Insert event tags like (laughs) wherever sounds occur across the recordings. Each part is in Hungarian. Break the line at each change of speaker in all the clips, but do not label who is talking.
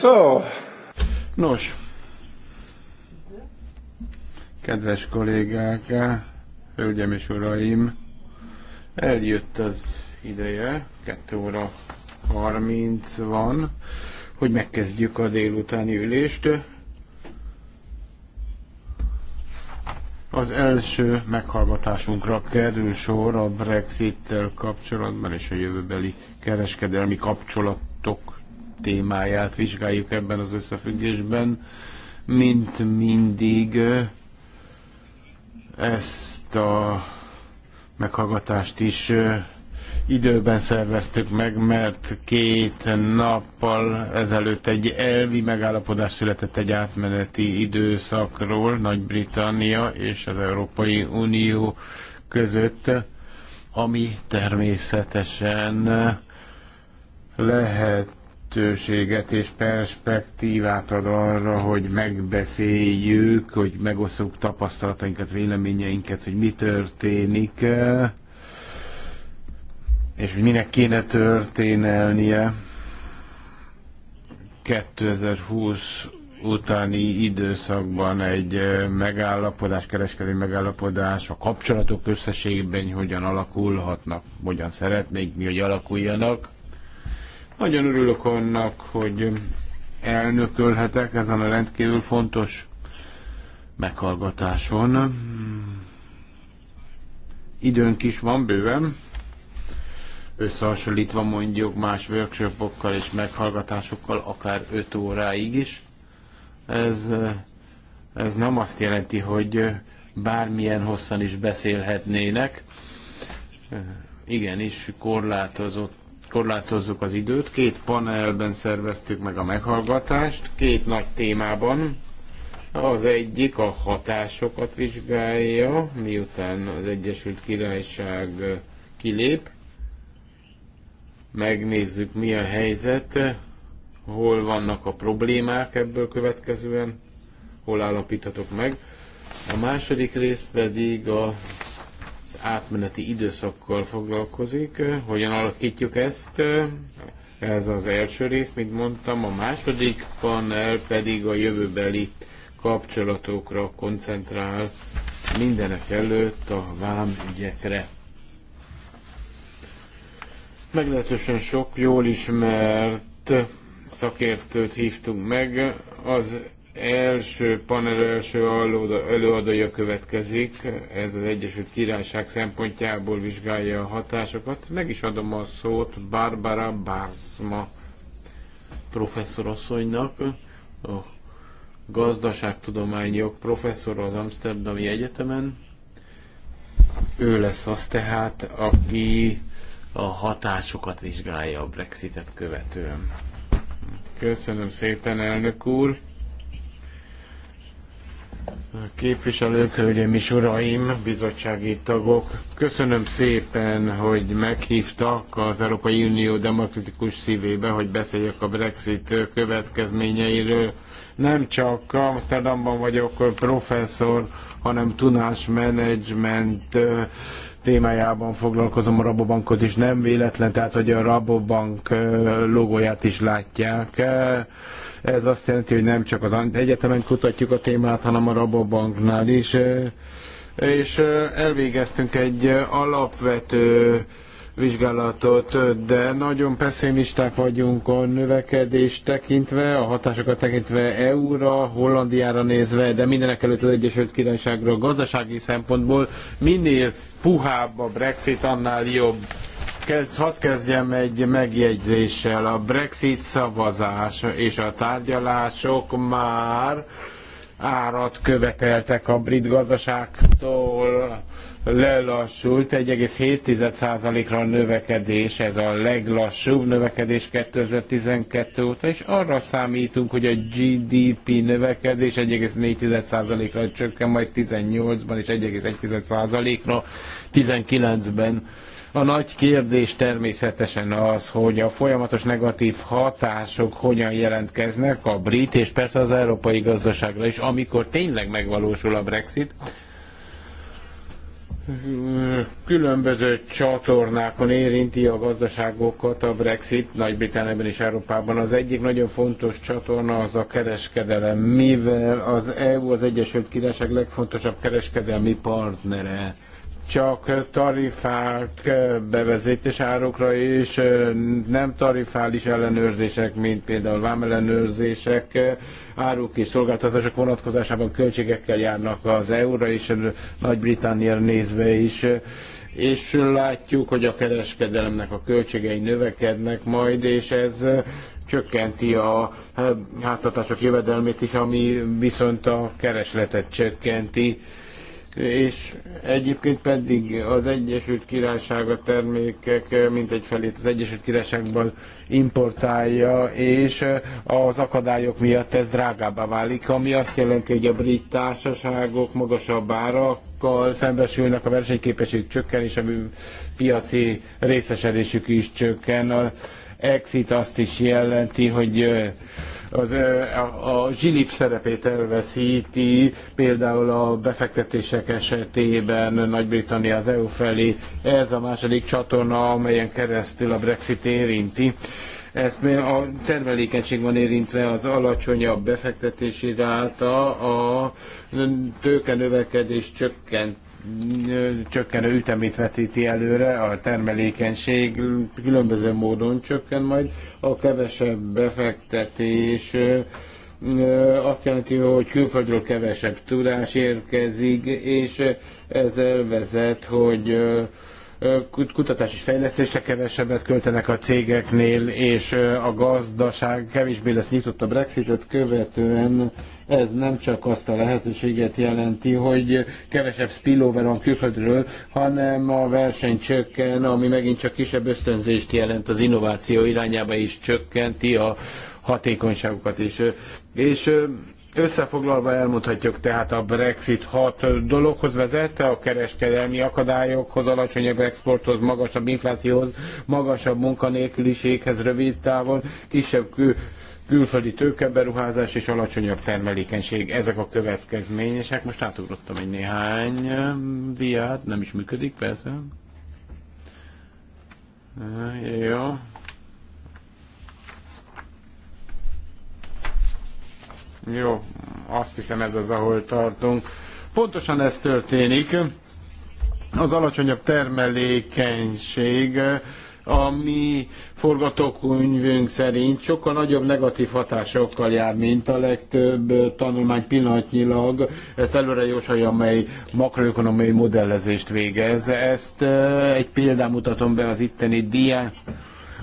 So. Nos. Kedves kollégák, hölgyem és uraim, eljött az ideje, 2 óra 30 van, hogy megkezdjük a délutáni ülést. Az első meghallgatásunkra kerül sor a Brexit-tel kapcsolatban és a jövőbeli kereskedelmi kapcsolatok témáját vizsgáljuk ebben az összefüggésben. Mint mindig ezt a meghallgatást is időben szerveztük meg, mert két nappal ezelőtt egy elvi megállapodás született egy átmeneti időszakról Nagy-Britannia és az Európai Unió között, ami természetesen lehet lehetőséget és perspektívát ad arra, hogy megbeszéljük, hogy megosszuk tapasztalatainkat, véleményeinket, hogy mi történik, és hogy minek kéne történelnie 2020 utáni időszakban egy eh, megállapodás, kereskedő megállapodás, a kapcsolatok összességében hogyan alakulhatnak, hogyan szeretnék mi, hogy alakuljanak nagyon örülök annak, hogy elnökölhetek ezen a rendkívül fontos meghallgatáson. Időnk is van bőven, összehasonlítva mondjuk más workshopokkal és meghallgatásokkal, akár 5 óráig is. Ez, ez nem azt jelenti, hogy bármilyen hosszan is beszélhetnének. Igenis, korlátozott korlátozzuk az időt. Két panelben szerveztük meg a meghallgatást, két nagy témában. Az egyik a hatásokat vizsgálja, miután az Egyesült Királyság kilép. Megnézzük, mi a helyzet, hol vannak a problémák ebből következően, hol állapíthatok meg. A második rész pedig a átmeneti időszakkal foglalkozik, hogyan alakítjuk ezt. Ez az első rész, mint mondtam, a második panel pedig a jövőbeli kapcsolatokra koncentrál mindenek előtt a vámügyekre. Meglehetősen sok jól ismert szakértőt hívtunk meg, az első panel első előadója következik, ez az Egyesült Királyság szempontjából vizsgálja a hatásokat. Meg is adom a szót Barbara Bászma professzorasszonynak, a gazdaságtudományi jog professzor az Amsterdami Egyetemen. Ő lesz az tehát, aki a hatásokat vizsgálja a Brexitet követően. Köszönöm szépen, elnök úr! Képviselők, hölgyeim és uraim, bizottsági tagok, köszönöm szépen, hogy meghívtak az Európai Unió demokratikus szívébe, hogy beszéljek a Brexit következményeiről. Nem csak Amsterdamban vagyok professzor, hanem tudásmenedzsment témájában foglalkozom a Rabobankot, és nem véletlen, tehát hogy a Rabobank logóját is látják ez azt jelenti, hogy nem csak az egyetemen kutatjuk a témát, hanem a Rabobanknál is. És elvégeztünk egy alapvető vizsgálatot, de nagyon pessimisták vagyunk a növekedés tekintve, a hatásokat tekintve EU-ra, Hollandiára nézve, de mindenek előtt az Egyesült Királyságra gazdasági szempontból minél puhább a Brexit, annál jobb kezd, hadd kezdjem egy megjegyzéssel. A Brexit szavazás és a tárgyalások már árat követeltek a brit gazdaságtól. Lelassult 1,7%-ra a növekedés, ez a leglassúbb növekedés 2012 óta, és arra számítunk, hogy a GDP növekedés 1,4%-ra csökken, majd 18-ban és 1,1%-ra 19-ben a nagy kérdés természetesen az, hogy a folyamatos negatív hatások hogyan jelentkeznek a brit és persze az európai gazdaságra is, amikor tényleg megvalósul a Brexit különböző csatornákon érinti a gazdaságokat a Brexit, Nagy-Britániában és Európában. Az egyik nagyon fontos csatorna az a kereskedelem, mivel az EU az Egyesült Királyság legfontosabb kereskedelmi partnere csak tarifák eh, bevezetés árokra és eh, nem tarifális ellenőrzések, mint például vámellenőrzések, eh, áruk és szolgáltatások vonatkozásában költségekkel járnak az EU-ra és nagy britannia nézve is és látjuk, hogy a kereskedelemnek a költségei növekednek majd, és ez csökkenti a háztartások jövedelmét is, ami viszont a keresletet csökkenti és egyébként pedig az Egyesült Királyság a termékek mintegy felét az Egyesült Királyságban importálja, és az akadályok miatt ez drágábbá válik, ami azt jelenti, hogy a brit társaságok magasabb árakkal szembesülnek, a versenyképességük csökken, és a piaci részesedésük is csökken exit azt is jelenti, hogy az, a, a zsilip szerepét elveszíti, például a befektetések esetében Nagy-Britannia az EU felé. Ez a második csatorna, amelyen keresztül a Brexit érinti. Ezt a termelékenység van érintve az alacsonyabb befektetési ráta, a tőke növekedés csökkent csökkenő ütemét vetíti előre, a termelékenység különböző módon csökken majd, a kevesebb befektetés azt jelenti, hogy külföldről kevesebb tudás érkezik, és ez elvezet, hogy kutatás és fejlesztésre kevesebbet költenek a cégeknél, és a gazdaság kevésbé lesz nyitott a Brexitet követően. Ez nem csak azt a lehetőséget jelenti, hogy kevesebb spillover van külföldről, hanem a verseny csökken, ami megint csak kisebb ösztönzést jelent az innováció irányába is csökkenti a hatékonyságukat is. És Összefoglalva elmondhatjuk tehát a Brexit hat dologhoz vezet, a kereskedelmi akadályokhoz, alacsonyabb exporthoz, magasabb inflációhoz, magasabb munkanélküliséghez rövid távon, kisebb külföldi tőkeberuházás és alacsonyabb termelékenység. Ezek a következményesek. Most átugrottam egy néhány um, diát, nem is működik persze. Jó, Jó, azt hiszem ez az, ahol tartunk. Pontosan ez történik. Az alacsonyabb termelékenység, ami forgatókönyvünk szerint sokkal nagyobb negatív hatásokkal jár, mint a legtöbb tanulmány pillanatnyilag. Ezt előre jósolja, amely makroökonomiai modellezést végez. Ezt eh, egy példám mutatom be az itteni diák.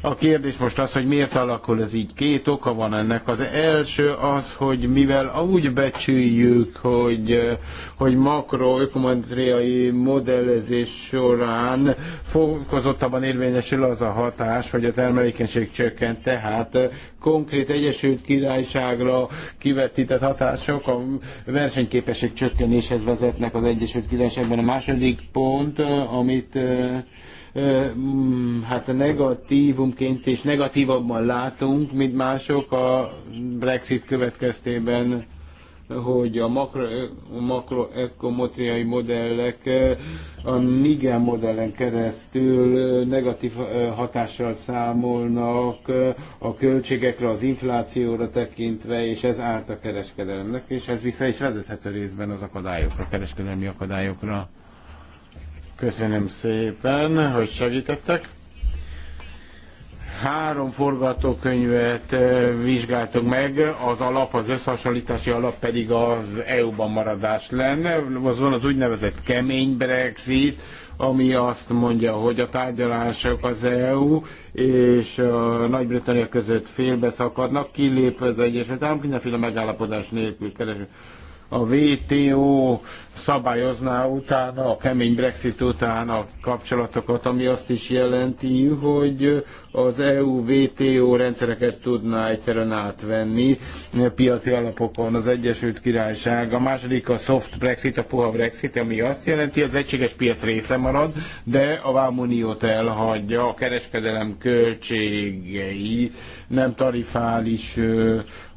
A kérdés most az, hogy miért alakul ez így. Két oka van ennek. Az első az, hogy mivel úgy becsüljük, hogy, hogy makroökometriai modellezés során fokozottabban érvényesül az a hatás, hogy a termelékenység csökken. tehát konkrét Egyesült Királyságra kivetített hatások a versenyképesség csökkenéshez vezetnek az Egyesült Királyságban. A második pont, amit Mm, hát a negatívumként és negatívabban látunk, mint mások a Brexit következtében hogy a, makro, modellek a Nigel modellen keresztül negatív hatással számolnak a költségekre, az inflációra tekintve, és ez árt a kereskedelemnek, és ez vissza is vezethető részben az akadályokra, kereskedelmi akadályokra. Köszönöm szépen, hogy segítettek. Három forgatókönyvet vizsgáltuk meg, az alap, az összehasonlítási alap pedig az EU-ban maradás lenne. Az van az úgynevezett kemény Brexit, ami azt mondja, hogy a tárgyalások az EU és a Nagy-Britannia között félbeszakadnak, kilép az Egyesült Államok mindenféle megállapodás nélkül keresünk a WTO szabályozná utána, a kemény Brexit után a kapcsolatokat, ami azt is jelenti, hogy az EU-WTO rendszereket tudná egyszerűen átvenni piaci alapokon az Egyesült Királyság. A második a soft Brexit, a puha Brexit, ami azt jelenti, az egységes piac része marad, de a vámuniót elhagyja, a kereskedelem költségei nem tarifális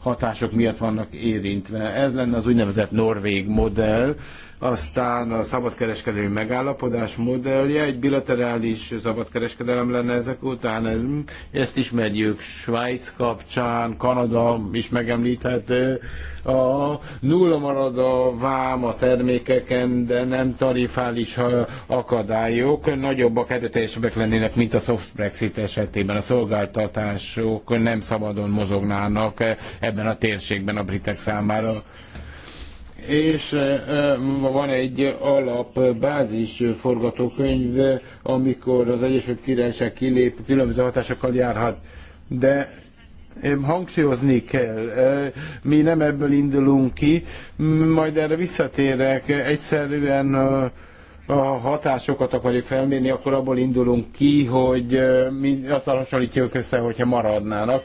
hatások miatt vannak érintve. Ez lenne az úgynevezett norvég modell, aztán a szabadkereskedelmi megállapodás modellje, egy bilaterális szabadkereskedelem lenne ezek után, ezt ismerjük Svájc kapcsán, Kanada is megemlíthető, a nulla marad a vám a termékeken, de nem tarifális akadályok, nagyobbak, erőteljesebbek lennének, mint a soft Brexit esetében, a szolgáltatások nem szabadon mozognának ebben a térségben a britek számára és van egy alapbázis forgatókönyv, amikor az Egyesült Királyság kilép, különböző hatásokkal járhat. De hangsúlyozni kell. Mi nem ebből indulunk ki, majd erre visszatérek. Egyszerűen a hatásokat akarjuk felmérni, akkor abból indulunk ki, hogy mi azt hasonlítjuk össze, hogyha maradnának.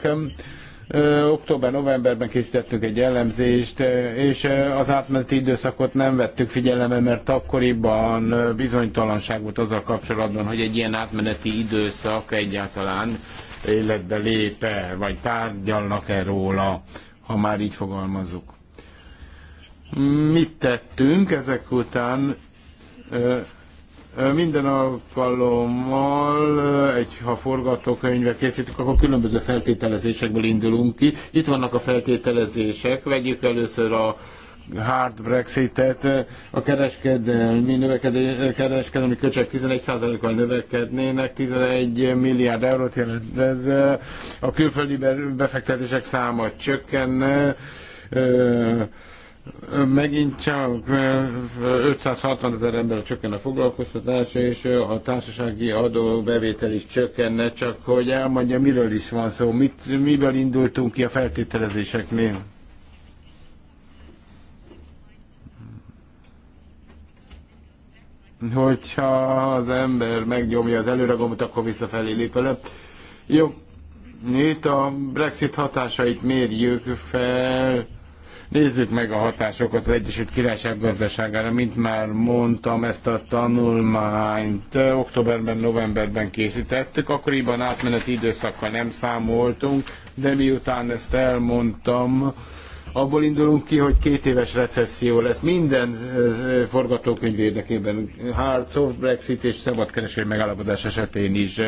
Október-novemberben készítettünk egy elemzést, és az átmeneti időszakot nem vettük figyelembe, mert akkoriban bizonytalanság volt azzal kapcsolatban, hogy egy ilyen átmeneti időszak egyáltalán életbe lép vagy tárgyalnak-e róla, ha már így fogalmazunk. Mit tettünk ezek után? Minden alkalommal, eh, egy, ha forgatókönyvet készítünk, akkor különböző feltételezésekből indulunk ki. Itt vannak a feltételezések, vegyük először a hard Brexitet, a kereskedelmi, kereskedelmi költségek 11%-kal növekednének, 11 milliárd eurót jelent ez, a külföldi befektetések száma csökkenne, megint csak 560 ezer ember csökken a foglalkoztatás, és a társasági adó bevétel is csökkenne, csak hogy elmondja, miről is van szó, mit, miből indultunk ki a feltételezéseknél. Hogyha az ember megnyomja az előre gombot, akkor visszafelé lép elő. Jó, itt a Brexit hatásait mérjük fel, Nézzük meg a hatásokat az Egyesült Királyság gazdaságára. Mint már mondtam, ezt a tanulmányt októberben, novemberben készítettük. Akkoriban átmeneti időszakkal nem számoltunk, de miután ezt elmondtam, abból indulunk ki, hogy két éves recesszió lesz minden eh, forgatókönyv érdekében. Hard, soft Brexit és szabadkereső megállapodás esetén is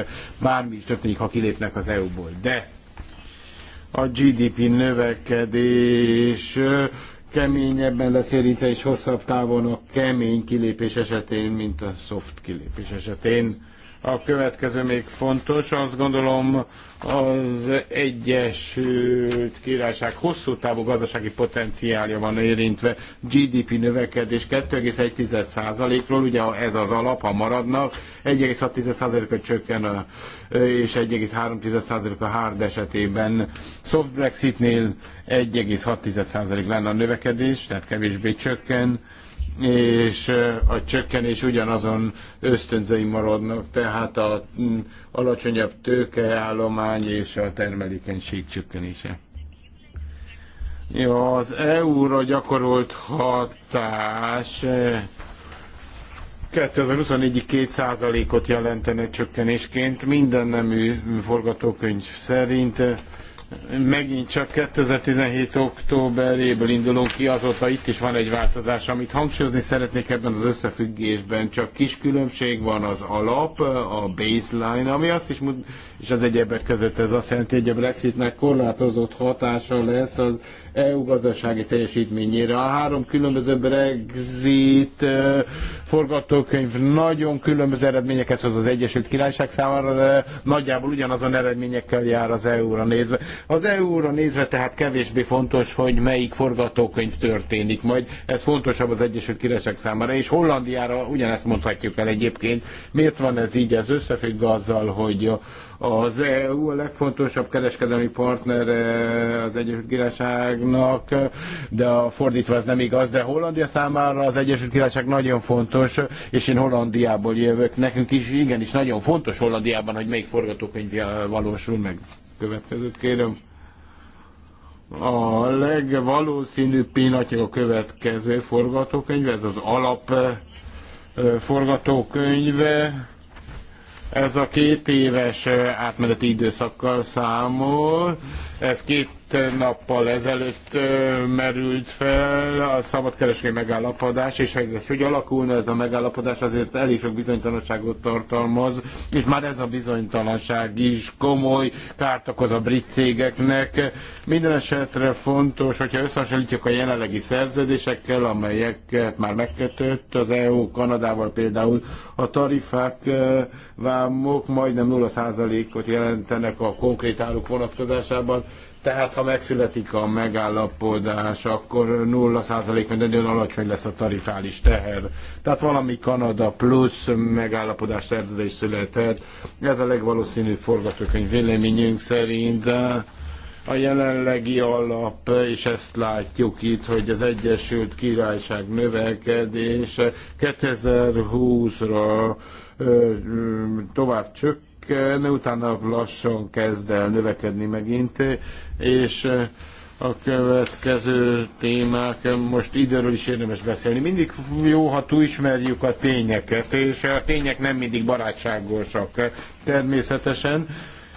bármi is történik, ha kilépnek az EU-ból. De a GDP növekedés keményebben lesz érintve és hosszabb távon a kemény kilépés esetén, mint a soft kilépés esetén. A következő még fontos, azt gondolom az Egyesült Királyság hosszú távú gazdasági potenciálja van érintve, GDP növekedés 2,1%-ról, ugye ez az alap, ha maradnak, 16 ra csökken, és 1,3% a hard esetében. Soft Brexitnél 1,6% lenne a növekedés, tehát kevésbé csökken és a csökkenés ugyanazon ösztönzői maradnak, tehát a alacsonyabb tőkeállomány és a termelékenység csökkenése. Ja, az EU-ra gyakorolt hatás 2021 ig 2%-ot jelentene csökkenésként minden nemű forgatókönyv szerint megint csak 2017. októberéből indulunk ki, azóta itt is van egy változás, amit hangsúlyozni szeretnék ebben az összefüggésben, csak kis különbség van az alap, a baseline, ami azt is és az egyebek között ez azt jelenti, hogy a Brexitnek korlátozott hatása lesz az EU gazdasági teljesítményére. A három különböző Brexit forgatókönyv nagyon különböző eredményeket hoz az Egyesült Királyság számára, de nagyjából ugyanazon eredményekkel jár az EU-ra nézve. Az EU-ra nézve tehát kevésbé fontos, hogy melyik forgatókönyv történik majd. Ez fontosabb az Egyesült Királyság számára, és Hollandiára ugyanezt mondhatjuk el egyébként. Miért van ez így? Ez összefügg azzal, hogy az EU a legfontosabb kereskedelmi partner az Egyesült Királyságnak, de a fordítva ez nem igaz, de Hollandia számára az Egyesült Királyság nagyon fontos, és én Hollandiából jövök. Nekünk is igenis nagyon fontos Hollandiában, hogy melyik forgatókönyv valósul meg. Következőt kérem. A legvalószínűbb pillanatja a következő forgatókönyv, ez az alap forgatókönyve. Ez a két éves átmeneti időszakkal számol, ez két nappal ezelőtt merült fel a szabadkereskedelmi megállapodás, és ez, hogy alakulna ez a megállapodás, azért elég sok bizonytalanságot tartalmaz, és már ez a bizonytalanság is komoly kárt okoz a brit cégeknek. Minden esetre fontos, hogyha összehasonlítjuk a jelenlegi szerződésekkel, amelyeket már megkötött az EU Kanadával például, a tarifák, vámok majdnem 0%-ot jelentenek a konkrét áruk vonatkozásában, tehát ha megszületik a megállapodás, akkor 0% mert nagyon alacsony lesz a tarifális teher. Tehát valami Kanada plusz megállapodás szerződés született. Ez a legvalószínűbb forgatókönyv véleményünk szerint. A jelenlegi alap, és ezt látjuk itt, hogy az Egyesült Királyság növekedése 2020-ra tovább csökkent, csökken, utána lassan kezd el növekedni megint, és eh, a következő témák, eh, most időről is érdemes beszélni. Mindig jó, ha ismerjük a tényeket, és a tények nem mindig barátságosak eh, természetesen,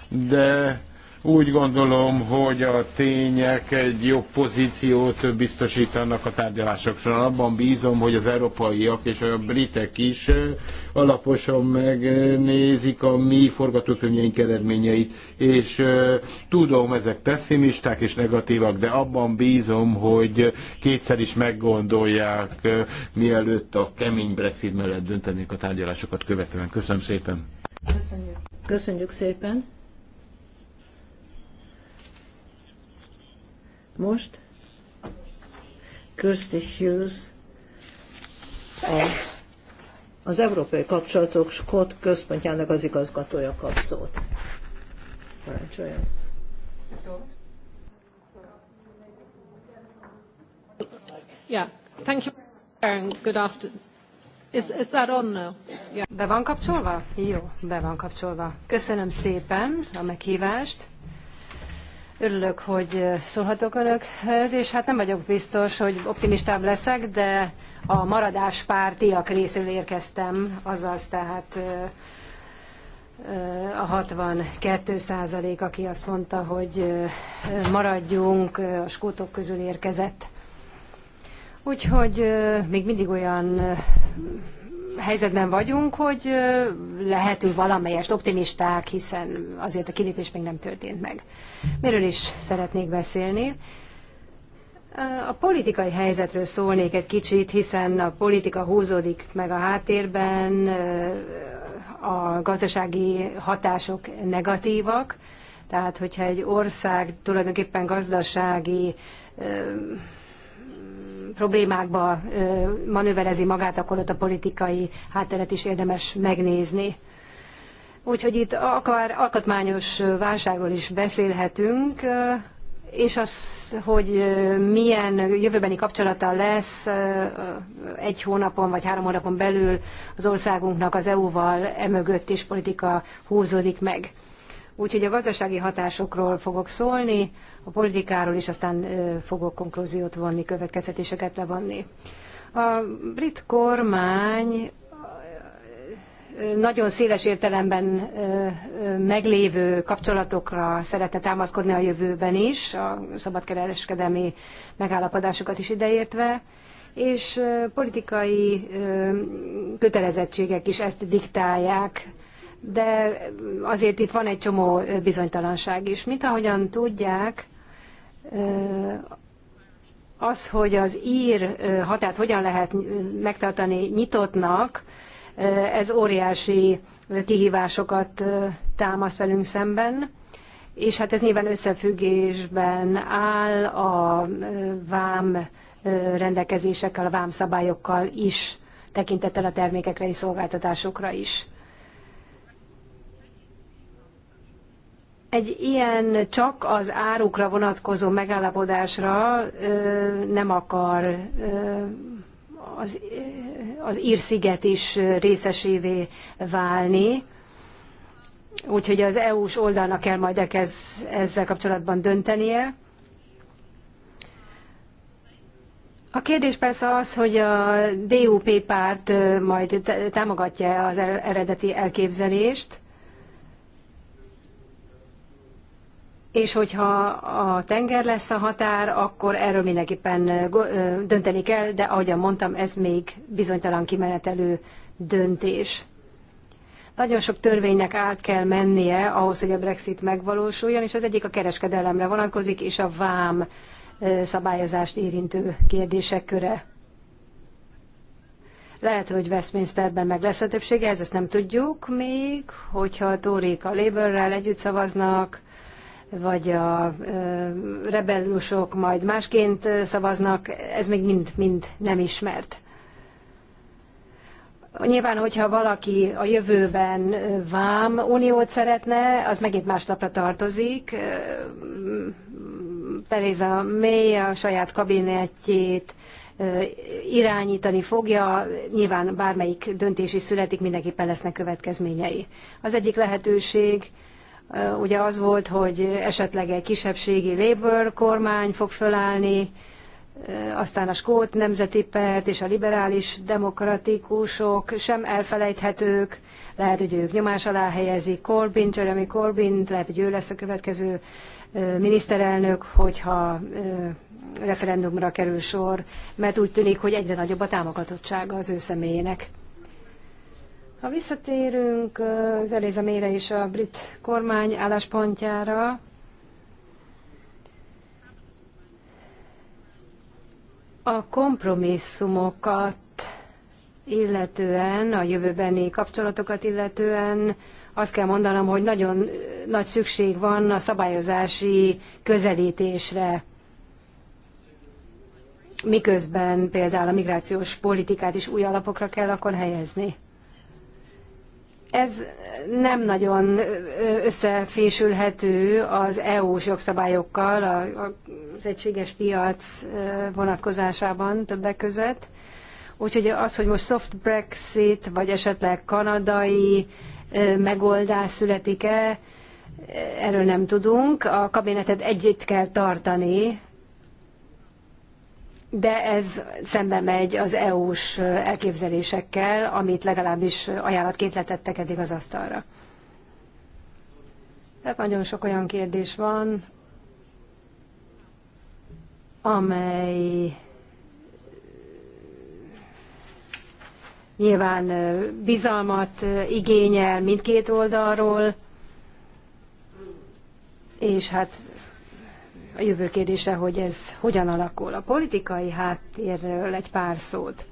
de úgy gondolom, hogy a tények egy jobb pozíciót biztosítanak a tárgyalások során. Abban bízom, hogy az európaiak és a britek is alaposan megnézik a mi forgatókönyveink eredményeit, és tudom, ezek pessimisták és negatívak, de abban bízom, hogy kétszer is meggondolják, mielőtt a kemény Brexit mellett döntenék a tárgyalásokat követően. Köszönöm szépen! Köszönjük,
Köszönjük szépen! Most Kirsty Hughes a, az Európai Kapcsolatok Skott Központjának az igazgatója kap szót. Parancsoljon.
Yeah, thank you. Good afternoon. Is, is that on now? Yeah. Be van kapcsolva? Jó, be van kapcsolva. Köszönöm szépen a meghívást. Örülök, hogy szólhatok önökhöz, és hát nem vagyok biztos, hogy optimistább leszek, de a maradás pártiak részéről érkeztem, azaz tehát a 62 százalék, aki azt mondta, hogy maradjunk, a skótok közül érkezett. Úgyhogy még mindig olyan helyzetben vagyunk, hogy lehetünk valamelyest optimisták, hiszen azért a kilépés még nem történt meg. Miről is szeretnék beszélni? A politikai helyzetről szólnék egy kicsit, hiszen a politika húzódik meg a háttérben, a gazdasági hatások negatívak, tehát hogyha egy ország tulajdonképpen gazdasági problémákba manőverezi magát, akkor ott a politikai hátteret is érdemes megnézni. Úgyhogy itt akár alkotmányos válságról is beszélhetünk, és az, hogy milyen jövőbeni kapcsolata lesz egy hónapon vagy három hónapon belül az országunknak az EU-val emögött is politika húzódik meg. Úgyhogy a gazdasági hatásokról fogok szólni, a politikáról, és aztán fogok konklúziót vonni, következtetéseket levonni. A brit kormány nagyon széles értelemben meglévő kapcsolatokra szeretne támaszkodni a jövőben is, a szabadkereskedelmi megállapodásokat is ideértve, és politikai kötelezettségek is ezt diktálják, de azért itt van egy csomó bizonytalanság is. Mint ahogyan tudják, az, hogy az ír határt hogyan lehet megtartani nyitottnak, ez óriási kihívásokat támaszt velünk szemben, és hát ez nyilván összefüggésben áll a vám rendelkezésekkel, a vámszabályokkal is, tekintettel a termékekre és szolgáltatásokra is. Egy ilyen csak az árukra vonatkozó megállapodásra nem akar az, az sziget is részesévé válni. Úgyhogy az EU-s oldalnak kell majd e- ezzel kapcsolatban döntenie. A kérdés persze az, hogy a DUP párt majd támogatja az eredeti elképzelést, és hogyha a tenger lesz a határ, akkor erről mindenképpen dönteni kell, de ahogyan mondtam, ez még bizonytalan kimenetelő döntés. Nagyon sok törvénynek át kell mennie ahhoz, hogy a Brexit megvalósuljon, és az egyik a kereskedelemre vonatkozik, és a vám szabályozást érintő kérdések köre. Lehet, hogy Westminsterben meg lesz a többsége, ez ezt nem tudjuk még, hogyha a Tórik a Labourrel együtt szavaznak, vagy a rebellusok majd másként szavaznak, ez még mind-mind nem ismert. Nyilván, hogyha valaki a jövőben vám uniót szeretne, az megint más lapra tartozik. Theresa May a saját kabinetjét irányítani fogja, nyilván bármelyik döntés is születik, mindenképpen lesznek következményei. Az egyik lehetőség, Ugye az volt, hogy esetleg egy kisebbségi Labour kormány fog fölállni, aztán a skót nemzeti pert és a liberális demokratikusok sem elfelejthetők, lehet, hogy ők nyomás alá helyezik Corbyn, Jeremy Corbyn, lehet, hogy ő lesz a következő miniszterelnök, hogyha referendumra kerül sor, mert úgy tűnik, hogy egyre nagyobb a támogatottsága az ő személyének. Ha visszatérünk Theresa Mére és a brit kormány álláspontjára, a kompromisszumokat illetően, a jövőbeni kapcsolatokat illetően azt kell mondanom, hogy nagyon nagy szükség van a szabályozási közelítésre, miközben például a migrációs politikát is új alapokra kell akkor helyezni. Ez nem nagyon összefésülhető az EU-s jogszabályokkal, az egységes piac vonatkozásában többek között. Úgyhogy az, hogy most soft Brexit, vagy esetleg kanadai megoldás születik-e, erről nem tudunk. A kabinetet együtt kell tartani de ez szembe megy az EU-s elképzelésekkel, amit legalábbis ajánlatként letettek eddig az asztalra. Tehát nagyon sok olyan kérdés van, amely nyilván bizalmat igényel mindkét oldalról, és hát a jövő kérdése, hogy ez hogyan alakul. A politikai háttérről egy pár szót.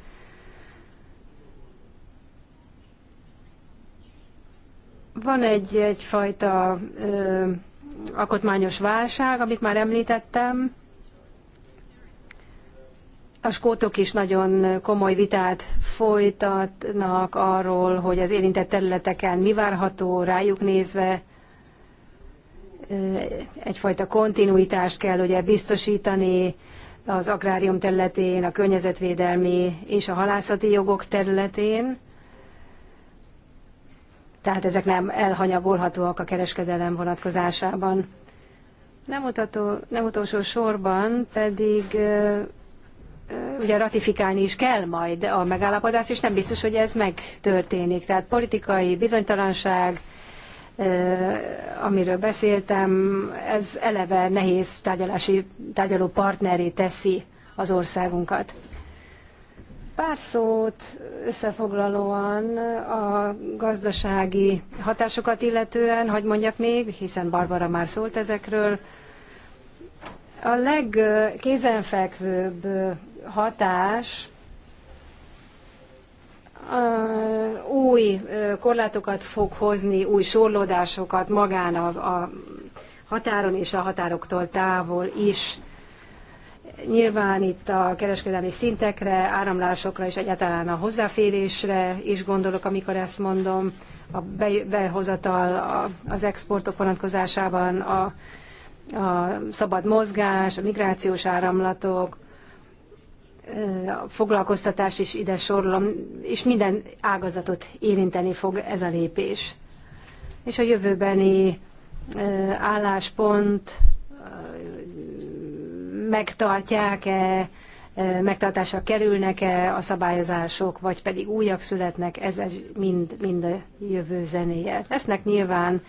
Van egy, egyfajta ö, alkotmányos válság, amit már említettem. A skótok is nagyon komoly vitát folytatnak arról, hogy az érintett területeken mi várható rájuk nézve, egyfajta kontinuitást kell ugye biztosítani az agrárium területén, a környezetvédelmi és a halászati jogok területén. Tehát ezek nem elhanyagolhatóak a kereskedelem vonatkozásában. Nem, utató, nem utolsó sorban pedig ugye ratifikálni is kell majd a megállapodás, és nem biztos, hogy ez megtörténik. Tehát politikai bizonytalanság, amiről beszéltem, ez eleve nehéz tárgyalási, tárgyaló partneré teszi az országunkat. Pár szót összefoglalóan a gazdasági hatásokat illetően, hogy mondjak még, hiszen Barbara már szólt ezekről. A legkézenfekvőbb hatás új korlátokat fog hozni, új sorlódásokat magán a, a határon és a határoktól távol is. Nyilván itt a kereskedelmi szintekre, áramlásokra és egyáltalán a hozzáférésre is gondolok, amikor ezt mondom, a behozatal a, az exportok vonatkozásában, a, a szabad mozgás, a migrációs áramlatok, a foglalkoztatás is ide sorolom, és minden ágazatot érinteni fog ez a lépés. És a jövőbeni álláspont megtartják-e, megtartásra kerülnek-e a szabályozások, vagy pedig újak születnek, ez, ez mind, mind a jövő zenéje. Lesznek nyilván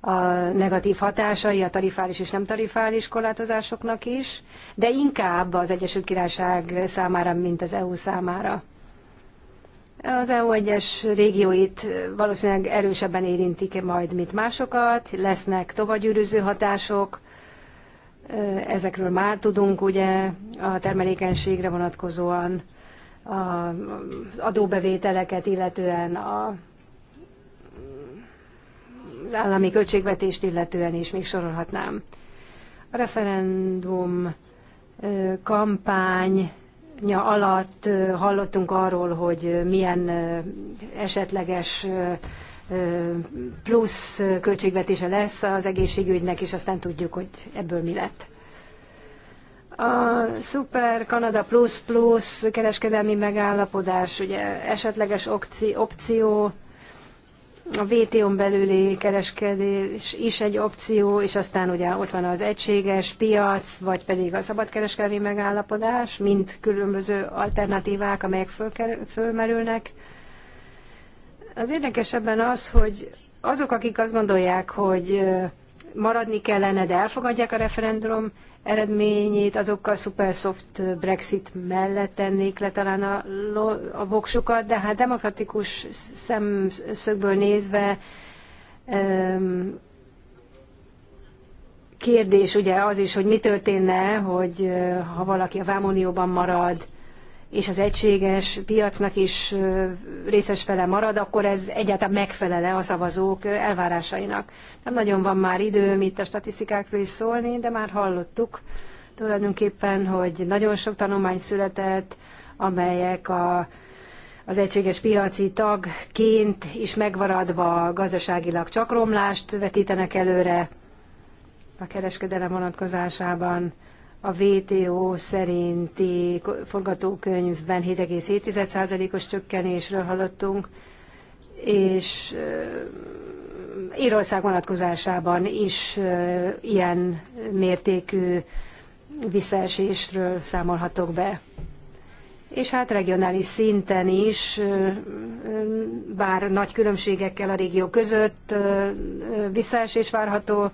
a negatív hatásai a tarifális és nem tarifális korlátozásoknak is, de inkább az Egyesült Királyság számára, mint az EU számára. Az EU egyes régióit valószínűleg erősebben érintik majd, mint másokat, lesznek tovagyűrűző hatások, ezekről már tudunk ugye a termelékenységre vonatkozóan, az adóbevételeket, illetően a az állami költségvetést illetően is még sorolhatnám. A referendum kampány alatt hallottunk arról, hogy milyen esetleges plusz költségvetése lesz az egészségügynek, és aztán tudjuk, hogy ebből mi lett. A Super Kanada Plus Plus kereskedelmi megállapodás, ugye esetleges opció a WTO-n belüli kereskedés is egy opció, és aztán ugye ott van az egységes piac, vagy pedig a szabadkereskedelmi megállapodás, mint különböző alternatívák, amelyek fölmerülnek. Az érdekesebben az, hogy azok, akik azt gondolják, hogy maradni kellene, de elfogadják a referendum eredményét, azokkal Supersoft Brexit mellett tennék le talán a, a voksukat, de hát demokratikus szemszögből nézve kérdés ugye az is, hogy mi történne, hogy eh, ha valaki a Vámunióban marad, és az egységes piacnak is részes fele marad, akkor ez egyáltalán megfelele a szavazók elvárásainak. Nem nagyon van már időm itt a statisztikákról is szólni, de már hallottuk tulajdonképpen, hogy nagyon sok tanulmány született, amelyek a, az egységes piaci tagként is megvaradva gazdaságilag csak romlást vetítenek előre a kereskedelem vonatkozásában a WTO szerinti forgatókönyvben 7,7%-os csökkenésről hallottunk, és Írország vonatkozásában is ilyen mértékű visszaesésről számolhatok be. És hát regionális szinten is, bár nagy különbségekkel a régió között visszaesés várható,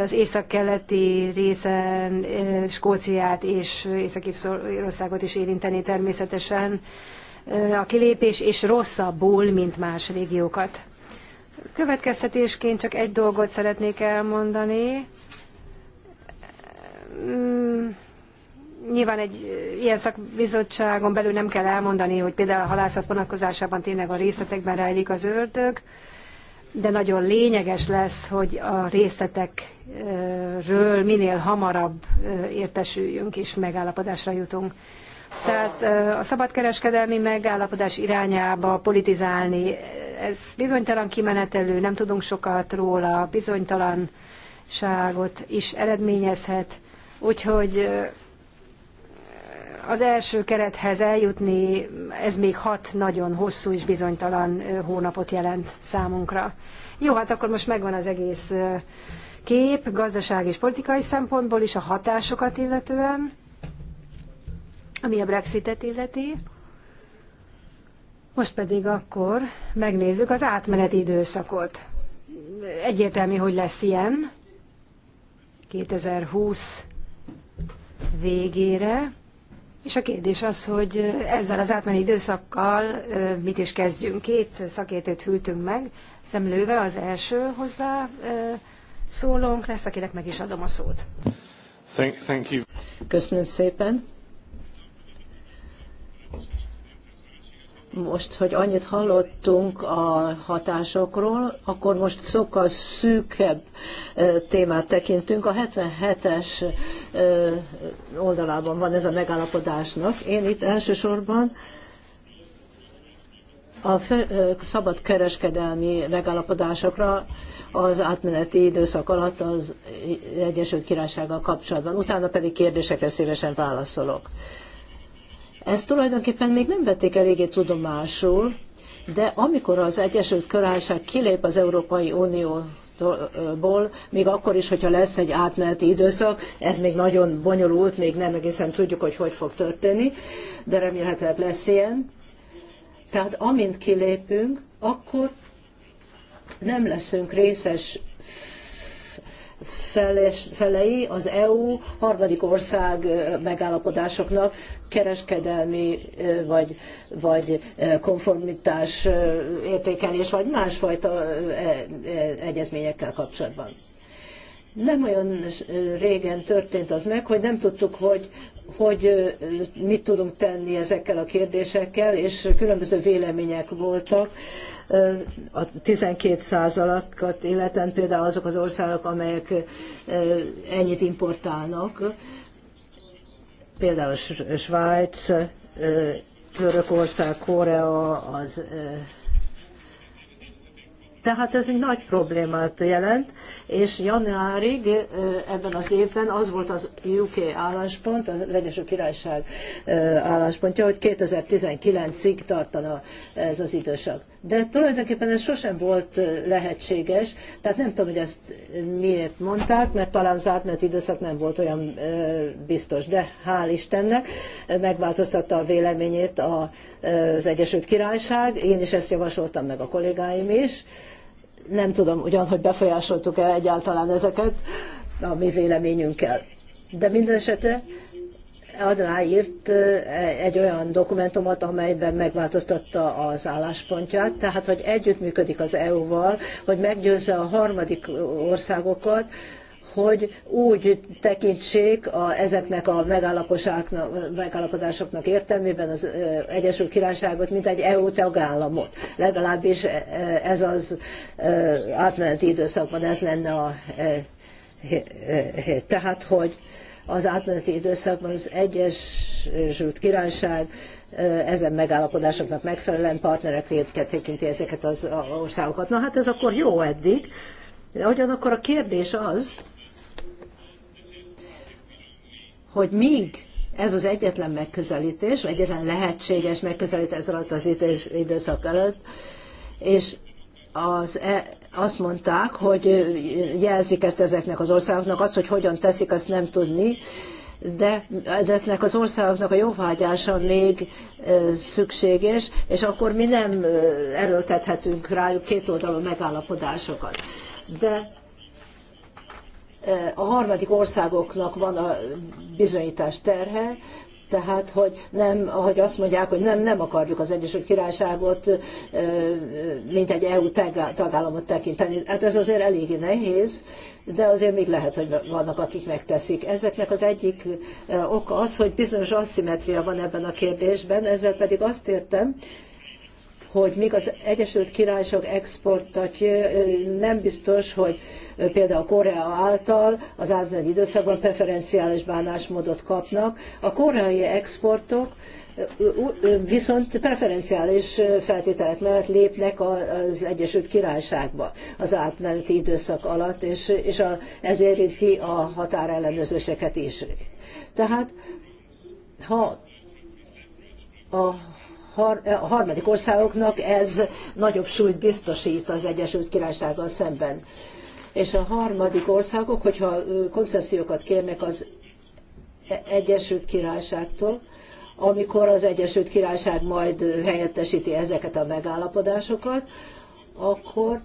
az északkeleti részen eh, Skóciát és Észak-Írországot is érinteni természetesen eh, a kilépés, és rosszabbul, mint más régiókat. Következtetésként csak egy dolgot szeretnék elmondani. Mm, nyilván egy eh, ilyen szakbizottságon belül nem kell elmondani, hogy például a halászat vonatkozásában tényleg a részletekben rejlik az ördög, de nagyon lényeges lesz, hogy a részletekről minél hamarabb értesüljünk és megállapodásra jutunk. Tehát a szabadkereskedelmi megállapodás irányába politizálni, ez bizonytalan kimenetelő, nem tudunk sokat róla, bizonytalanságot is eredményezhet, úgyhogy az első kerethez eljutni, ez még hat nagyon hosszú és bizonytalan hónapot jelent számunkra. Jó, hát akkor most megvan az egész kép, gazdaság és politikai szempontból is, a hatásokat illetően, ami a Brexitet illeti. Most pedig akkor megnézzük az átmeneti időszakot. Egyértelmű, hogy lesz ilyen 2020 végére, és a kérdés az, hogy ezzel az átmeneti időszakkal mit is kezdjünk. Két szakértőt hűltünk meg, szemlőve az első hozzá szólónk lesz, akinek meg is adom a szót.
Thank, thank you.
Köszönöm szépen. most, hogy annyit hallottunk a hatásokról, akkor most sokkal szűkebb témát tekintünk. A 77-es oldalában van ez a megállapodásnak. Én itt elsősorban a szabad kereskedelmi megállapodásokra az átmeneti időszak alatt az Egyesült Királysággal kapcsolatban. Utána pedig kérdésekre szívesen válaszolok. Ezt tulajdonképpen még nem vették eléggé tudomásul, de amikor az Egyesült Királyság kilép az Európai Unióból, még akkor is, hogyha lesz egy átmeneti időszak, ez még nagyon bonyolult, még nem egészen tudjuk, hogy hogy fog történni, de remélhetőleg lesz ilyen. Tehát amint kilépünk, akkor nem leszünk részes feles, felei az EU harmadik ország megállapodásoknak kereskedelmi vagy, vagy konformitás értékelés, vagy másfajta e, e, egyezményekkel kapcsolatban nem olyan régen történt az meg, hogy nem tudtuk, hogy hogy mit tudunk tenni ezekkel a kérdésekkel, és különböző vélemények voltak a 12 százalat illeten például azok az országok, amelyek ennyit importálnak, például Svájc, Törökország, Korea, az tehát ez egy nagy problémát jelent, és januárig ebben az évben az volt az UK álláspont, az Egyesült Királyság álláspontja, hogy 2019-ig tartana ez az időszak. De tulajdonképpen ez sosem volt lehetséges, tehát nem tudom, hogy ezt miért mondták, mert talán zárt, mert időszak nem volt olyan biztos, de hál' Istennek megváltoztatta a véleményét az Egyesült Királyság, én is ezt javasoltam meg a kollégáim is, nem tudom ugyan, hogy befolyásoltuk-e egyáltalán ezeket a mi véleményünkkel. De minden esetre írt egy olyan dokumentumot, amelyben megváltoztatta az álláspontját, tehát hogy együttműködik az EU-val, hogy meggyőzze a harmadik országokat, hogy úgy tekintsék a, ezeknek a megállapodásoknak értelmében az Egyesült Királyságot, mint egy EU tagállamot. Legalábbis ez az átmeneti időszakban ez lenne a tehát, hogy az átmeneti időszakban az Egyesült Királyság ezen megállapodásoknak megfelelően partnereként tekinti ezeket az országokat. Na hát ez akkor jó eddig, ugyanakkor a kérdés az, hogy míg ez az egyetlen megközelítés, vagy egyetlen lehetséges megközelítés alatt az időszak előtt, és az, e, azt mondták, hogy jelzik ezt ezeknek az országoknak, az, hogy hogyan teszik, azt nem tudni, de ezeknek az országoknak a jóvágyása még e, szükséges, és akkor mi nem e, erőltethetünk rájuk két oldalú megállapodásokat. De a harmadik országoknak van a bizonyítás terhe, tehát, hogy nem, ahogy azt mondják, hogy nem, nem akarjuk az Egyesült Királyságot, mint egy EU tagállamot tekinteni. Hát ez azért eléggé nehéz, de azért még lehet, hogy vannak, akik megteszik. Ezeknek az egyik oka az, hogy bizonyos asszimetria van ebben a kérdésben, ezzel pedig azt értem, hogy míg az Egyesült Királyság exportat nem biztos, hogy például Korea által az átmeneti időszakban preferenciális bánásmódot kapnak, a koreai exportok viszont preferenciális feltételek mellett lépnek az Egyesült Királyságba az átmeneti időszak alatt, és, és a, ez érinti a határellenőrzéseket is. Tehát ha a a harmadik országoknak ez nagyobb súlyt biztosít az Egyesült Királysággal szemben. És a harmadik országok, hogyha koncesziókat kérnek az e-, Egyesült Királyságtól, amikor az Egyesült Királyság majd helyettesíti ezeket a megállapodásokat, akkor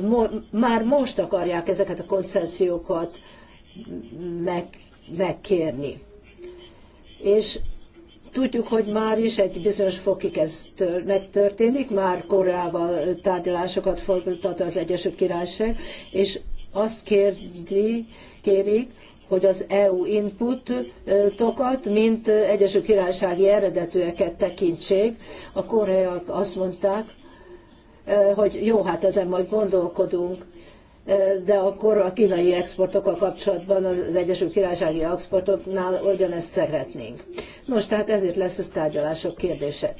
mo már most akarják ezeket a koncesziókat meg megkérni. És Tudjuk, hogy már is egy bizonyos fokig ez tör, megtörténik, már Koreával tárgyalásokat folytat az Egyesült Királyság, és azt kérdi, kérik, hogy az EU inputokat, mint Egyesült Királysági eredetűeket tekintsék. A koreaiak azt mondták, hogy jó, hát ezen majd gondolkodunk de akkor a kínai exportokkal kapcsolatban az Egyesült Királysági exportoknál ugyanezt szeretnénk. Nos, tehát ezért lesz ez tárgyalások kérdése.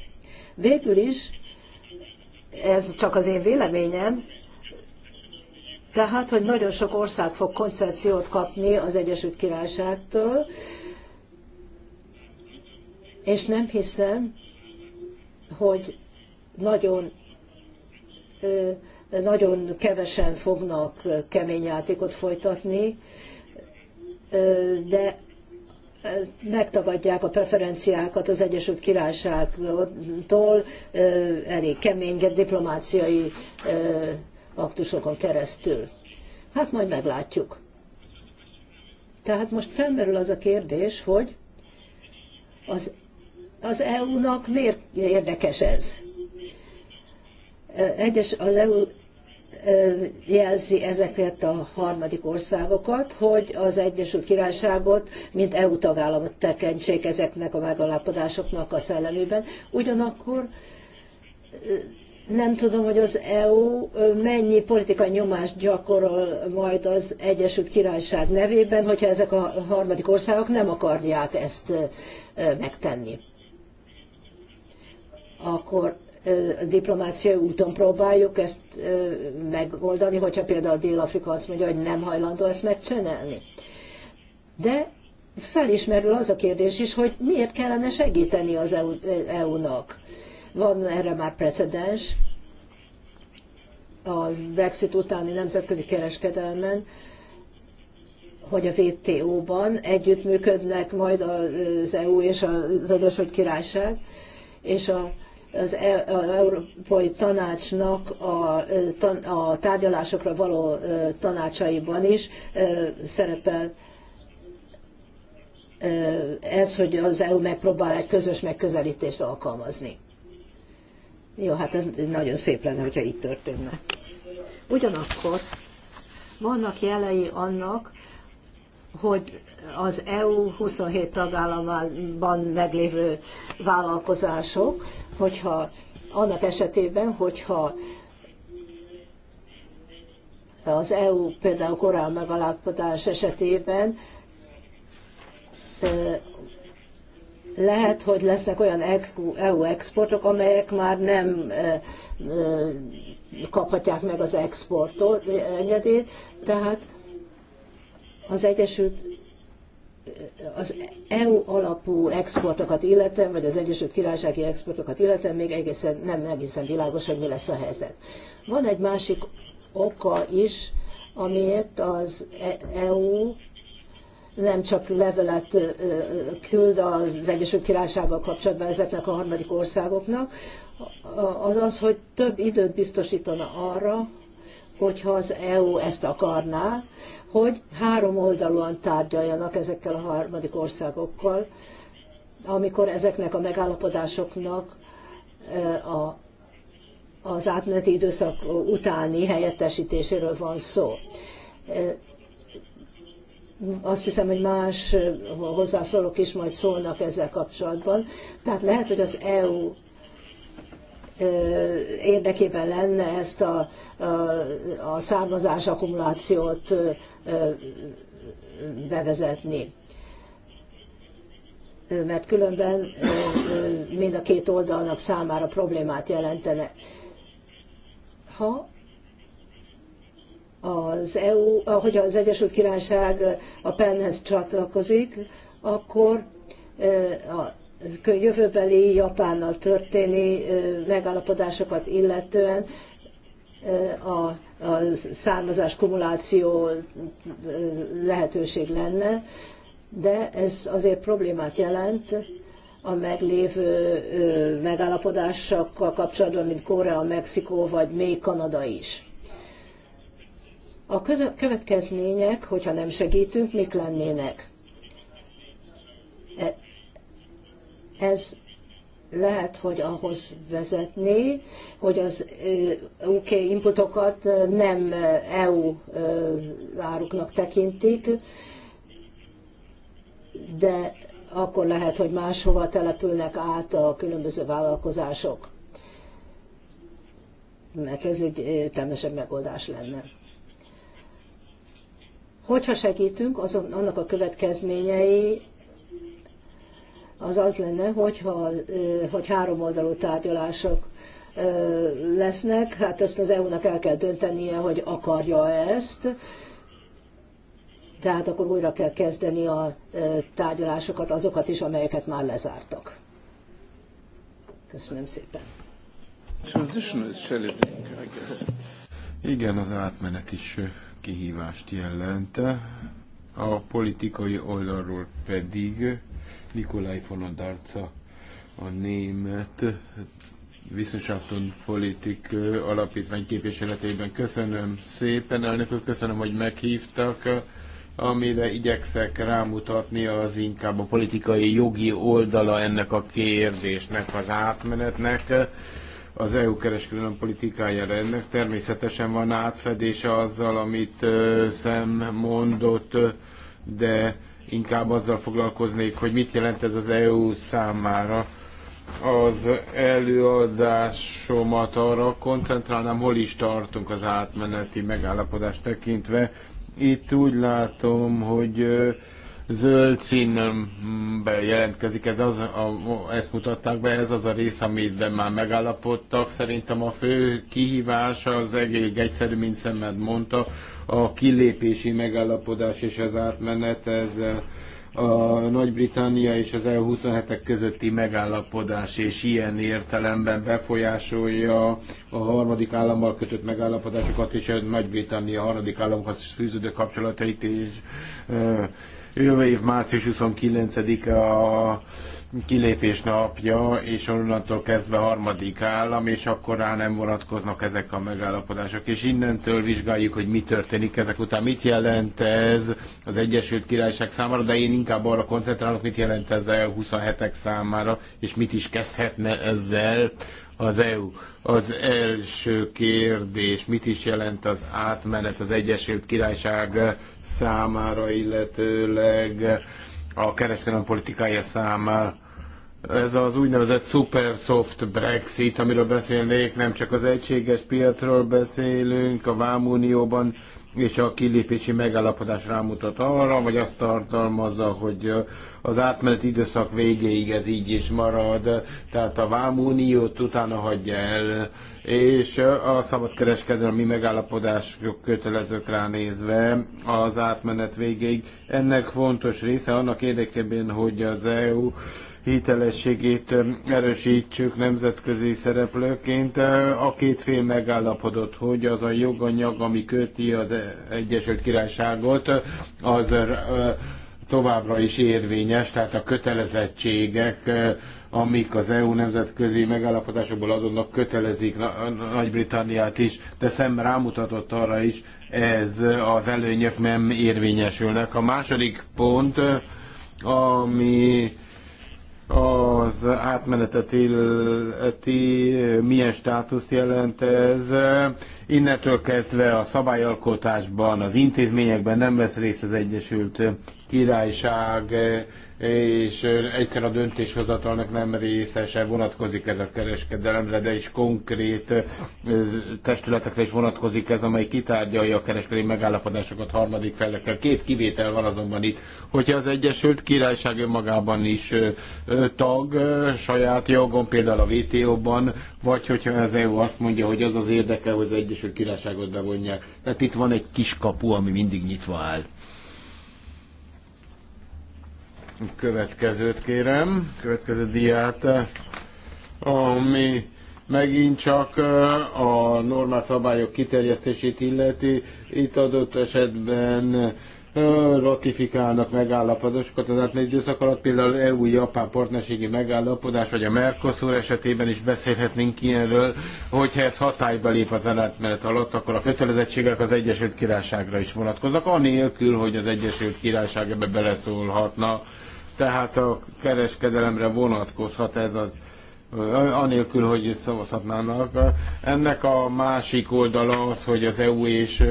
Végül is, ez csak az én véleményem, tehát, hogy nagyon sok ország fog koncepciót kapni az Egyesült Királyságtól, és nem hiszem, hogy nagyon ö, nagyon kevesen fognak kemény játékot folytatni, de megtagadják a preferenciákat az Egyesült Királyságtól elég kemény diplomáciai aktusokon keresztül. Hát majd meglátjuk. Tehát most felmerül az a kérdés, hogy az, az EU-nak miért érdekes ez? Egyes, az EU jelzi ezeket a harmadik országokat, hogy az Egyesült Királyságot, mint EU tagállamot tekintsék ezeknek a megalapodásoknak a szellemében. Ugyanakkor nem tudom, hogy az EU mennyi politikai nyomást gyakorol majd az Egyesült Királyság nevében, hogyha ezek a harmadik országok nem akarják ezt megtenni. Akkor diplomáciai úton próbáljuk ezt megoldani, hogyha például Dél-Afrika azt mondja, hogy nem hajlandó ezt megcsinálni. De felismerül az a kérdés is, hogy miért kellene segíteni az EU-nak. E Van erre már precedens a Brexit utáni nemzetközi kereskedelmen, hogy a WTO-ban együttműködnek majd az EU és az Egyesült Királyság, és a az e- Európai Tanácsnak a, a tárgyalásokra való tanácsaiban is szerepel ez, hogy az EU megpróbál egy közös megközelítést alkalmazni. Jó, hát ez nagyon szép lenne, hogyha így történne. Ugyanakkor vannak jelei annak, hogy az EU 27 tagállamában meglévő vállalkozások hogyha annak esetében, hogyha az EU például korán megalapodás esetében lehet, hogy lesznek olyan EU e exportok, amelyek már nem kaphatják meg az exportot, engedélyt, tehát az Egyesült az EU alapú exportokat illetően, vagy az Egyesült Királysági exportokat illetően még egészen, nem egészen világos, hogy mi lesz a helyzet. Van egy másik oka is, amiért az EU nem csak levelet küld az Egyesült Királysággal kapcsolatban ezeknek a harmadik országoknak, az az, hogy több időt biztosítana arra, hogyha az EU ezt akarná, hogy három oldalúan tárgyaljanak ezekkel a harmadik országokkal, amikor ezeknek a megállapodásoknak a, az átmeneti időszak utáni helyettesítéséről van szó. Azt hiszem, hogy más hozzászólók is majd szólnak ezzel kapcsolatban. Tehát lehet, hogy az EU érdekében lenne ezt a, a, a származás akkumulációt bevezetni. Mert különben mind a két oldalnak számára problémát jelentene. Ha az EU, ahogy az Egyesült Királyság a PEN-hez csatlakozik, akkor a jövőbeli Japánnal történi megállapodásokat illetően a, a származás kumuláció lehetőség lenne, de ez azért problémát jelent a meglévő megállapodásokkal kapcsolatban, mint Korea, Mexikó vagy még Kanada is. A következmények, hogyha nem segítünk, mik lennének? E, ez lehet, hogy ahhoz vezetné, hogy az UK inputokat nem EU áruknak tekintik, de akkor lehet, hogy máshova települnek át a különböző vállalkozások. Mert ez egy értelmesebb megoldás lenne. Hogyha segítünk, azon, annak a következményei az az lenne, hogyha, hogy három oldalú tárgyalások lesznek, hát ezt az EU-nak el kell döntenie, hogy akarja ezt, tehát akkor újra kell kezdeni a tárgyalásokat, azokat is, amelyeket már lezártak. Köszönöm
szépen.
Igen, az átmenet is kihívást jelente. A politikai oldalról pedig Nikolaj von Adarca, a német Wissenschaften Politik alapítvány képviseletében. Köszönöm szépen, elnök köszönöm, hogy meghívtak amire igyekszek rámutatni, az inkább a politikai jogi oldala ennek a kérdésnek, az átmenetnek, az EU kereskedelem politikájára ennek. Természetesen van átfedése azzal, amit Szem mondott, de inkább azzal foglalkoznék, hogy mit jelent ez az EU számára. Az előadásomat arra koncentrálnám, hol is tartunk az átmeneti megállapodást tekintve. Itt úgy látom, hogy zöld színben jelentkezik, ez az, a, ezt mutatták be, ez az a rész, amiben már megállapodtak. Szerintem a fő kihívás az egész egyszerű, mint szemed mondta, a kilépési megállapodás és az átmenet, ez a Nagy-Britannia és az EU 27-ek közötti megállapodás, és ilyen értelemben befolyásolja a harmadik állammal kötött megállapodásokat, és a Nagy-Britannia harmadik államhoz fűződő kapcsolatait, és jövő év március 29-e a kilépés napja, és onnantól kezdve harmadik állam, és akkor rá nem vonatkoznak ezek a megállapodások. És innentől vizsgáljuk, hogy mi történik ezek után, mit jelent ez az Egyesült Királyság számára, de én inkább arra koncentrálok, mit jelent ez a 27-ek számára, és mit is kezdhetne ezzel az EU. Az első kérdés, mit is jelent az átmenet az Egyesült Királyság számára, illetőleg a kereskedelmi politikája számára? ez az úgynevezett super soft Brexit, amiről beszélnék, nem csak az egységes piacról beszélünk, a Vámunióban és a kilépési megállapodás rámutat arra, vagy azt tartalmazza, hogy az átmeneti időszak végéig ez így is marad, tehát a Vámuniót utána hagyja el, és a szabadkereskedelmi megállapodások kötelezők ránézve az átmenet végéig. Ennek fontos része annak érdekében, hogy az EU hitelességét erősítsük nemzetközi szereplőként. A két fél megállapodott, hogy az a joganyag, ami köti az e- Egyesült Királyságot, az továbbra is érvényes, tehát a kötelezettségek, amik az EU nemzetközi megállapodásokból adódnak, kötelezik Nagy-Britanniát is, de szem rámutatott arra is, ez az előnyök nem érvényesülnek. A második pont, ami az átmenetet illeti, milyen státuszt jelent ez. Innentől kezdve a szabályalkotásban, az intézményekben nem vesz részt az Egyesült Királyság, és egyszer a döntéshozatalnak nem részese vonatkozik ez a kereskedelemre, de is konkrét testületekre is vonatkozik ez, amely kitárgyalja a kereskedelmi megállapodásokat harmadik felekkel. Két kivétel van azonban itt, hogyha az Egyesült Királyság önmagában is tag saját jogon, például a WTO-ban, vagy hogyha az EU azt mondja, hogy az az érdeke, hogy az Egyesült Királyságot bevonják. Tehát itt van egy kis kapu, ami mindig nyitva áll. Következőt kérem, következő diát, eh, ami megint csak eh, a normál szabályok kiterjesztését illeti. Itt adott esetben eh, ratifikálnak megállapodásokat az átmegy időszak alatt, például EU-Japán partnerségi megállapodás, vagy a Mercosur esetében is beszélhetnénk ilyenről, hogyha ez hatályba lép az átmenet alatt, akkor a kötelezettségek az Egyesült Királyságra is vonatkoznak, anélkül, hogy az Egyesült Királyság ebbe beleszólhatna. Tehát a kereskedelemre vonatkozhat ez az anélkül, hogy szavazhatnának. Ennek a másik oldala az, hogy az EU és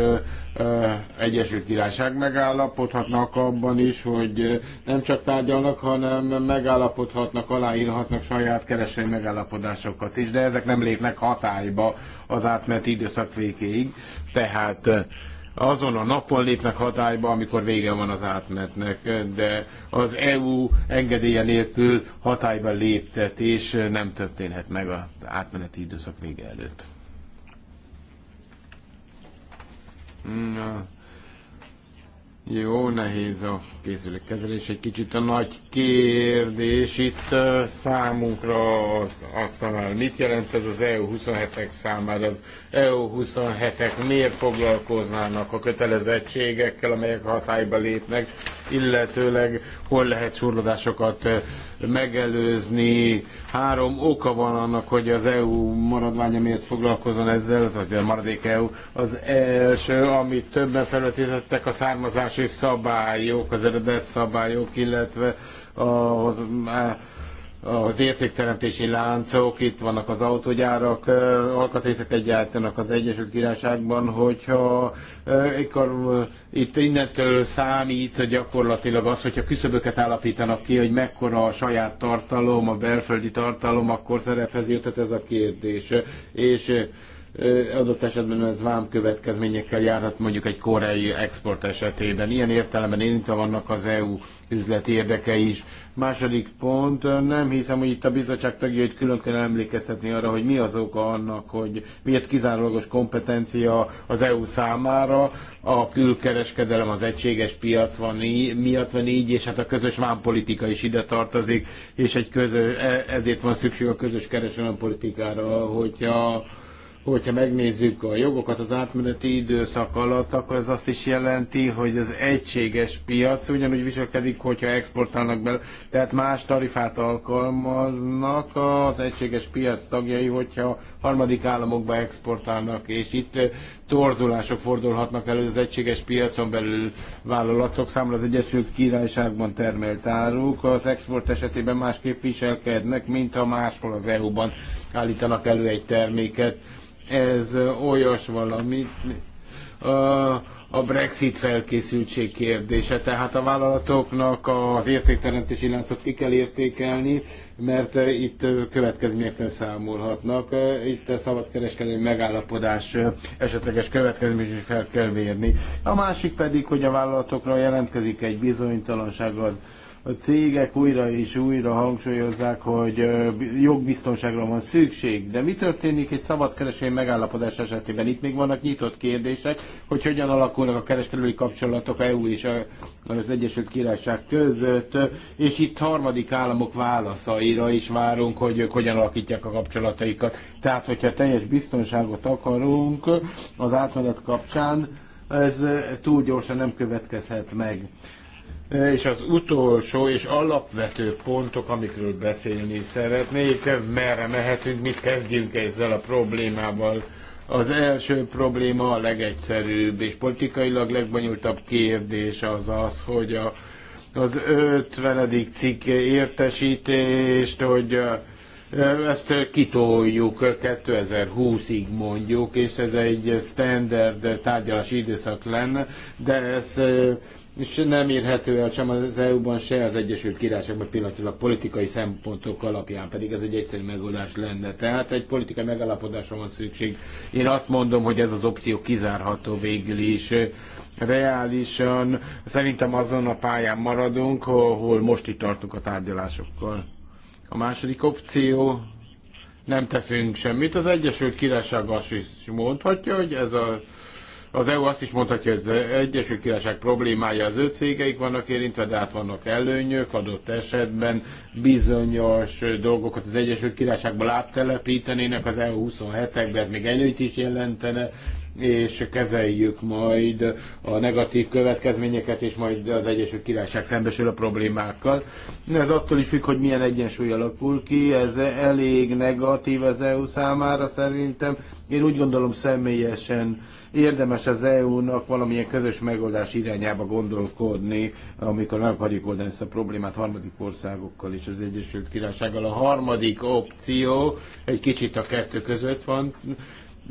Egyesült Királyság megállapodhatnak abban is, hogy nem csak tárgyalnak, hanem megállapodhatnak, aláírhatnak saját keresői megállapodásokat is, de ezek nem lépnek hatályba az átmeneti időszak végéig. Tehát azon a napon lépnek hatályba, amikor vége van az átmenetnek, de az EU engedélye nélkül hatályba léptetés nem történhet meg az átmeneti időszak vége előtt. Jó, nehéz a készülék kezelés. Egy kicsit a nagy kérdés itt számunkra az, azt talán, mit jelent ez az EU27-ek számára? Az EU27-ek miért foglalkoznának a kötelezettségekkel, amelyek hatályba lépnek? illetőleg hol lehet surlódásokat eh, megelőzni. Három oka van annak, hogy az EU maradványa miért foglalkozon ezzel, vagy a maradék EU. Az első, amit többen felvetítettek, a származási szabályok, az eredet szabályok, illetve a, a az értékteremtési láncok, itt vannak az autógyárak, alkatrészek egyáltalának az Egyesült Királyságban, hogyha ekkor itt innentől számít gyakorlatilag az, hogyha küszöböket állapítanak ki, hogy mekkora a saját tartalom, a belföldi tartalom, akkor szerephez jutott ez a kérdés. És adott esetben ez vám következményekkel járhat mondjuk egy koreai export esetében. Ilyen értelemben érintve vannak az EU üzleti érdeke is. Második pont, nem hiszem, hogy itt a bizottság tagjait külön kell emlékeztetni arra, hogy mi az oka annak, hogy miért kizárólagos kompetencia az EU számára, a külkereskedelem az egységes piac van így, miatt van így, és hát a közös vámpolitika is ide tartozik, és egy közö, e, ezért van szükség a közös kereskedelem politikára, hogyha hogyha megnézzük a jogokat az átmeneti időszak alatt, akkor ez azt is jelenti, hogy az egységes piac ugyanúgy viselkedik, hogyha exportálnak bele, tehát más tarifát alkalmaznak az egységes piac tagjai, hogyha harmadik államokba exportálnak, és itt torzulások fordulhatnak elő az egységes piacon belül vállalatok számára az Egyesült Királyságban termelt áruk, az export esetében másképp viselkednek, mint ha máshol az EU-ban állítanak elő egy terméket ez olyas valami, a Brexit felkészültség kérdése. Tehát a vállalatoknak az értékteremtési láncot ki kell értékelni, mert itt következményekkel számolhatnak. Itt a szabadkereskedelmi megállapodás esetleges következményt is fel kell mérni. A másik pedig, hogy a vállalatokra jelentkezik egy bizonytalanság az a cégek újra és újra hangsúlyozzák, hogy jogbiztonságra van szükség, de mi történik egy szabadkereskedelmi megállapodás esetében? Itt még vannak nyitott kérdések, hogy hogyan alakulnak a kereskedelmi kapcsolatok EU és az Egyesült Királyság között, és itt harmadik államok válaszaira is várunk, hogy ők hogyan alakítják a kapcsolataikat. Tehát, hogyha teljes biztonságot akarunk az átmenet kapcsán, ez eh, túl gyorsan nem következhet meg. És az utolsó és alapvető pontok, amikről beszélni szeretnék, merre mehetünk, mit kezdjünk ezzel a problémával. Az első probléma a legegyszerűbb és politikailag legbonyolultabb kérdés az az, hogy a, az 50. cikk értesítést, hogy ezt kitoljuk 2020-ig mondjuk, és ez egy standard tárgyalási időszak lenne, de ez és nem érhető el sem az EU-ban, se az Egyesült Királyságban pillanatilag politikai szempontok alapján, pedig ez egy egyszerű megoldás lenne. Tehát egy politikai megalapodásra van szükség. Én azt mondom, hogy ez az opció kizárható végül is. Reálisan szerintem azon a pályán maradunk, ahol most itt tartunk a tárgyalásokkal. A második opció, nem teszünk semmit. Az Egyesült Királyság azt is mondhatja, hogy ez a az EU azt is mondhatja, hogy az Egyesült Királyság problémája az ő cégeik vannak érintve, de hát vannak előnyök, adott esetben bizonyos dolgokat az Egyesült Királyságból láttelepítenének az EU 27-ekbe, ez még előnyt is jelentene, és kezeljük majd a negatív következményeket, és majd az Egyesült Királyság szembesül a problémákkal. Ez attól is függ, hogy milyen egyensúly alakul ki, ez elég negatív az EU számára szerintem. Én úgy gondolom személyesen, Érdemes az EU-nak valamilyen közös megoldás irányába gondolkodni, amikor meg akarjuk oldani ezt a problémát harmadik országokkal és az Egyesült Királysággal. A harmadik opció egy kicsit a kettő között van,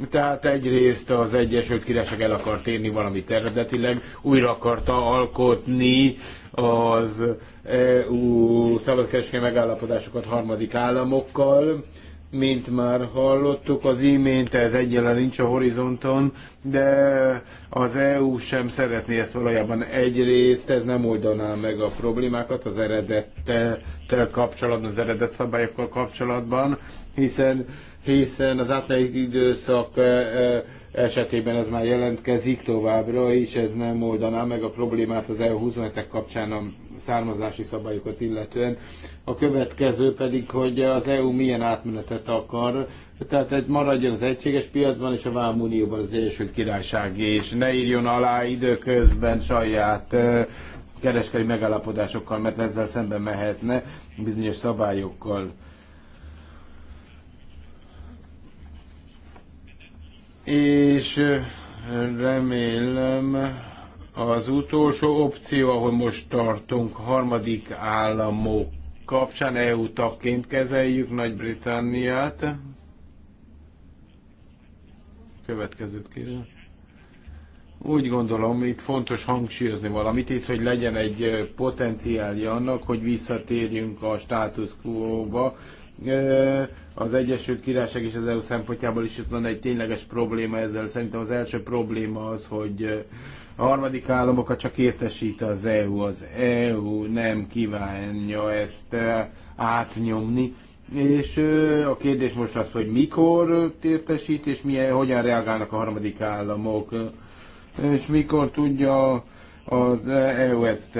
tehát egyrészt az Egyesült Királyság el akar térni valamit eredetileg, újra akarta alkotni az EU szabadkereskedelmi megállapodásokat harmadik államokkal, mint már hallottuk, az imént ez egyelőre nincs a horizonton, de az EU sem szeretné ezt valójában egyrészt, ez nem oldaná meg a problémákat az eredettel kapcsolatban, az eredet szabályokkal kapcsolatban, hiszen, hiszen az átmeneti időszak e, e, esetében ez már jelentkezik továbbra is, ez nem oldaná meg a problémát az EU 27 kapcsán a származási szabályokat illetően. A következő pedig, hogy az EU milyen átmenetet akar, tehát egy maradjon az egységes piacban és a Vámunióban az Egyesült Királyság, és ne írjon alá időközben saját kereskedelmi megállapodásokkal, mert ezzel szemben mehetne bizonyos szabályokkal és remélem az utolsó opció, ahol most tartunk, harmadik államok kapcsán EU tagként kezeljük Nagy-Britanniát. Következőt kérem. Úgy gondolom, itt fontos hangsúlyozni valamit, itt, hogy legyen egy potenciálja annak, hogy visszatérjünk a status quo-ba, az Egyesült Királyság és az EU szempontjából is itt van egy tényleges probléma ezzel. Szerintem az első probléma az, hogy a harmadik államokat csak értesít az EU. Az EU nem kívánja ezt átnyomni. És a kérdés most az, hogy mikor értesít, és milyen, hogyan reagálnak a harmadik államok, és mikor tudja az EU ezt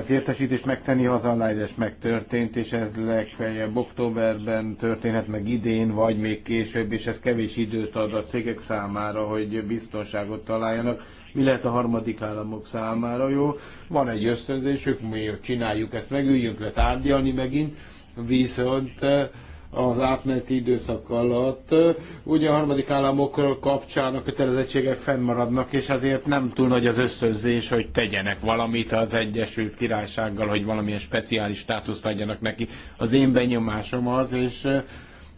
az értesítést megtenni, ha az aláírás megtörtént, és ez legfeljebb októberben történhet meg idén, vagy még később, és ez kevés időt ad a cégek számára, hogy biztonságot találjanak. Mi lehet a harmadik államok számára jó? Van egy ösztönzésük, mi csináljuk ezt, megüljünk le tárgyalni megint, viszont az átmeneti időszak alatt. Ugye a harmadik államok kapcsán a kötelezettségek fennmaradnak, és ezért nem túl nagy az ösztönzés, hogy tegyenek valamit az Egyesült Királysággal, hogy valamilyen speciális státuszt adjanak neki. Az én benyomásom az, és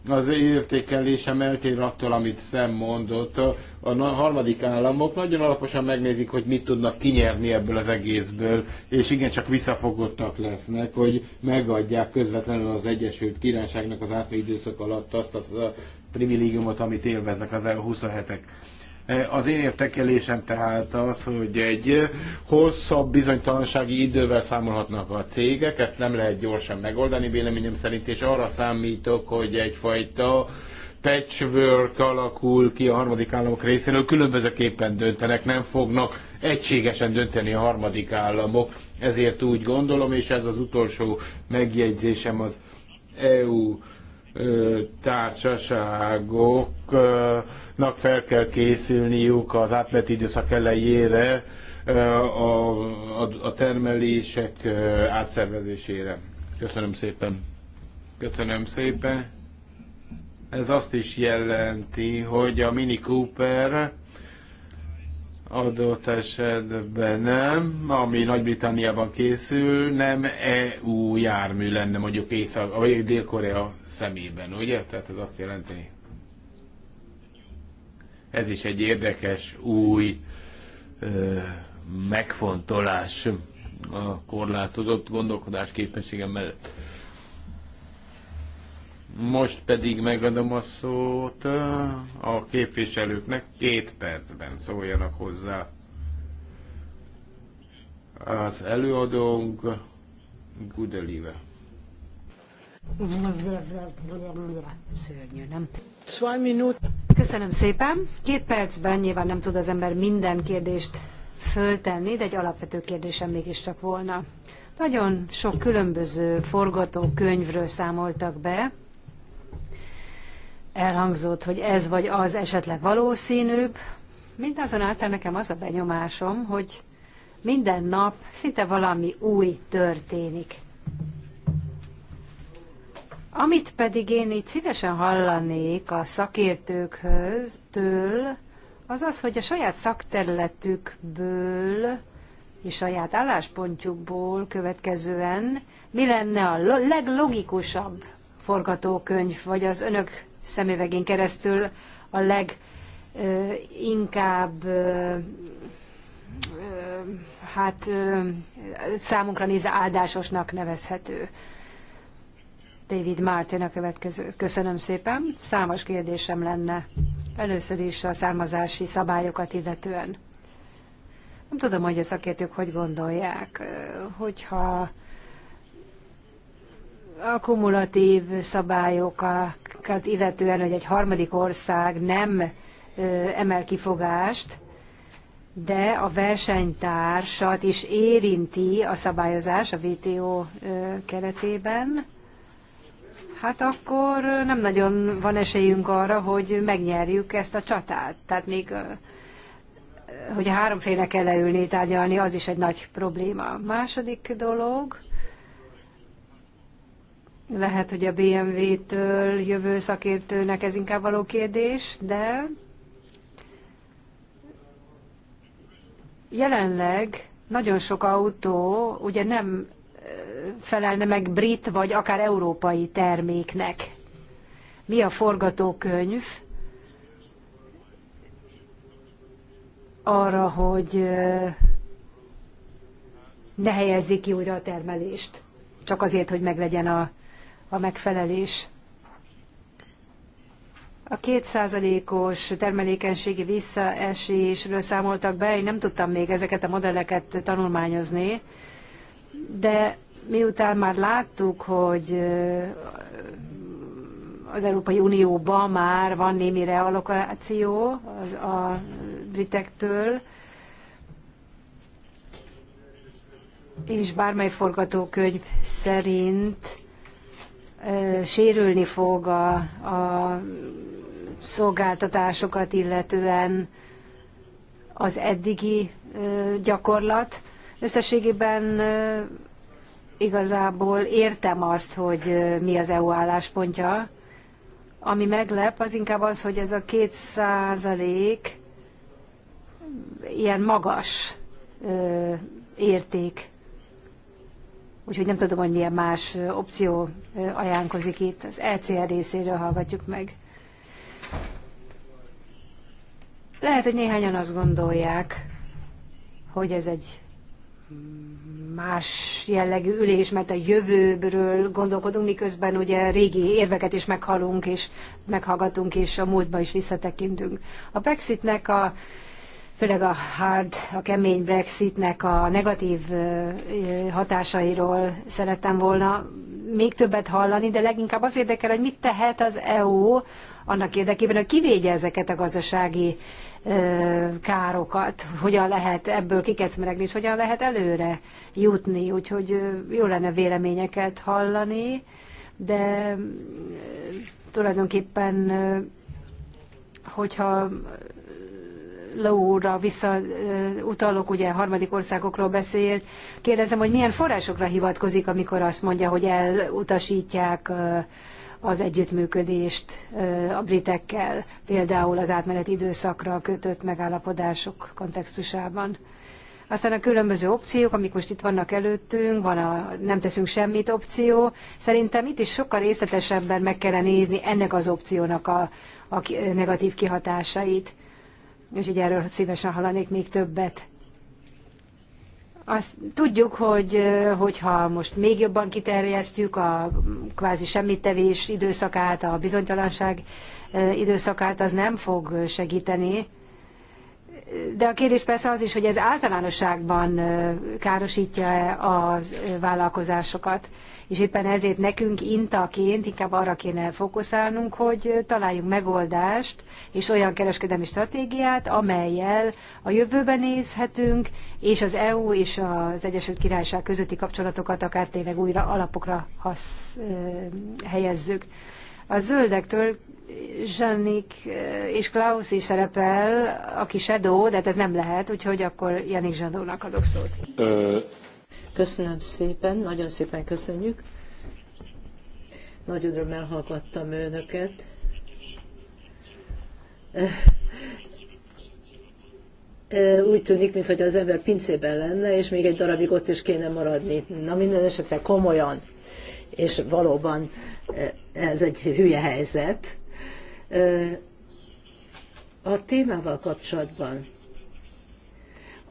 az értékelésem eltér attól, amit Sam mondott. A harmadik államok nagyon alaposan megnézik, hogy mit tudnak kinyerni ebből az egészből, és igen csak visszafogottak lesznek, hogy megadják közvetlenül az Egyesült Királyságnak az átmű időszak alatt azt a privilégiumot, amit élveznek az EU 27-ek az én értekelésem tehát az, hogy egy hosszabb bizonytalansági idővel számolhatnak a cégek, ezt nem lehet gyorsan megoldani véleményem szerint, és arra számítok, hogy egyfajta patchwork alakul ki a harmadik államok részéről, különbözőképpen döntenek, nem fognak egységesen dönteni a harmadik államok. Ezért úgy gondolom, és ez az utolsó megjegyzésem az EU társaságok nak fel kell készülniük az átmeneti időszak elejére a, a, a termelések átszervezésére. Köszönöm szépen. Köszönöm szépen. Ez azt is jelenti, hogy a Mini Cooper adott esetben nem, ami Nagy-Britanniában készül, nem EU jármű lenne mondjuk Észak, vagy Dél-Korea szemében, ugye? Tehát ez azt jelenti. Ez is egy érdekes új ö, megfontolás a korlátozott gondolkodás képessége, mellett. Most pedig megadom a szót a képviselőknek, két percben szóljanak hozzá. Az előadónk Gudelive.
Szörnyű, nem? 2 minút. Köszönöm szépen. Két percben nyilván nem tud az ember minden kérdést föltenni, de egy alapvető kérdésem mégiscsak volna. Nagyon sok különböző forgatókönyvről számoltak be. Elhangzott, hogy ez vagy az esetleg valószínűbb. Mindazonáltal nekem az a benyomásom, hogy minden nap szinte valami új történik amit pedig én itt szívesen hallanék a szakértőkhöz, től, az az, hogy a saját szakterületükből és saját álláspontjukból következően mi lenne a leglogikusabb forgatókönyv, vagy az önök szemüvegén keresztül a leginkább hát számunkra nézve áldásosnak nevezhető David Martin a következő. Köszönöm szépen. Számos kérdésem lenne. Először is a származási szabályokat illetően. Nem tudom, hogy a szakértők hogy gondolják, hogyha a kumulatív szabályokat illetően, hogy egy harmadik ország nem emel kifogást, de a versenytársat is érinti a szabályozás a WTO keretében, hát akkor nem nagyon van esélyünk arra, hogy megnyerjük ezt a csatát. Tehát még hogy a háromfélnek kell leülni, tárgyalni, az is egy nagy probléma. Második dolog, lehet, hogy a BMW-től jövő szakértőnek ez inkább való kérdés, de jelenleg nagyon sok autó ugye nem felelne meg brit vagy akár európai terméknek? Mi a forgatókönyv arra, hogy ne helyezzék ki újra a termelést, csak azért, hogy meglegyen a, a megfelelés? A kétszázalékos termelékenységi visszaesésről számoltak be, én nem tudtam még ezeket a modelleket tanulmányozni, de Miután már láttuk, hogy az Európai Unióban már van némi realokáció az a britektől, és bármely forgatókönyv szerint sérülni fog a, a szolgáltatásokat illetően az eddigi gyakorlat. Összességében igazából értem azt, hogy mi az EU álláspontja. Ami meglep, az inkább az, hogy ez a két százalék ilyen magas ö, érték. Úgyhogy nem tudom, hogy milyen más opció ajánlkozik itt. Az ECR részéről hallgatjuk meg. Lehet, hogy néhányan azt gondolják, hogy ez egy más jellegű ülés, mert a jövőbről gondolkodunk, miközben ugye régi érveket is meghalunk, és meghallgatunk, és a múltba is visszatekintünk. A Brexitnek a főleg a hard, a kemény Brexitnek a negatív hatásairól szerettem volna még többet hallani, de leginkább az érdekel, hogy mit tehet az EU annak érdekében, hogy kivédje ezeket a gazdasági károkat, hogyan lehet ebből kikecmeregni, és hogyan lehet előre jutni. Úgyhogy jó lenne véleményeket hallani, de tulajdonképpen, hogyha Lóra visszautalok, ugye harmadik országokról beszélt. Kérdezem, hogy milyen forrásokra hivatkozik, amikor azt mondja, hogy elutasítják az együttműködést a britekkel, például az átmeneti időszakra kötött megállapodások kontextusában. Aztán a különböző opciók, amik most itt vannak előttünk, van a nem teszünk semmit opció. Szerintem itt is sokkal részletesebben meg kellene nézni ennek az opciónak a, a negatív kihatásait. Úgyhogy erről szívesen hallanék még többet azt tudjuk, hogy hogyha most még jobban kiterjesztjük a kvázi semmittevés időszakát, a bizonytalanság időszakát, az nem fog segíteni, de a kérdés persze az is, hogy ez általánosságban károsítja-e a vállalkozásokat. És éppen ezért nekünk intaként inkább arra kéne fókuszálnunk, hogy találjunk megoldást és olyan kereskedelmi stratégiát, amelyel a jövőben nézhetünk, és az EU és az Egyesült Királyság közötti kapcsolatokat akár tényleg újra alapokra hasz, helyezzük. A zöldektől Zsannik eh, és Klaus is szerepel, aki Shadow, de hát ez nem lehet, úgyhogy akkor Janik Zsadónak adok szót. Köszönöm szépen, nagyon szépen
köszönjük. Nagy örömmel hallgattam önöket. Eh, eh, úgy tűnik, mintha az ember pincében lenne, és még egy darabig ott is kéne maradni. Na minden esetre komolyan, és valóban ez egy hülye helyzet a témával kapcsolatban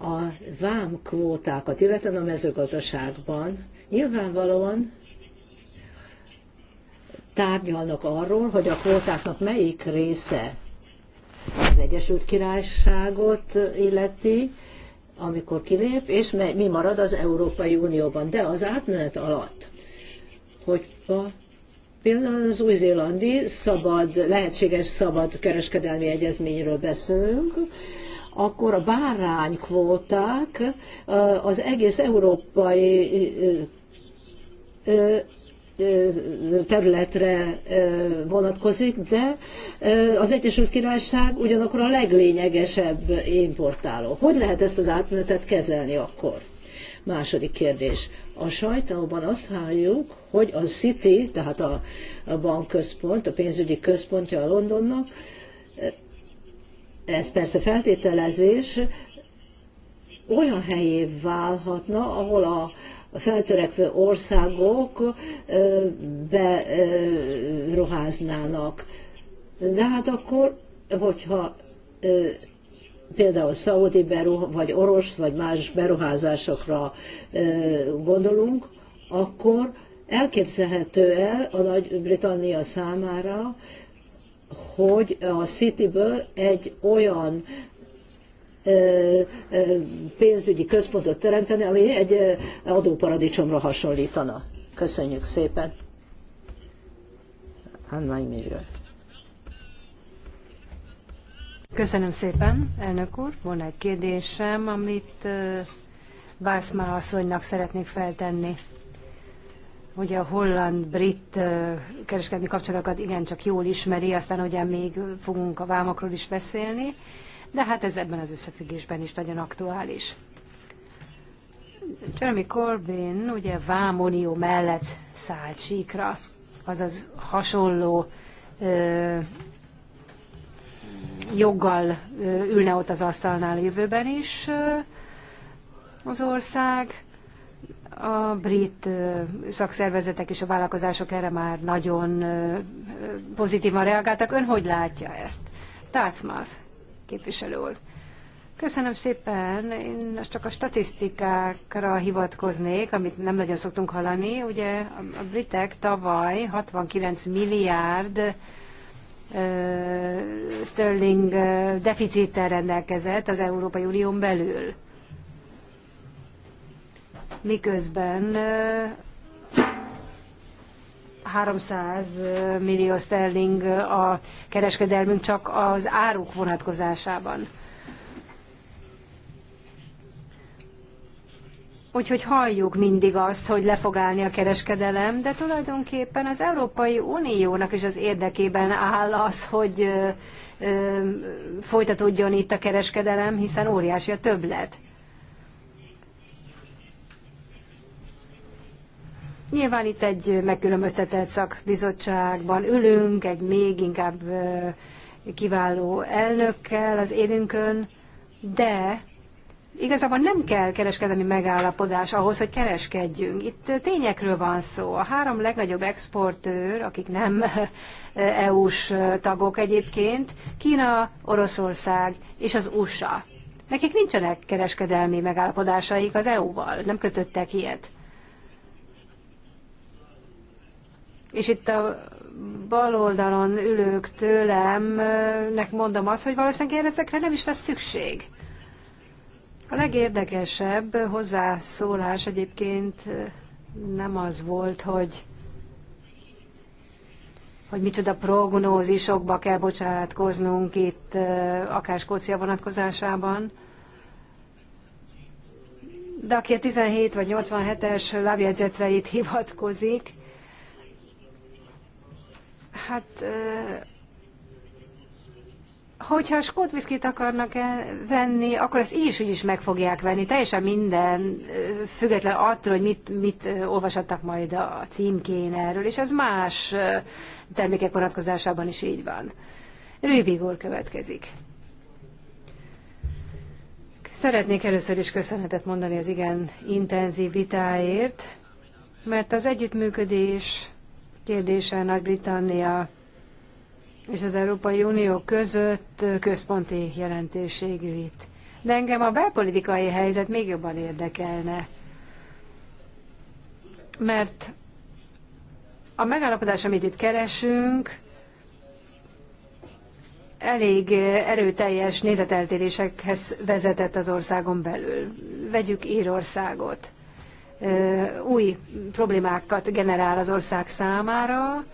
a vámkvótákat, illetve a mezőgazdaságban nyilvánvalóan tárgyalnak arról, hogy a kvótáknak melyik része az Egyesült Királyságot illeti, amikor kilép, és mi marad az Európai Unióban, de az átmenet alatt, hogy Például az új-zélandi szabad, lehetséges szabad kereskedelmi egyezményről beszélünk, akkor a báránykvóták az egész európai területre vonatkozik, de az Egyesült Királyság ugyanakkor a leglényegesebb importáló. Hogy lehet ezt az átmenetet kezelni akkor? Második kérdés. A sajtóban azt halljuk, hogy a City, tehát a, a bankközpont, a pénzügyi központja a Londonnak, ez persze feltételezés, olyan helyé válhatna, ahol a, a feltörekvő országok beruháznának. De hát akkor, hogyha például szaudi beruh- vagy orosz, vagy más beruházásokra gondolunk, akkor Elképzelhető-e a Nagy-Britannia számára, hogy a Cityből egy olyan pénzügyi központot teremteni, ami egy adóparadicsomra hasonlítana. Köszönjük szépen.
Köszönöm szépen, elnök úr. Van egy kérdésem, amit Bárszma asszonynak szeretnék feltenni hogy a holland-brit kereskedni kapcsolatokat igencsak jól ismeri, aztán ugye még fogunk a vámakról is beszélni, de hát ez ebben az összefüggésben is nagyon aktuális. Jeremy Corbyn ugye vámonió mellett szállt síkra, azaz hasonló ö, joggal ö, ülne ott az asztalnál a jövőben is ö, az ország, a brit szakszervezetek és a vállalkozások erre már nagyon pozitívan reagáltak. Ön hogy látja ezt? Dartmouth képviselő úr. Köszönöm szépen. Én csak a statisztikákra hivatkoznék, amit nem nagyon szoktunk hallani. Ugye a britek tavaly 69 milliárd sterling deficittel rendelkezett az Európai Unión belül miközben 300 millió sterling a kereskedelmünk csak az áruk vonatkozásában. Úgyhogy halljuk mindig azt, hogy le fog állni a kereskedelem, de tulajdonképpen az Európai Uniónak is az érdekében áll az, hogy folytatódjon itt a kereskedelem, hiszen óriási a többlet. Nyilván itt egy megkülönböztetett szakbizottságban ülünk, egy még inkább kiváló elnökkel az élünkön, de igazából nem kell kereskedelmi megállapodás ahhoz, hogy kereskedjünk. Itt tényekről van szó. A három legnagyobb exportőr, akik nem EU-s tagok egyébként, Kína, Oroszország és az USA. Nekik nincsenek kereskedelmi megállapodásaik az EU-val, nem kötöttek ilyet. és itt a bal oldalon ülők tőlemnek mondom azt, hogy valószínűleg ezekre nem is lesz szükség. A legérdekesebb hozzászólás egyébként nem az volt, hogy hogy micsoda prognózisokba kell bocsátkoznunk itt, akár Skócia vonatkozásában. De aki a 17 vagy 87-es lábjegyzetre itt hivatkozik, Hát, hogyha a skótviszkit akarnak -e venni, akkor ezt így is, úgy is meg fogják venni. Teljesen minden, független attól, hogy mit, mit olvashattak majd a címkén erről, és ez más termékek vonatkozásában is így van. Rübig következik. Szeretnék először is köszönetet mondani az igen intenzív vitáért, mert az együttműködés kérdése Nagy-Britannia és az Európai Unió között központi jelentőségű itt. De engem a belpolitikai helyzet még jobban érdekelne, mert a megállapodás, amit itt keresünk, elég erőteljes nézeteltérésekhez vezetett az országon belül. Vegyük Írországot új problémákat generál az ország számára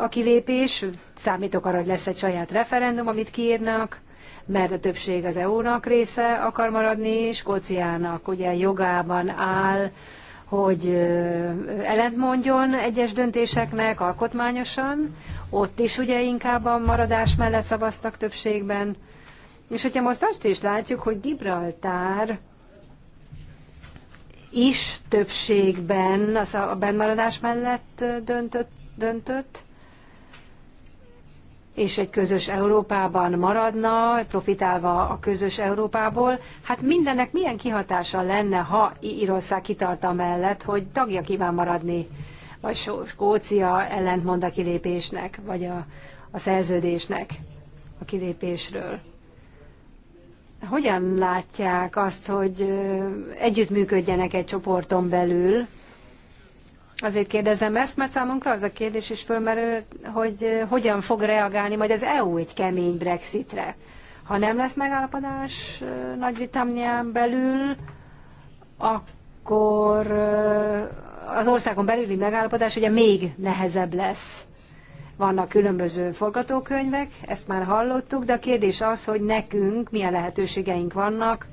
a kilépés. Számítok arra, hogy lesz egy saját referendum, amit kiírnak, mert a többség az EU-nak része akar maradni, Skóciának ugye jogában áll, hogy ellentmondjon egyes döntéseknek alkotmányosan. Ott is ugye inkább a maradás mellett szavaztak többségben. És hogyha most azt is látjuk, hogy Gibraltár is többségben az a bennmaradás mellett döntött, döntött, és egy közös Európában maradna, profitálva a közös Európából, hát mindennek milyen kihatása lenne, ha Írország kitarta mellett, hogy tagja kíván maradni, vagy Skócia mond a kilépésnek, vagy a, a szerződésnek a kilépésről hogyan látják azt, hogy együttműködjenek egy csoporton belül? Azért kérdezem ezt, mert számunkra az a kérdés is fölmerül, hogy hogyan fog reagálni majd az EU egy kemény Brexitre. Ha nem lesz megállapodás Nagy-Britannián belül, akkor az országon belüli megállapodás ugye még nehezebb lesz. Vannak különböző forgatókönyvek, ezt már hallottuk, de a kérdés az, hogy nekünk milyen lehetőségeink vannak,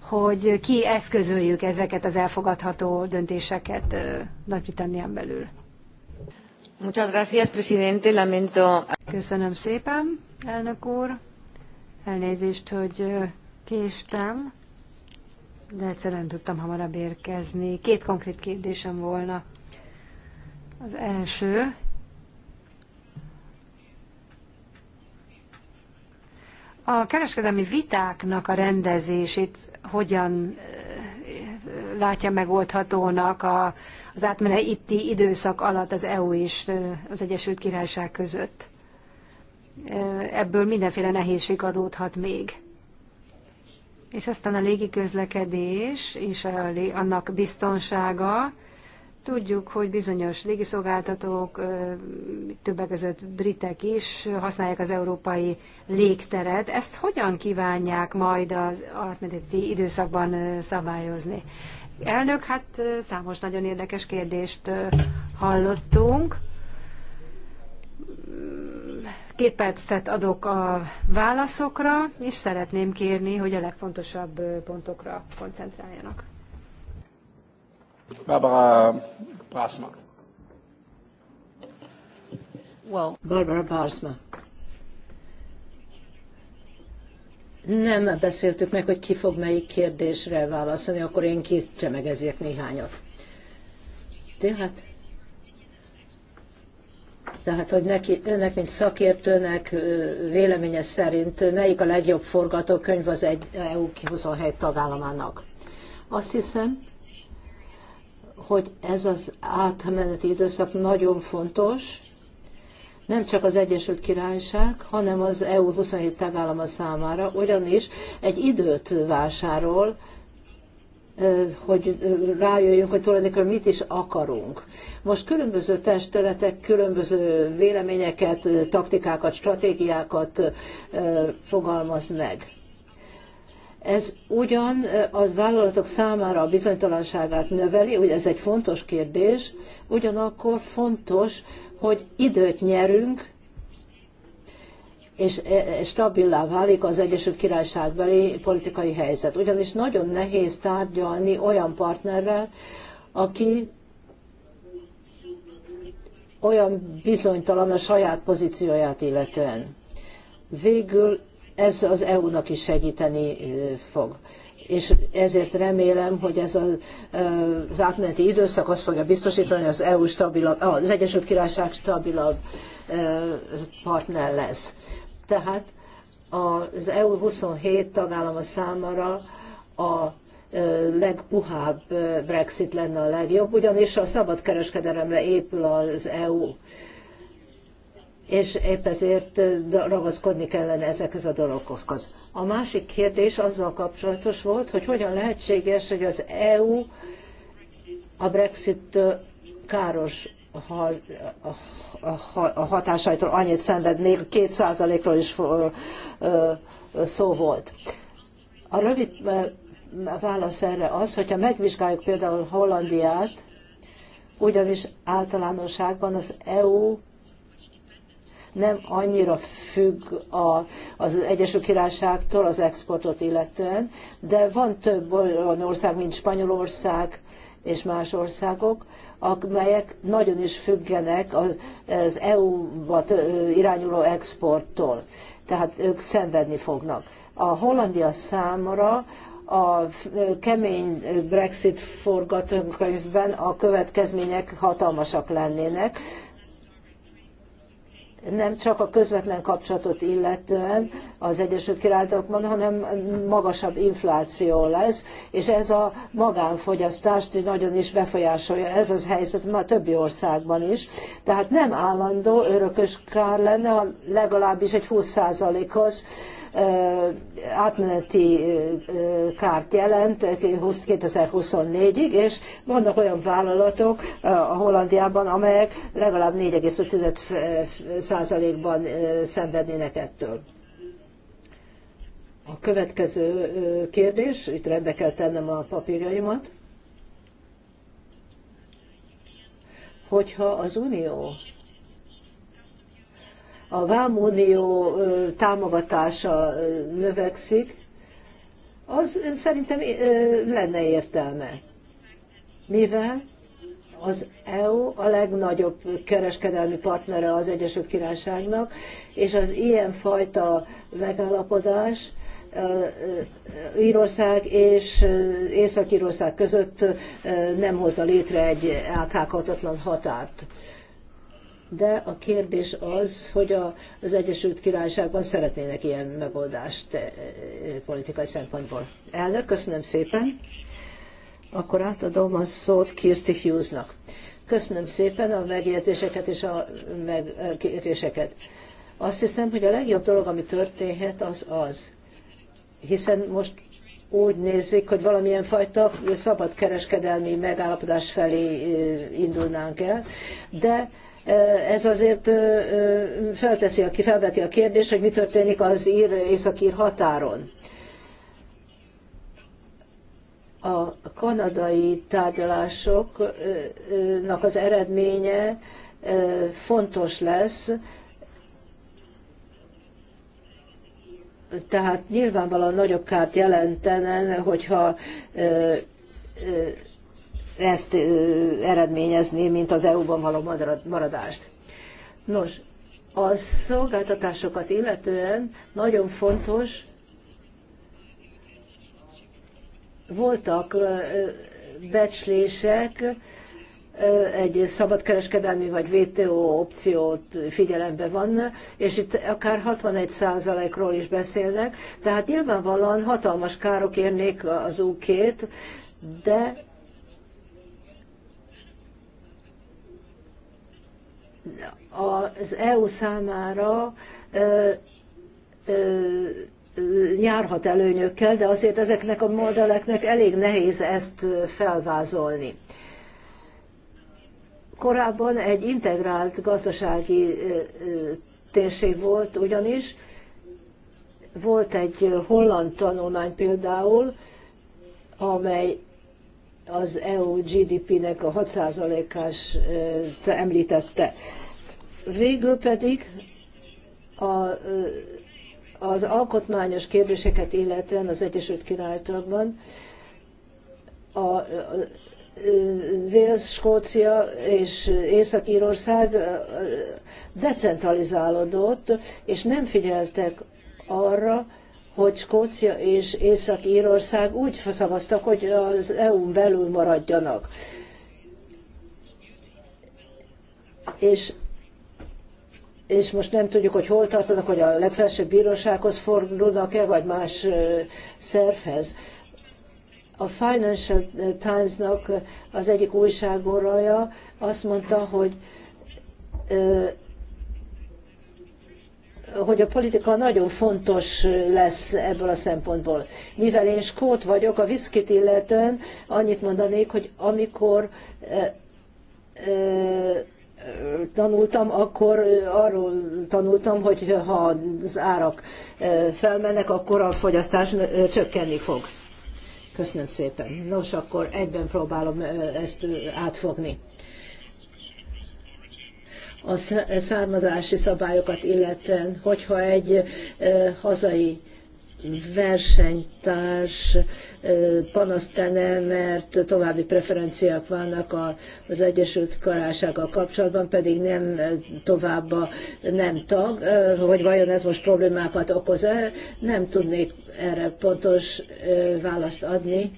hogy ki eszközöljük ezeket az elfogadható döntéseket Nagy-Britannián belül. Muchas gracias, presidente. Lamento. Köszönöm szépen, elnök úr. Elnézést, hogy késtem, de egyszerűen nem tudtam hamarabb érkezni. Két konkrét kérdésem volna. Az első, A kereskedelmi vitáknak a rendezését hogyan eh, látja megoldhatónak a, az átmeneti időszak alatt az EU és eh, az Egyesült Királyság között? Eh, ebből mindenféle nehézség adódhat még. És aztán a légiközlekedés és a, annak biztonsága, Tudjuk, hogy bizonyos légiszolgáltatók, többek között britek is használják az európai légteret. Ezt hogyan kívánják majd az átmeneti időszakban szabályozni? Elnök, hát számos nagyon érdekes kérdést hallottunk. Két percet adok a válaszokra, és szeretném kérni, hogy a legfontosabb pontokra koncentráljanak.
Barbara
Brasma. Well. Barbara Brasma. Nem beszéltük meg, hogy ki fog melyik kérdésre válaszolni, akkor én ezért néhányat. Tehát, tehát hogy neki, önnek, mint szakértőnek véleménye szerint melyik a legjobb forgatókönyv az egy EU 27 tagállamának? Azt hiszem, hogy ez az átmeneti időszak nagyon fontos, nem csak az Egyesült Királyság, hanem az EU 27 tagállama számára, ugyanis egy időt vásárol, hogy rájöjjünk, hogy tulajdonképpen mit is akarunk. Most különböző testületek különböző véleményeket, taktikákat, stratégiákat fogalmaz meg. Ez ugyan a vállalatok számára a bizonytalanságát növeli, ugye ez egy fontos kérdés, ugyanakkor fontos, hogy időt nyerünk, és e, e, stabilá válik az Egyesült Királyságbeli politikai helyzet. Ugyanis nagyon nehéz tárgyalni olyan partnerrel, aki olyan bizonytalan a saját pozícióját illetően. Végül ez az EU-nak is segíteni fog. És ezért remélem, hogy ez a, az átmeneti időszak azt fogja biztosítani, hogy az, EU stabilabb, az Egyesült Királyság stabilabb partner lesz. Tehát az EU 27 tagállama számára a legpuhább Brexit lenne a legjobb, ugyanis a szabad kereskedelemre épül az EU és épp ezért ragaszkodni kellene ezekhez a dolgokhoz. A másik kérdés azzal kapcsolatos volt, hogy hogyan lehetséges, hogy az EU a Brexit káros a hatásaitól annyit szenved, még két százalékról is szó volt. A rövid válasz erre az, hogyha megvizsgáljuk például Hollandiát, ugyanis általánosságban az EU nem annyira függ a, az Egyesült Királyságtól az exportot illetően, de van több olyan ország, mint Spanyolország és más országok, amelyek nagyon is függenek az EU-ba irányuló exporttól. Tehát ők szenvedni fognak. A Hollandia számára a kemény Brexit forgatókönyvben a következmények hatalmasak lennének, nem csak a közvetlen kapcsolatot illetően az Egyesült Királyokban, hanem magasabb infláció lesz, és ez a magánfogyasztást nagyon is befolyásolja. Ez az helyzet már többi országban is. Tehát nem állandó örökös kár lenne, legalábbis egy 20%-os átmeneti kárt jelent 2024-ig, és vannak olyan vállalatok a Hollandiában, amelyek legalább 4,5%-ban szenvednének ettől. A következő kérdés, itt rendbe kell tennem a papírjaimat, hogyha az Unió a Vámunió támogatása növekszik, az szerintem lenne értelme. Mivel az EU a legnagyobb kereskedelmi partnere az Egyesült Királyságnak, és az ilyen fajta megállapodás Írország és Észak-Írország között nem hozna létre egy elkákatatlan határt de a kérdés az, hogy a, az Egyesült Királyságban szeretnének ilyen megoldást eh, eh, politikai szempontból. Elnök, köszönöm szépen. Akkor átadom a szót Kirsti Hughesnak. Köszönöm szépen a megjegyzéseket és a megkérdéseket. Azt hiszem, hogy a legjobb dolog, ami történhet, az az. Hiszen most úgy nézik, hogy valamilyen fajta szabadkereskedelmi megállapodás felé eh, indulnánk el, de ez azért felteszi, aki felveti a kérdést, hogy mi történik az ír északír határon. A kanadai tárgyalásoknak az eredménye fontos lesz, tehát nyilvánvalóan nagyobb kárt jelentene, hogyha ezt eredményezni, mint az EU-ban való maradást. Nos, a szolgáltatásokat illetően nagyon fontos, voltak becslések, egy szabadkereskedelmi vagy WTO opciót figyelembe van, és itt akár 61%-ról is beszélnek, tehát nyilvánvalóan hatalmas károk érnék az UK-t, de az EU számára járhat előnyökkel, de azért ezeknek a modelleknek elég nehéz ezt felvázolni. Korábban egy integrált gazdasági térség volt ugyanis, volt egy holland tanulmány például, amely az EU GDP-nek a 6%-ás eh, említette. Végül pedig a, eh, az alkotmányos kérdéseket illetően az Egyesült Királyságban a eh, Wales, Skócia és Észak-Írország decentralizálódott, és nem figyeltek arra, hogy Skócia és Észak-Írország úgy szavaztak, hogy az EU-n belül maradjanak. És és most nem tudjuk, hogy hol tartanak, hogy a legfelsőbb bírósághoz fordulnak-e, vagy más szervhez. A Financial Times-nak az egyik újságorraja azt mondta, hogy hogy a politika nagyon fontos lesz ebből a szempontból. Mivel én skót vagyok, a viszkit illetően annyit mondanék, hogy amikor eh, eh, tanultam, akkor eh, arról tanultam, hogy ha az árak felmennek, akkor a fogyasztás csökkenni fog. Köszönöm szépen. Nos, akkor egyben próbálom ezt átfogni a e, származási szabályokat illetően, hogyha egy e, hazai versenytárs e, panaszt tenne, mert további preferenciák vannak az Egyesült Királysággal kapcsolatban, pedig nem tovább nem tag, hogy vajon ez most problémákat okoz-e, nem tudnék erre pontos választ adni.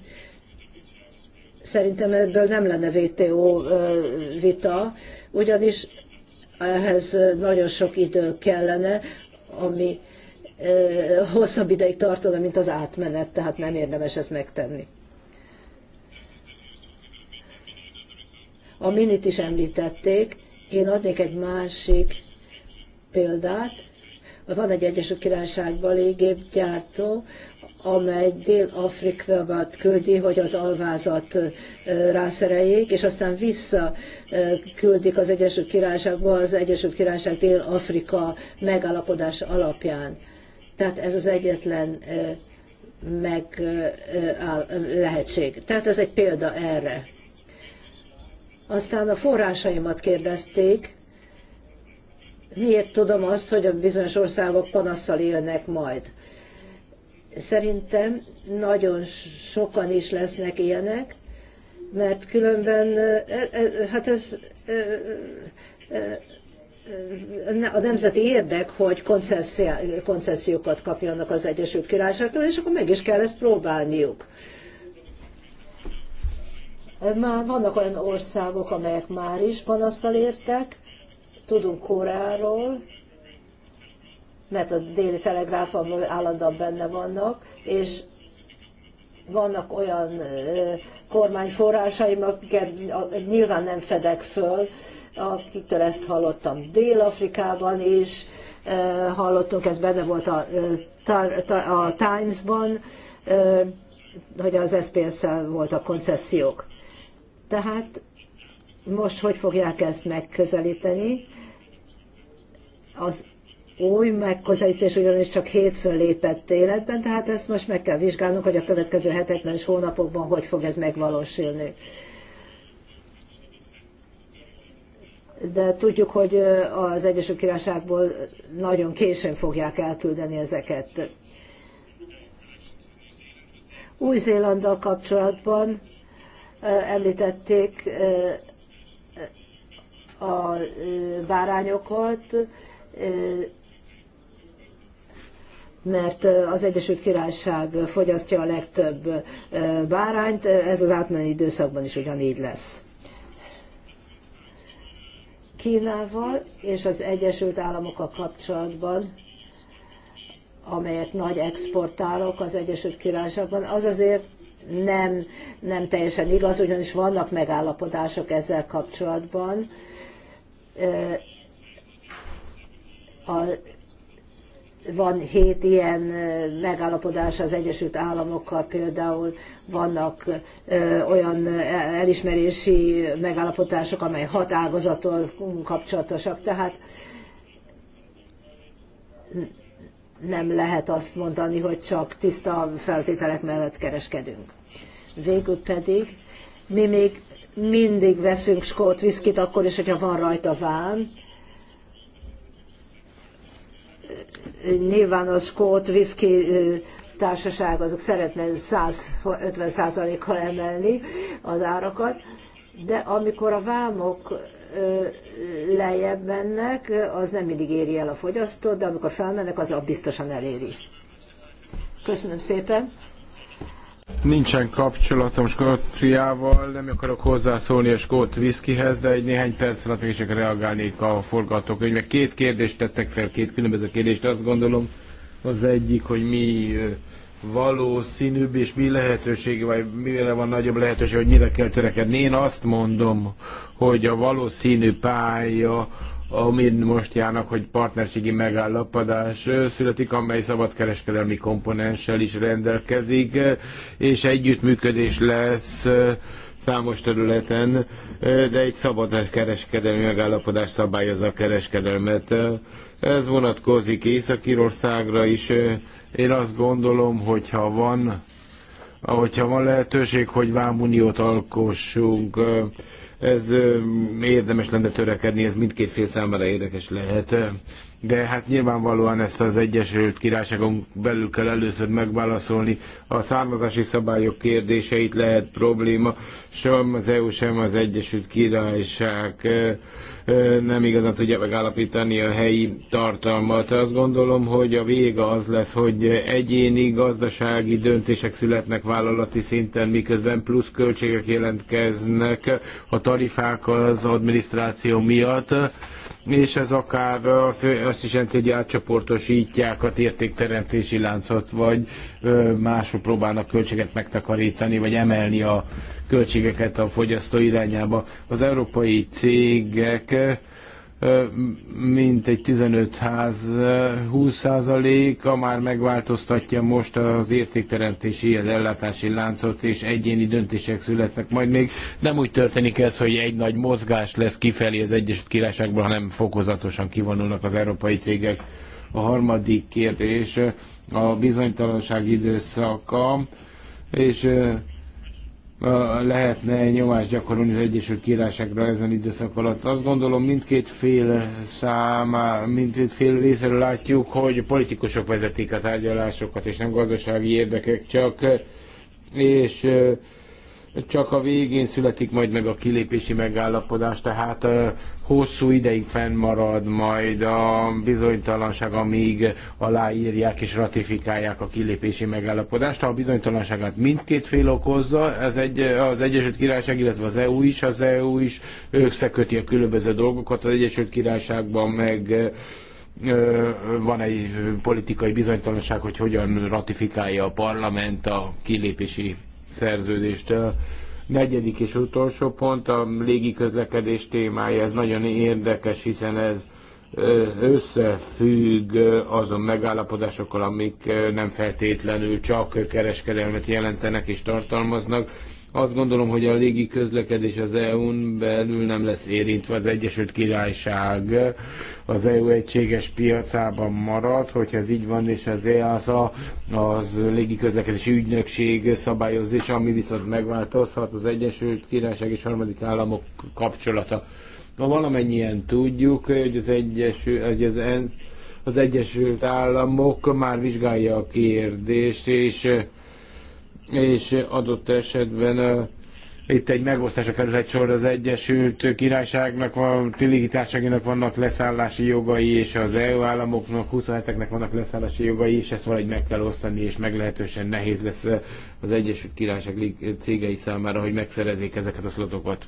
Szerintem ebből nem lenne VTO vita, ugyanis ehhez nagyon sok idő kellene, ami hosszabb ideig tartana, mint az átmenet, tehát nem érdemes ezt megtenni. A minit is említették, én adnék egy másik példát. Van egy Egyesült Királyságban légépgyártó, amely Dél-Afrikába küldi, hogy az alvázat rászereljék, és aztán vissza küldik az Egyesült Királyságba az Egyesült Királyság Dél-Afrika megállapodás alapján. Tehát ez az egyetlen meg lehetség. Tehát ez egy példa erre. Aztán a forrásaimat kérdezték, miért tudom azt, hogy a bizonyos országok panasszal élnek majd. Szerintem nagyon sokan is lesznek ilyenek, mert különben, hát ez a nemzeti érdek, hogy koncesziókat kapjanak az Egyesült Királyságtól, és akkor meg is kell ezt próbálniuk. Már vannak olyan országok, amelyek már is panaszsal értek, tudunk Koreáról, mert a déli telegráfban állandóan benne vannak, és vannak olyan kormányforrásaim, akiket nyilván nem fedek föl, akiktől ezt hallottam Dél-Afrikában is, hallottunk, ez benne volt a, a Times-ban, hogy az SPS-szel voltak koncesziók. Tehát most hogy fogják ezt megközelíteni? Az új megközelítés ugyanis csak hétfőn lépett életben, tehát ezt most meg kell vizsgálnunk, hogy a következő hetekben és hónapokban hogy fog ez megvalósulni. De tudjuk, hogy az Egyesült Királyságból nagyon későn fogják elküldeni ezeket. Új-Zélanddal kapcsolatban említették a bárányokat, mert az Egyesült Királyság fogyasztja a legtöbb bárányt, ez az átmeneti időszakban is ugyanígy lesz. Kínával és az Egyesült Államokkal kapcsolatban, amelyek nagy exportálók az Egyesült Királyságban, az azért nem, nem teljesen igaz, ugyanis vannak megállapodások ezzel kapcsolatban. A van hét ilyen megállapodás az Egyesült Államokkal például, vannak olyan elismerési megállapodások, amely hat ágazattól kapcsolatosak, tehát nem lehet azt mondani, hogy csak tiszta feltételek mellett kereskedünk. Végül pedig mi még mindig veszünk skót viszkit, akkor is, hogyha van rajta ván, a kót, Whisky társaság, azok szeretne 150%-kal emelni az árakat, de amikor a vámok lejjebb mennek, az nem mindig éri el a fogyasztót, de amikor felmennek, az a biztosan eléri. Köszönöm szépen!
Nincsen kapcsolatom Skotriával, nem akarok hozzászólni a skót viszkihez, de egy néhány perc alatt mégiscsak reagálnék a forgatókönyvek. Két kérdést tettek fel, két különböző kérdést, azt gondolom az egyik, hogy mi valószínűbb, és mi lehetőség, vagy mire van nagyobb lehetőség, hogy mire kell törekedni. Én azt mondom, hogy a valószínű pálya amin most járnak, hogy partnerségi megállapodás születik, amely szabadkereskedelmi komponenssel is rendelkezik, és együttműködés lesz számos területen, de egy szabad kereskedelmi megállapodás szabályozza a kereskedelmet. Ez vonatkozik Észak-Írországra is. Én azt gondolom, hogy ha van, ahogyha van lehetőség, hogy vámuniót alkossunk, ez érdemes lenne törekedni, ez mindkét fél számára érdekes lehet de hát nyilvánvalóan ezt az Egyesült Királyságon belül kell először megválaszolni. A származási szabályok kérdéseit lehet probléma, sem az EU, sem az Egyesült Királyság nem igazán tudja megállapítani a helyi tartalmat. Azt gondolom, hogy a vége az lesz, hogy egyéni gazdasági döntések születnek vállalati szinten, miközben plusz költségek jelentkeznek a tarifák az adminisztráció miatt és ez akár azt, azt is jelenti, hogy átcsoportosítják a értékteremtési láncot, vagy máshol próbálnak költséget megtakarítani, vagy emelni a költségeket a fogyasztó irányába. Az európai cégek mint egy 15 ház 20 százaléka már megváltoztatja most az értékteremtési, az ellátási láncot, és egyéni döntések születnek majd még. Nem úgy történik ez, hogy egy nagy mozgás lesz kifelé az Egyesült Királyságból, hanem fokozatosan kivonulnak az európai cégek. A harmadik kérdés a bizonytalanság időszaka, és lehetne nyomást gyakorolni az Egyesült Királyságra ezen időszak alatt. Azt gondolom mindkét fél számá, mindkét fél részéről látjuk, hogy politikusok vezetik a tárgyalásokat, és nem gazdasági érdekek csak, és csak a végén születik majd meg a kilépési megállapodás, tehát hosszú ideig fennmarad majd a bizonytalanság, amíg aláírják és ratifikálják a kilépési megállapodást. Ha a bizonytalanságát mindkét fél okozza, ez egy, az Egyesült Királyság, illetve az EU is, az EU is összeköti a különböző dolgokat, az Egyesült Királyságban meg van egy politikai bizonytalanság, hogy hogyan ratifikálja a parlament a kilépési szerződéstől. Negyedik és utolsó pont a légi közlekedés témája, ez nagyon érdekes, hiszen ez összefügg azon megállapodásokkal, amik nem feltétlenül csak kereskedelmet jelentenek és tartalmaznak. Azt gondolom, hogy a légi közlekedés az EU-n belül nem lesz érintve az Egyesült Királyság. Az EU egységes piacában marad, hogy ez így van, és az EASA, az légi közlekedési ügynökség szabályozása, ami viszont megváltozhat az Egyesült Királyság és harmadik államok kapcsolata. Na valamennyien tudjuk, hogy az, Egyesült, hogy az ENSZ az Egyesült Államok már vizsgálja a kérdést, és és adott esetben itt egy megosztásra egy sor az Egyesült Királyságnak, van, Tiligi Társaginak vannak leszállási jogai, és az EU államoknak, 27-eknek vannak leszállási jogai, és ezt valahogy meg kell osztani, és meglehetősen nehéz lesz az Egyesült Királyság cégei számára, hogy megszerezzék ezeket a szlotokat.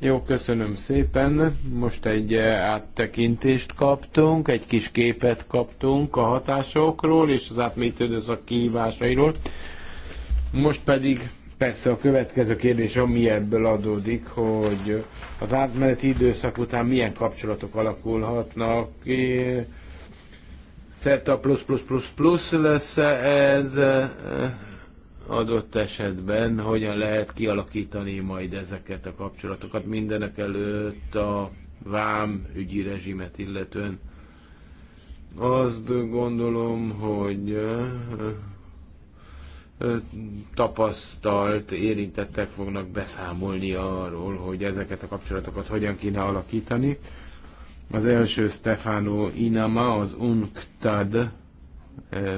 Jó, köszönöm szépen. Most egy áttekintést kaptunk, egy kis képet kaptunk a hatásokról és az átmétődőszak kihívásairól. Most pedig persze a következő kérdés, ami ebből adódik, hogy az átmeneti időszak után milyen kapcsolatok alakulhatnak, a plusz plusz plusz plusz lesz ez eh, adott esetben, hogyan lehet kialakítani majd ezeket a kapcsolatokat mindenek előtt a vám ügyi rezsimet illetően. Azt gondolom, hogy eh, tapasztalt érintettek fognak beszámolni arról, hogy ezeket a kapcsolatokat hogyan kéne alakítani. Az első Stefano Inama, az UNCTAD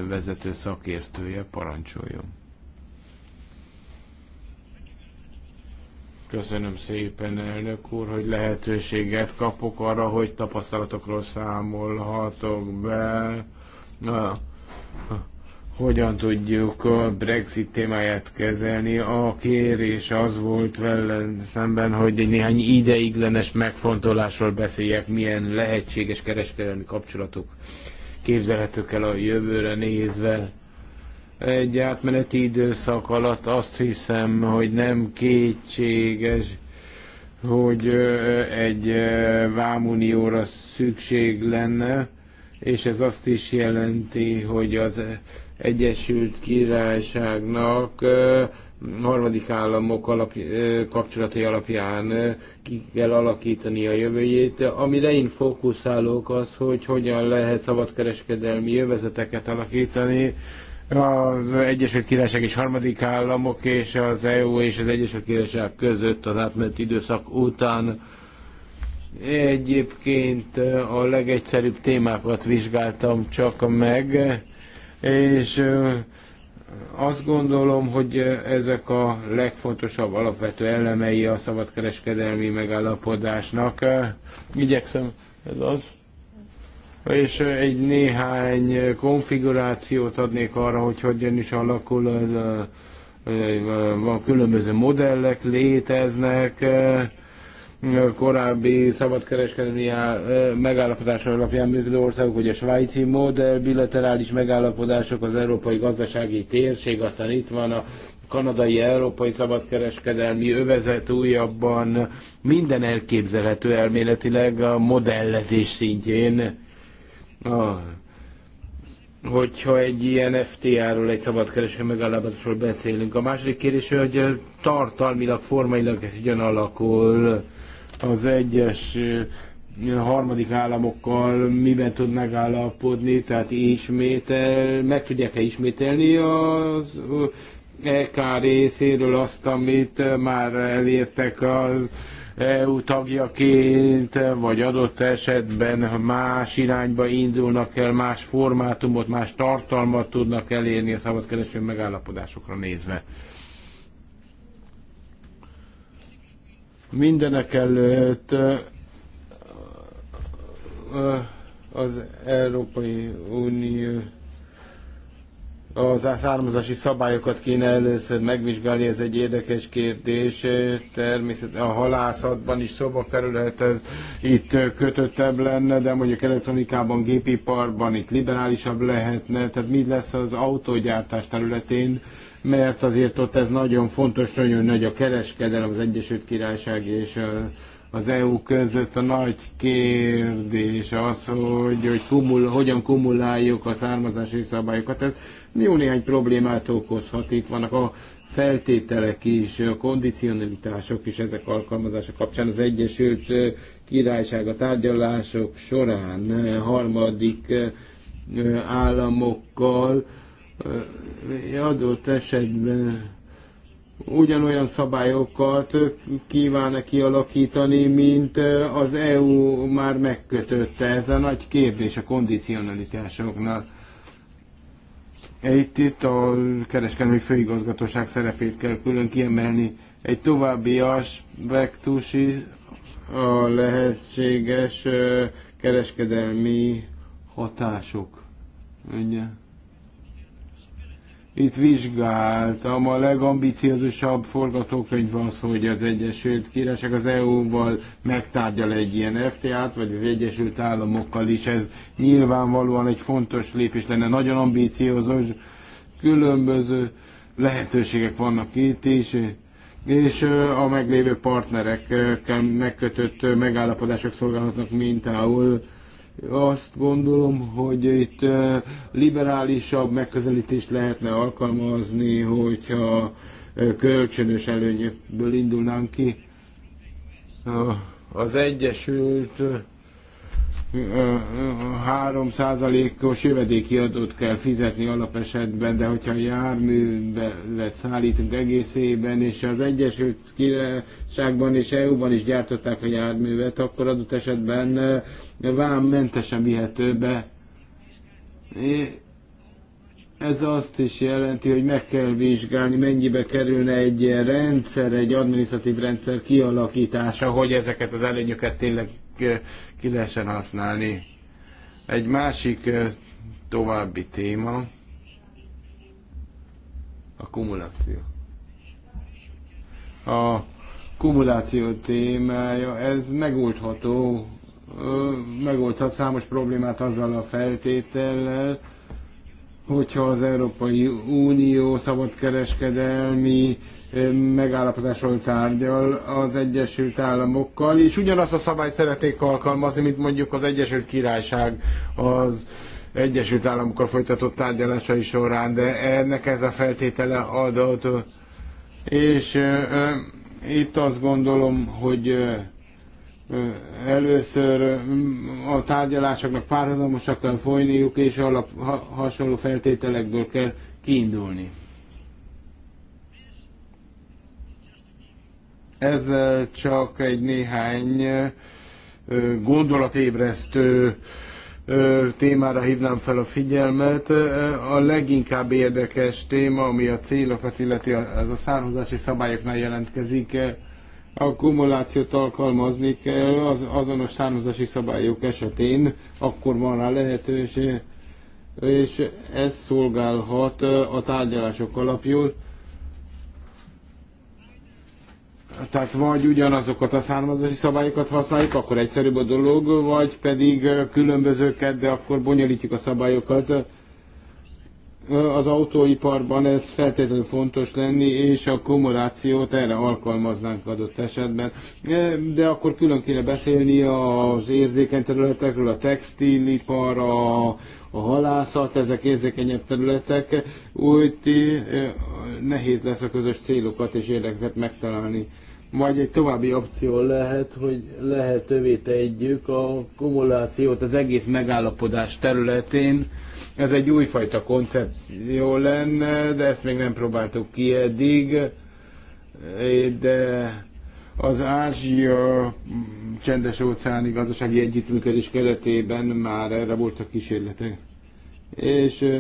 vezető szakértője, parancsoljon. Köszönöm szépen, elnök úr, hogy lehetőséget kapok arra, hogy tapasztalatokról számolhatok be. Na, hogyan tudjuk a Brexit témáját kezelni. A kérés az volt velem szemben, hogy egy néhány ideiglenes megfontolásról beszéljek, milyen lehetséges kereskedelmi kapcsolatok képzelhetők el a jövőre nézve. Egy átmeneti időszak alatt azt hiszem, hogy nem kétséges, hogy egy vámunióra szükség lenne, és ez azt is jelenti, hogy az Egyesült Királyságnak harmadik államok alapj, kapcsolatai alapján ki kell alakítani a jövőjét. Amire én fókuszálok az, hogy hogyan lehet szabadkereskedelmi jövezeteket alakítani, az Egyesült Királyság és harmadik államok és az EU és az Egyesült Királyság között az átmeneti időszak után egyébként a legegyszerűbb témákat vizsgáltam csak meg és azt gondolom, hogy ezek a legfontosabb alapvető elemei a szabadkereskedelmi megállapodásnak. Igyekszem, ez az. És egy néhány konfigurációt adnék arra, hogy hogyan is alakul ez a, van különböző modellek léteznek, korábbi szabadkereskedelmi eh, megállapodás alapján működő országok, hogy a svájci modell, bilaterális megállapodások az európai gazdasági térség, aztán itt van a kanadai európai szabadkereskedelmi övezet újabban, minden elképzelhető elméletileg a modellezés szintjén. Ah hogyha egy ilyen FTA-ról, egy szabadkereső megállapodásról beszélünk. A második kérdés, hogy tartalmilag, formailag ez hogyan alakul az egyes harmadik államokkal miben tud megállapodni, tehát ismétel, meg tudják-e ismételni az EK részéről azt, amit már elértek az EU tagjaként, vagy adott esetben más irányba indulnak el, más formátumot, más tartalmat tudnak elérni a szabadkereső megállapodásokra nézve. Mindenek előtt az Európai Unió az származási szabályokat kéne először megvizsgálni, ez egy érdekes kérdés. Természetesen a halászatban is szoba kerülhet, ez itt kötöttebb lenne, de mondjuk elektronikában, gépiparban itt liberálisabb lehetne. Tehát mi lesz az autógyártás területén? mert azért ott ez nagyon fontos, nagyon nagy a kereskedelem az Egyesült Királyság és az EU között a nagy kérdés az, hogy, hogy kumul, hogyan kumuláljuk a származási szabályokat. Ez jó néhány problémát okozhat. Itt vannak a feltételek is, a kondicionalitások is ezek alkalmazása kapcsán az Egyesült Királyság a tárgyalások során harmadik államokkal adott esetben ugyanolyan szabályokat kíván-e kialakítani, mint az EU már megkötötte. Ez a nagy kérdés a kondicionalitásoknak. Itt, itt a kereskedelmi főigazgatóság szerepét kell külön kiemelni. Egy további aspektus a lehetséges kereskedelmi hatások. Ugye? Itt vizsgáltam, a legambiciózusabb forgatókönyv az, hogy az Egyesült Királyság az EU-val megtárgyal egy ilyen FTA-t, vagy az Egyesült Államokkal is. Ez nyilvánvalóan egy fontos lépés lenne, nagyon ambíciózus, különböző lehetőségek vannak itt is, és a meglévő partnerekkel megkötött megállapodások szolgálhatnak ahol azt gondolom, hogy itt liberálisabb megközelítést lehetne alkalmazni, hogyha kölcsönös előnyökből indulnánk ki. Az Egyesült 3%-os jövedéki adót kell fizetni alapesetben, de hogyha járművet szállítunk egészében, és az Egyesült Királyságban és EU-ban is gyártották a járművet, akkor adott esetben eh, mentesen vihető be. Ez azt is jelenti, hogy meg kell vizsgálni, mennyibe kerülne egy rendszer, egy administratív rendszer kialakítása, hogy ezeket az előnyöket tényleg ki lehessen használni. Egy másik további téma a kumuláció. A kumuláció témája, ez megoldható, megoldhat számos problémát azzal a feltétellel, hogyha az Európai Unió szabadkereskedelmi megállapodásról tárgyal az Egyesült Államokkal, és ugyanazt a szabályt szeretnék alkalmazni, mint mondjuk az Egyesült Királyság az Egyesült Államokkal folytatott tárgyalásai során, de ennek ez a feltétele adott. És e, itt azt gondolom, hogy e, először a tárgyalásoknak párhuzamosak kell folyniuk, és alap, ha, hasonló feltételekből kell kiindulni. Ezzel csak egy néhány gondolatébresztő témára hívnám fel a figyelmet. A leginkább érdekes téma, ami a célokat illeti, az a származási szabályoknál jelentkezik. A kumulációt alkalmazni kell az azonos származási szabályok esetén, akkor van rá lehetőség, és ez szolgálhat a tárgyalások alapjul tehát vagy ugyanazokat a származási szabályokat használjuk, akkor egyszerűbb a dolog, vagy pedig különbözőket, de akkor bonyolítjuk a szabályokat. Az autóiparban ez feltétlenül fontos lenni, és a kumulációt erre alkalmaznánk adott esetben. De akkor külön kéne beszélni az érzékeny területekről, a textilipar, a, a halászat, ezek érzékenyebb területek, úgy nehéz lesz a közös célokat és érdekeket megtalálni. Vagy egy további opció lehet, hogy lehetővé tegyük a kumulációt az egész megállapodás területén. Ez egy újfajta koncepció lenne, de ezt még nem próbáltuk ki eddig. De az Ázsia csendes óceáni gazdasági együttműködés keretében már erre voltak kísérletek. És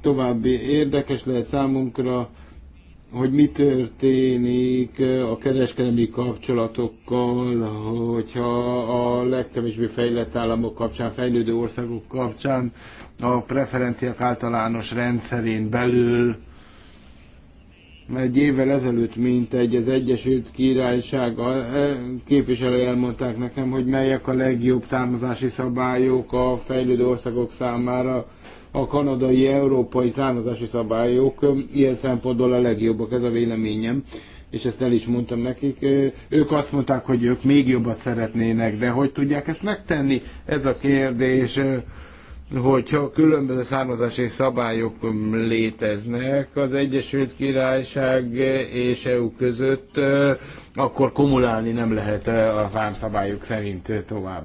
további érdekes lehet számunkra hogy mi történik a kereskedelmi kapcsolatokkal, hogyha a legkevésbé fejlett államok kapcsán, fejlődő országok kapcsán a preferenciák általános rendszerén belül egy évvel ezelőtt, mint egy az Egyesült Királyság a e, képviselői elmondták nekem, hogy melyek a legjobb támozási szabályok a fejlődő országok számára, a kanadai európai származási szabályok ilyen szempontból a legjobbak, ez a véleményem és ezt el is mondtam nekik, ők azt mondták, hogy ők még jobbat szeretnének, de hogy tudják ezt megtenni? Ez a kérdés, hogyha különböző származási szabályok léteznek az Egyesült Királyság és EU között, akkor kumulálni nem lehet a vám szabályok szerint tovább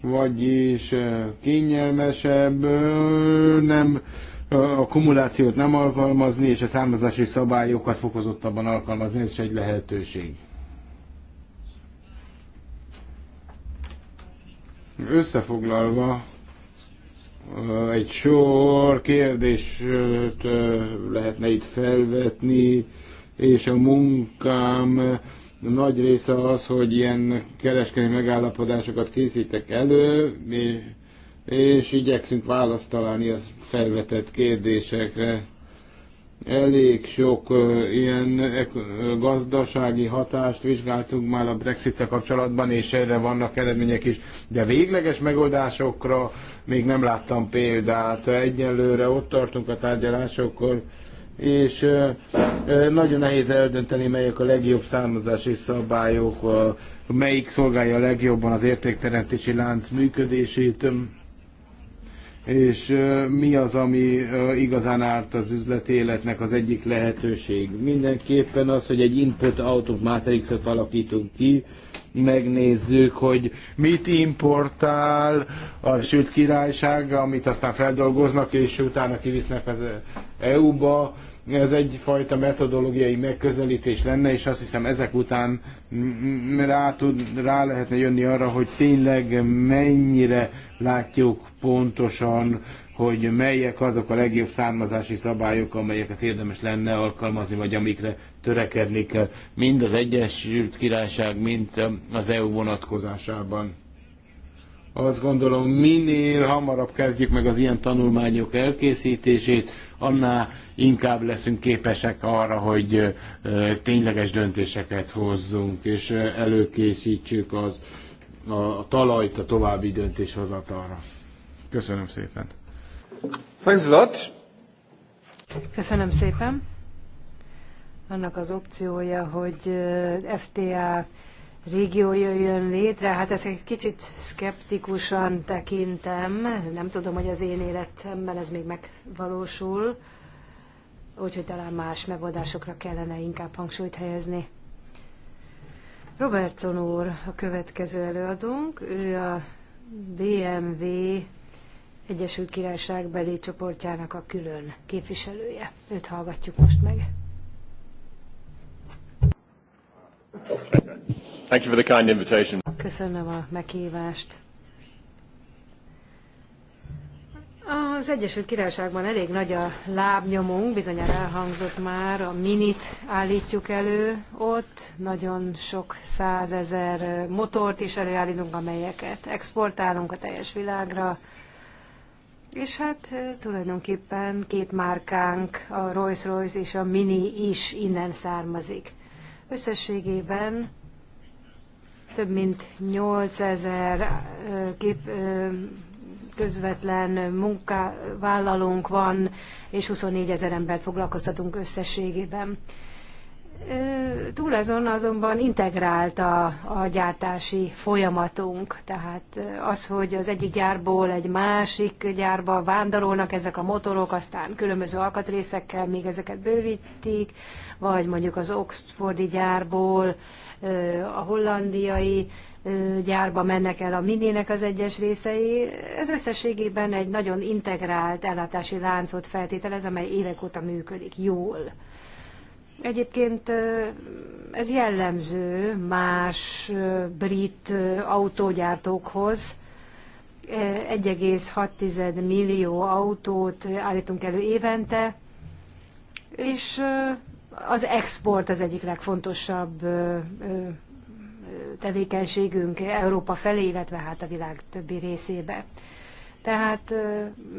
vagyis eh, kényelmesebb, eh, nem eh, a kumulációt nem alkalmazni, és a származási szabályokat fokozottabban alkalmazni, ez is egy lehetőség. Összefoglalva, egy sor kérdést lehetne itt felvetni, és a munkám nagy része az, hogy ilyen kereskedelmi megállapodásokat készítek elő, és, és igyekszünk választ találni az felvetett kérdésekre. Elég sok ö, ilyen ö, e, gazdasági hatást vizsgáltunk már a brexit kapcsolatban, és erre vannak eredmények is, de végleges megoldásokra még nem láttam példát. Egyelőre ott tartunk a tárgyalásokkor, és nagyon nehéz eldönteni, melyek a legjobb származási szabályok, melyik szolgálja a legjobban az értékteremtési lánc működését, és mi az, ami igazán árt az üzleti életnek az egyik lehetőség. Mindenképpen az, hogy egy input-output matrixot alakítunk ki, megnézzük, hogy mit importál a Sült Királyság, amit aztán feldolgoznak, és utána kivisznek az EU-ba. Ez egyfajta metodológiai megközelítés lenne, és azt hiszem ezek után rá, tud, rá lehetne jönni arra, hogy tényleg mennyire látjuk pontosan hogy melyek azok a legjobb származási szabályok, amelyeket érdemes lenne alkalmazni, vagy amikre törekedni kell, mind az Egyesült Királyság, mind um, az EU vonatkozásában. Azt gondolom, minél hamarabb kezdjük meg az ilyen tanulmányok elkészítését, annál inkább leszünk képesek arra, hogy uh, tényleges döntéseket hozzunk, és uh, előkészítsük az, a, talajt a további döntéshozatalra. Köszönöm szépen! Thanks a lot.
Köszönöm szépen. Annak az opciója, hogy FTA régió jöjjön létre, hát ezt egy kicsit szkeptikusan tekintem. Nem tudom, hogy az én életemben ez még megvalósul, úgyhogy talán más megoldásokra kellene inkább hangsúlyt helyezni. Robertson úr a következő előadónk, ő a BMW Egyesült Királyság beli csoportjának a külön képviselője. Őt hallgatjuk most meg.
Thank you for the kind invitation.
Köszönöm a meghívást. Az Egyesült Királyságban elég nagy a lábnyomunk, bizonyára elhangzott már, a minit állítjuk elő ott, nagyon sok százezer motort is előállítunk, amelyeket exportálunk a teljes világra, és hát tulajdonképpen két márkánk, a Rolls-Royce és a Mini is innen származik. Összességében több mint 8000 kép, közvetlen munkavállalónk van, és 24 ezer embert foglalkoztatunk összességében. Túl azon azonban integrált a, a gyártási folyamatunk, tehát az, hogy az egyik gyárból egy másik gyárba vándorolnak ezek a motorok, aztán különböző alkatrészekkel még ezeket bővítik, vagy mondjuk az Oxfordi gyárból a hollandiai gyárba mennek el a minének az egyes részei. Ez összességében egy nagyon integrált ellátási láncot feltételez, amely évek óta működik jól. Egyébként ez jellemző más brit autógyártókhoz. 1,6 millió autót állítunk elő évente, és az export az egyik legfontosabb tevékenységünk Európa felé, illetve hát a világ többi részébe. Tehát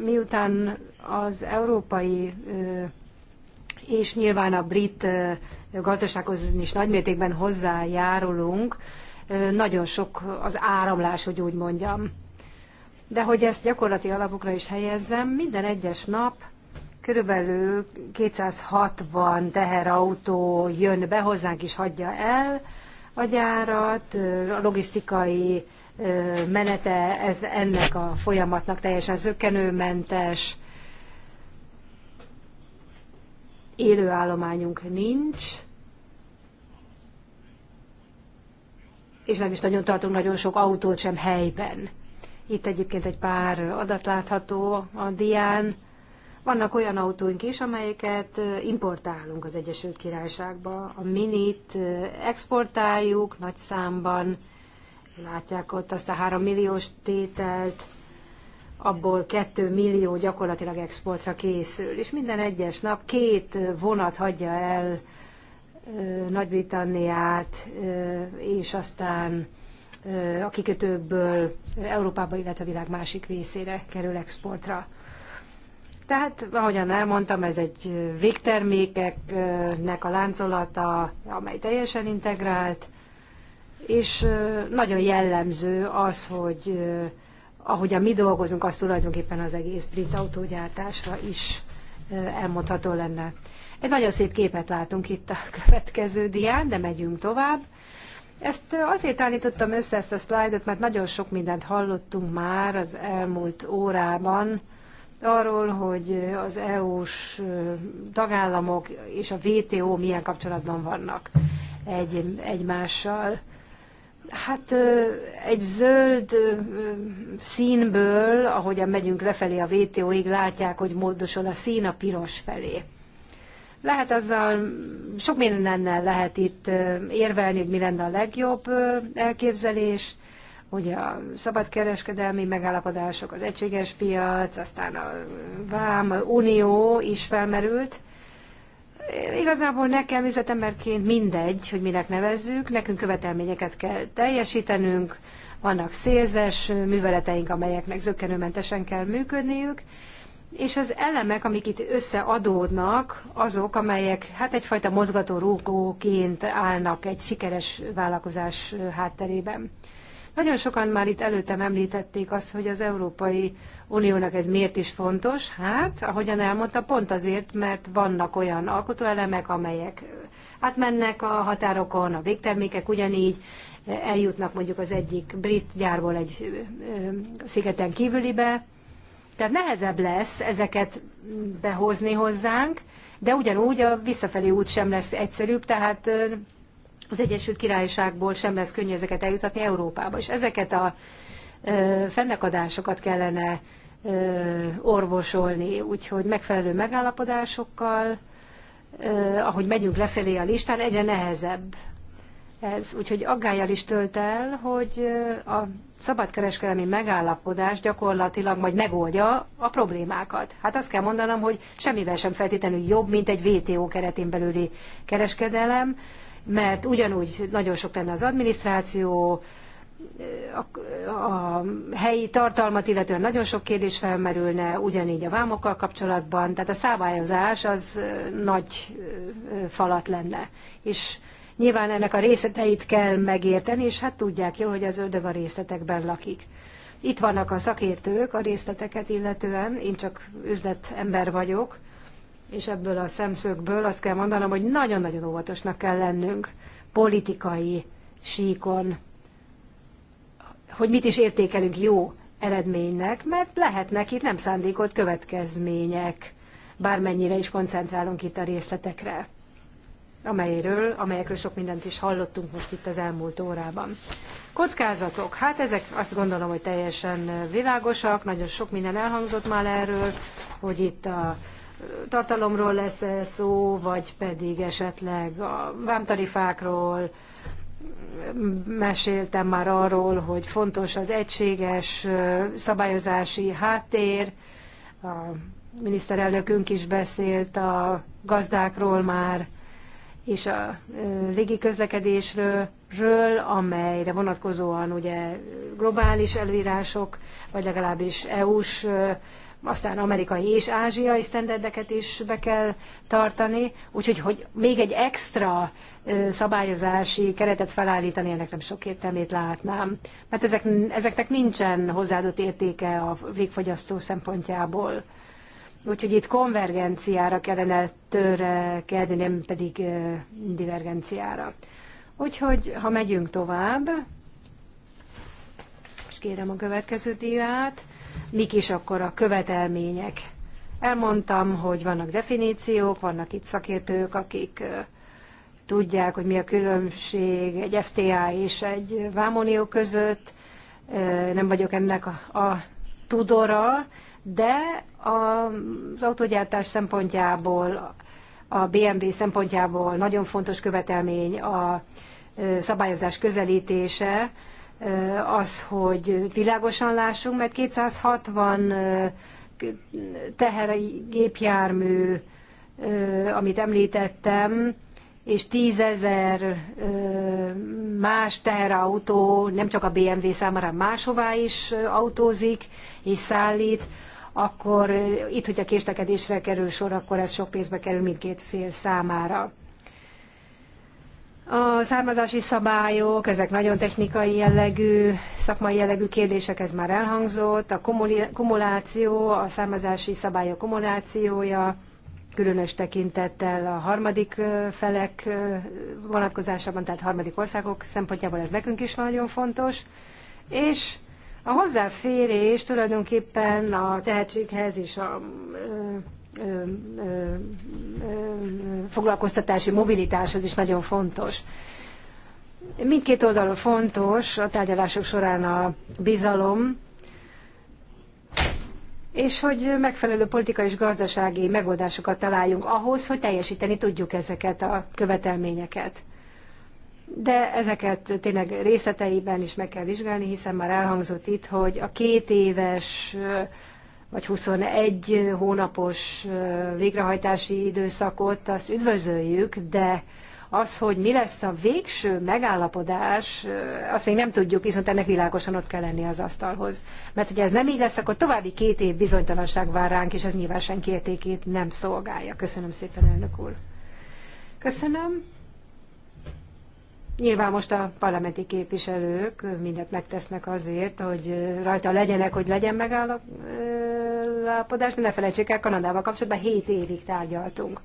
miután az európai és nyilván a brit gazdasághoz is nagymértékben hozzájárulunk, nagyon sok az áramlás, hogy úgy mondjam. De hogy ezt gyakorlati alapokra is helyezzem, minden egyes nap körülbelül 260 teherautó jön be, hozzánk is hagyja el a gyárat, a logisztikai menete ez ennek a folyamatnak teljesen zökkenőmentes, élő állományunk nincs, és nem is nagyon tartunk nagyon sok autót sem helyben. Itt egyébként egy pár adat látható a dián. Vannak olyan autóink is, amelyeket importálunk az Egyesült Királyságba. A minit exportáljuk nagy számban, látják ott azt a három milliós tételt, abból 2 millió gyakorlatilag exportra készül, és minden egyes nap két vonat hagyja el Nagy-Britanniát, és aztán a kikötőkből Európába, illetve a világ másik részére kerül exportra. Tehát, ahogyan elmondtam, ez egy végtermékeknek a láncolata, amely teljesen integrált, és nagyon jellemző az, hogy ahogyan mi dolgozunk, az tulajdonképpen az egész brit autógyártásra is elmondható lenne. Egy nagyon szép képet látunk itt a (laughs) következő dián, de megyünk tovább. Ezt azért állítottam össze ezt a szlájdot, mert nagyon sok mindent hallottunk már az elmúlt órában arról, hogy az EU-s tagállamok és a WTO milyen kapcsolatban vannak egy, egymással. Hát egy zöld színből, ahogyan megyünk lefelé a VTO-ig, látják, hogy módosul a szín a piros felé. Lehet azzal, sok mindennel lehet itt érvelni, hogy mi lenne a legjobb elképzelés, ugye a szabadkereskedelmi megállapodások, az egységes piac, aztán a vám, a unió is felmerült, Igazából nekem üzletemberként mindegy, hogy minek nevezzük, nekünk követelményeket kell teljesítenünk, vannak szélzes műveleteink, amelyeknek zöggenőmentesen kell működniük, és az elemek, amik itt összeadódnak, azok, amelyek hát egyfajta mozgató rúgóként állnak egy sikeres vállalkozás hátterében. Nagyon sokan már itt előttem említették azt, hogy az Európai Uniónak ez miért is fontos? Hát, ahogyan elmondta, pont azért, mert vannak olyan alkotóelemek, amelyek átmennek a határokon, a végtermékek ugyanígy eljutnak mondjuk az egyik brit gyárból egy szigeten kívülibe, tehát nehezebb lesz ezeket behozni hozzánk, de ugyanúgy a visszafelé út sem lesz egyszerűbb, tehát az Egyesült Királyságból sem lesz könnyű ezeket eljutatni Európába. És ezeket a fennakadásokat kellene orvosolni. Úgyhogy megfelelő megállapodásokkal, ahogy megyünk lefelé a listán, egyre nehezebb ez. Úgyhogy aggájjal is tölt el, hogy a szabadkereskedelmi megállapodás gyakorlatilag majd megoldja a problémákat. Hát azt kell mondanom, hogy semmivel sem feltétlenül jobb, mint egy WTO keretén belüli kereskedelem, mert ugyanúgy nagyon sok lenne az adminisztráció, a, a helyi tartalmat, illetően nagyon sok kérdés felmerülne, ugyanígy a vámokkal kapcsolatban, tehát a szabályozás az nagy falat lenne. És nyilván ennek a részleteit kell megérteni, és hát tudják jól, hogy az ördög a részletekben lakik. Itt vannak a szakértők a részleteket illetően, én csak üzletember vagyok, és ebből a szemszögből azt kell mondanom, hogy nagyon-nagyon óvatosnak kell lennünk politikai síkon hogy mit is értékelünk jó eredménynek, mert lehetnek itt nem szándékolt következmények, bármennyire is koncentrálunk itt a részletekre, amelyről, amelyekről sok mindent is hallottunk most itt az elmúlt órában. Kockázatok. Hát ezek azt gondolom, hogy teljesen világosak, nagyon sok minden elhangzott már erről, hogy itt a tartalomról lesz szó, vagy pedig esetleg a vámtarifákról, meséltem már arról, hogy fontos az egységes szabályozási háttér, a miniszterelnökünk is beszélt a gazdákról már, és a légi közlekedésről, amelyre vonatkozóan ugye globális előírások, vagy legalábbis EU-s aztán amerikai és ázsiai sztenderdeket is be kell tartani, úgyhogy hogy még egy extra szabályozási keretet felállítani, ennek nem sok értelmét látnám, mert ezek, ezeknek nincsen hozzáadott értéke a végfogyasztó szempontjából. Úgyhogy itt konvergenciára kellene törekedni, nem pedig divergenciára. Úgyhogy, ha megyünk tovább, és kérem a következő diát, mik is akkor a követelmények. Elmondtam, hogy vannak definíciók, vannak itt szakértők, akik tudják, hogy mi a különbség egy FTA és egy vámonió között. Nem vagyok ennek a, a tudora, de az autógyártás szempontjából, a BMW szempontjából nagyon fontos követelmény a szabályozás közelítése, az, hogy világosan lássunk, mert 260 gépjármű, amit említettem, és tízezer más teherautó, nem csak a BMW számára máshová is autózik és szállít, akkor itt, hogyha késlekedésre kerül sor, akkor ez sok pénzbe kerül mindkét fél számára. A származási szabályok, ezek nagyon technikai jellegű, szakmai jellegű kérdések, ez már elhangzott. A kumuláció, a származási szabályok kumulációja, különös tekintettel a harmadik felek vonatkozásában, tehát harmadik országok szempontjából ez nekünk is nagyon fontos. És a hozzáférés tulajdonképpen a tehetséghez és a foglalkoztatási mobilitáshoz is nagyon fontos. Mindkét oldalon fontos a tárgyalások során a bizalom, és hogy megfelelő politikai és gazdasági megoldásokat találjunk ahhoz, hogy teljesíteni tudjuk ezeket a követelményeket. De ezeket tényleg részleteiben is meg kell vizsgálni, hiszen már elhangzott itt, hogy a két éves vagy 21 hónapos végrehajtási időszakot, azt üdvözöljük, de az, hogy mi lesz a végső megállapodás, azt még nem tudjuk, viszont ennek világosan ott kell lenni az asztalhoz. Mert hogyha ez nem így lesz, akkor további két év bizonytalanság vár ránk, és ez nyilván senki értékét nem szolgálja. Köszönöm szépen, elnök úr. Köszönöm. Nyilván most a parlamenti képviselők mindent megtesznek azért, hogy rajta legyenek, hogy legyen megállapodás, de ne felejtsék el, Kanadával kapcsolatban 7 évig tárgyaltunk.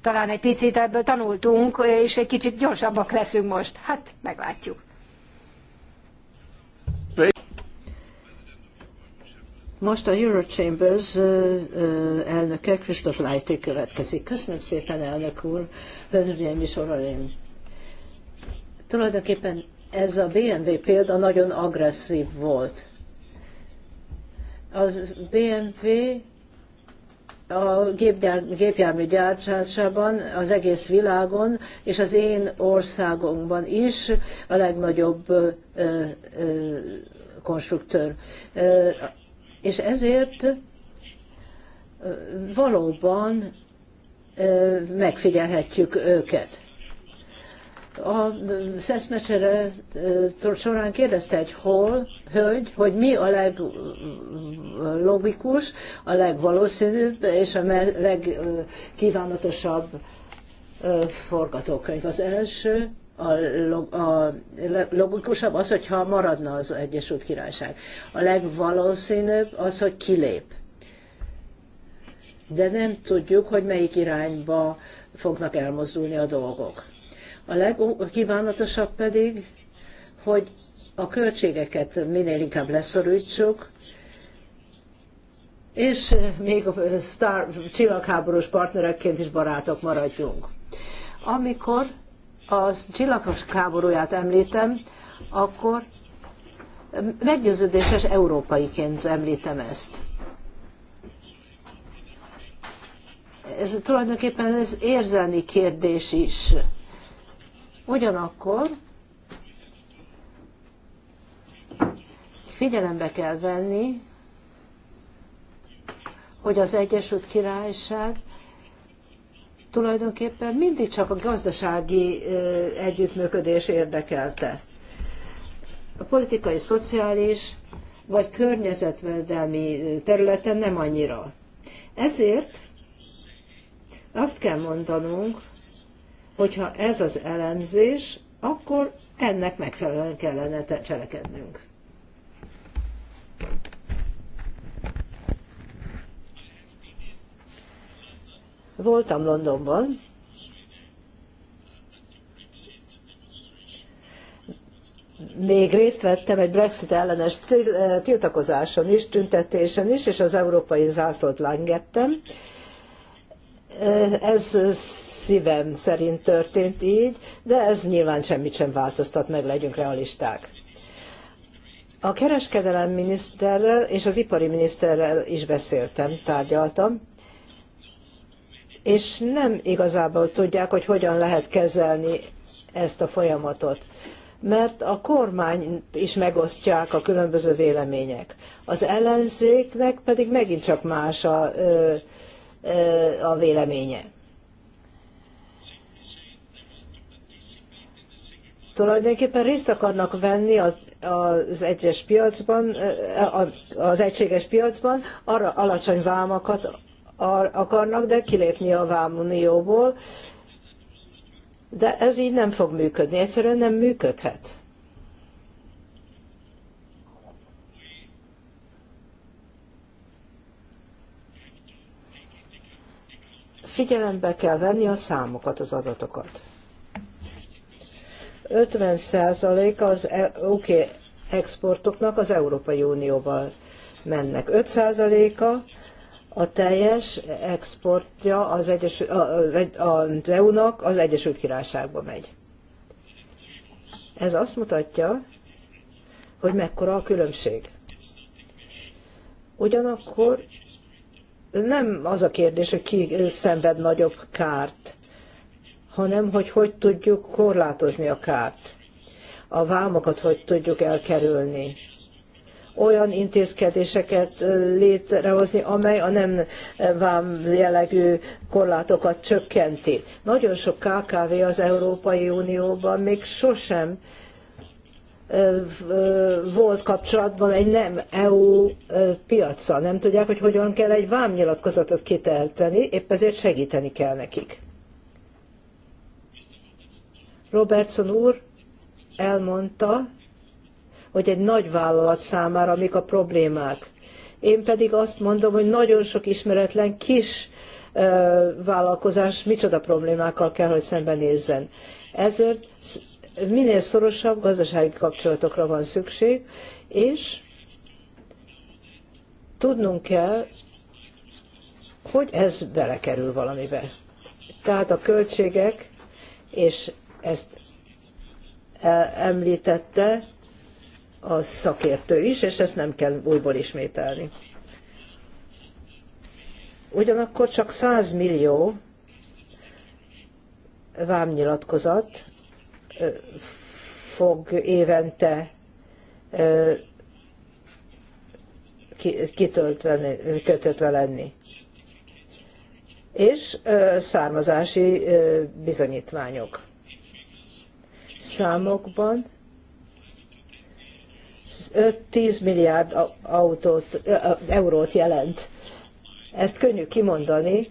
Talán egy picit ebből tanultunk, és egy kicsit gyorsabbak leszünk most. Hát, meglátjuk. Most a
Eurochambers elnöke Christoph Leite következik. Köszönöm szépen, elnök úr, hölgyeim és uraim! Tulajdonképpen ez a BMW példa nagyon agresszív volt. A BMW a gépgyár, gépjármű gyártásában az egész világon, és az én országomban is a legnagyobb ö, ö, konstruktőr. Ö, és ezért valóban megfigyelhetjük őket a szeszmecsere során kérdezte egy hol, hölgy, hogy mi a leglogikus, a legvalószínűbb és a legkívánatosabb forgatókönyv. Az első, a, log, a logikusabb az, hogyha maradna az Egyesült Királyság. A legvalószínűbb az, hogy kilép. De nem tudjuk, hogy melyik irányba fognak elmozdulni a dolgok a legkívánatosabb pedig, hogy a költségeket minél inkább leszorítsuk, és még a sztár, csillagháborús partnerekként is barátok maradjunk. Amikor a csillagháborúját említem, akkor meggyőződéses európaiként említem ezt. Ez tulajdonképpen ez érzelmi kérdés is. Ugyanakkor figyelembe kell venni, hogy az Egyesült Királyság tulajdonképpen mindig csak a gazdasági együttműködés érdekelte. A politikai, szociális vagy környezetvédelmi területen nem annyira. Ezért azt kell mondanunk, Hogyha ez az elemzés, akkor ennek megfelelően kellene cselekednünk. Voltam Londonban, még részt vettem egy Brexit ellenes eh, tiltakozáson is, tüntetésen is, és az európai zászlót lángettem. Ez szívem szerint történt így, de ez nyilván semmit sem változtat meg, legyünk realisták. A kereskedelem miniszterrel és az ipari miniszterrel is beszéltem, tárgyaltam, és nem igazából tudják, hogy hogyan lehet kezelni ezt a folyamatot. Mert a kormány is megosztják a különböző vélemények. Az ellenzéknek pedig megint csak más a ö, a véleménye. Tulajdonképpen részt akarnak venni az, az egyes piacban, az egységes piacban, arra alacsony vámakat akarnak, de kilépni a vámunióból, de ez így nem fog működni, egyszerűen nem működhet. figyelembe kell venni a számokat, az adatokat. 50% az e- UK exportoknak az Európai Unióval mennek. 5 százaléka a teljes exportja az, Egyes, az EU-nak e az Egyesült Királyságba megy. Ez azt mutatja, hogy mekkora a különbség. Ugyanakkor nem az a kérdés, hogy ki szenved nagyobb kárt, hanem hogy hogy tudjuk korlátozni a kárt, a vámokat hogy tudjuk elkerülni, olyan intézkedéseket létrehozni, amely a nem vám jellegű korlátokat csökkenti. Nagyon sok KKV az Európai Unióban még sosem volt kapcsolatban egy nem EU piaca. Nem tudják, hogy hogyan kell egy vámnyilatkozatot kitelteni, épp ezért segíteni kell nekik. Robertson úr elmondta, hogy egy nagy vállalat számára mik a problémák. Én pedig azt mondom, hogy nagyon sok ismeretlen kis vállalkozás micsoda problémákkal kell, hogy szembenézzen. Ezért minél szorosabb gazdasági kapcsolatokra van szükség, és tudnunk kell, hogy ez belekerül valamibe. Tehát a költségek, és ezt e, említette a szakértő is, és ezt nem kell újból ismételni. Ugyanakkor csak 100 millió vámnyilatkozat fog évente kitöltve, kötötve lenni. És származási bizonyítványok. Számokban 5-10 milliárd autót, eurót jelent. Ezt könnyű kimondani,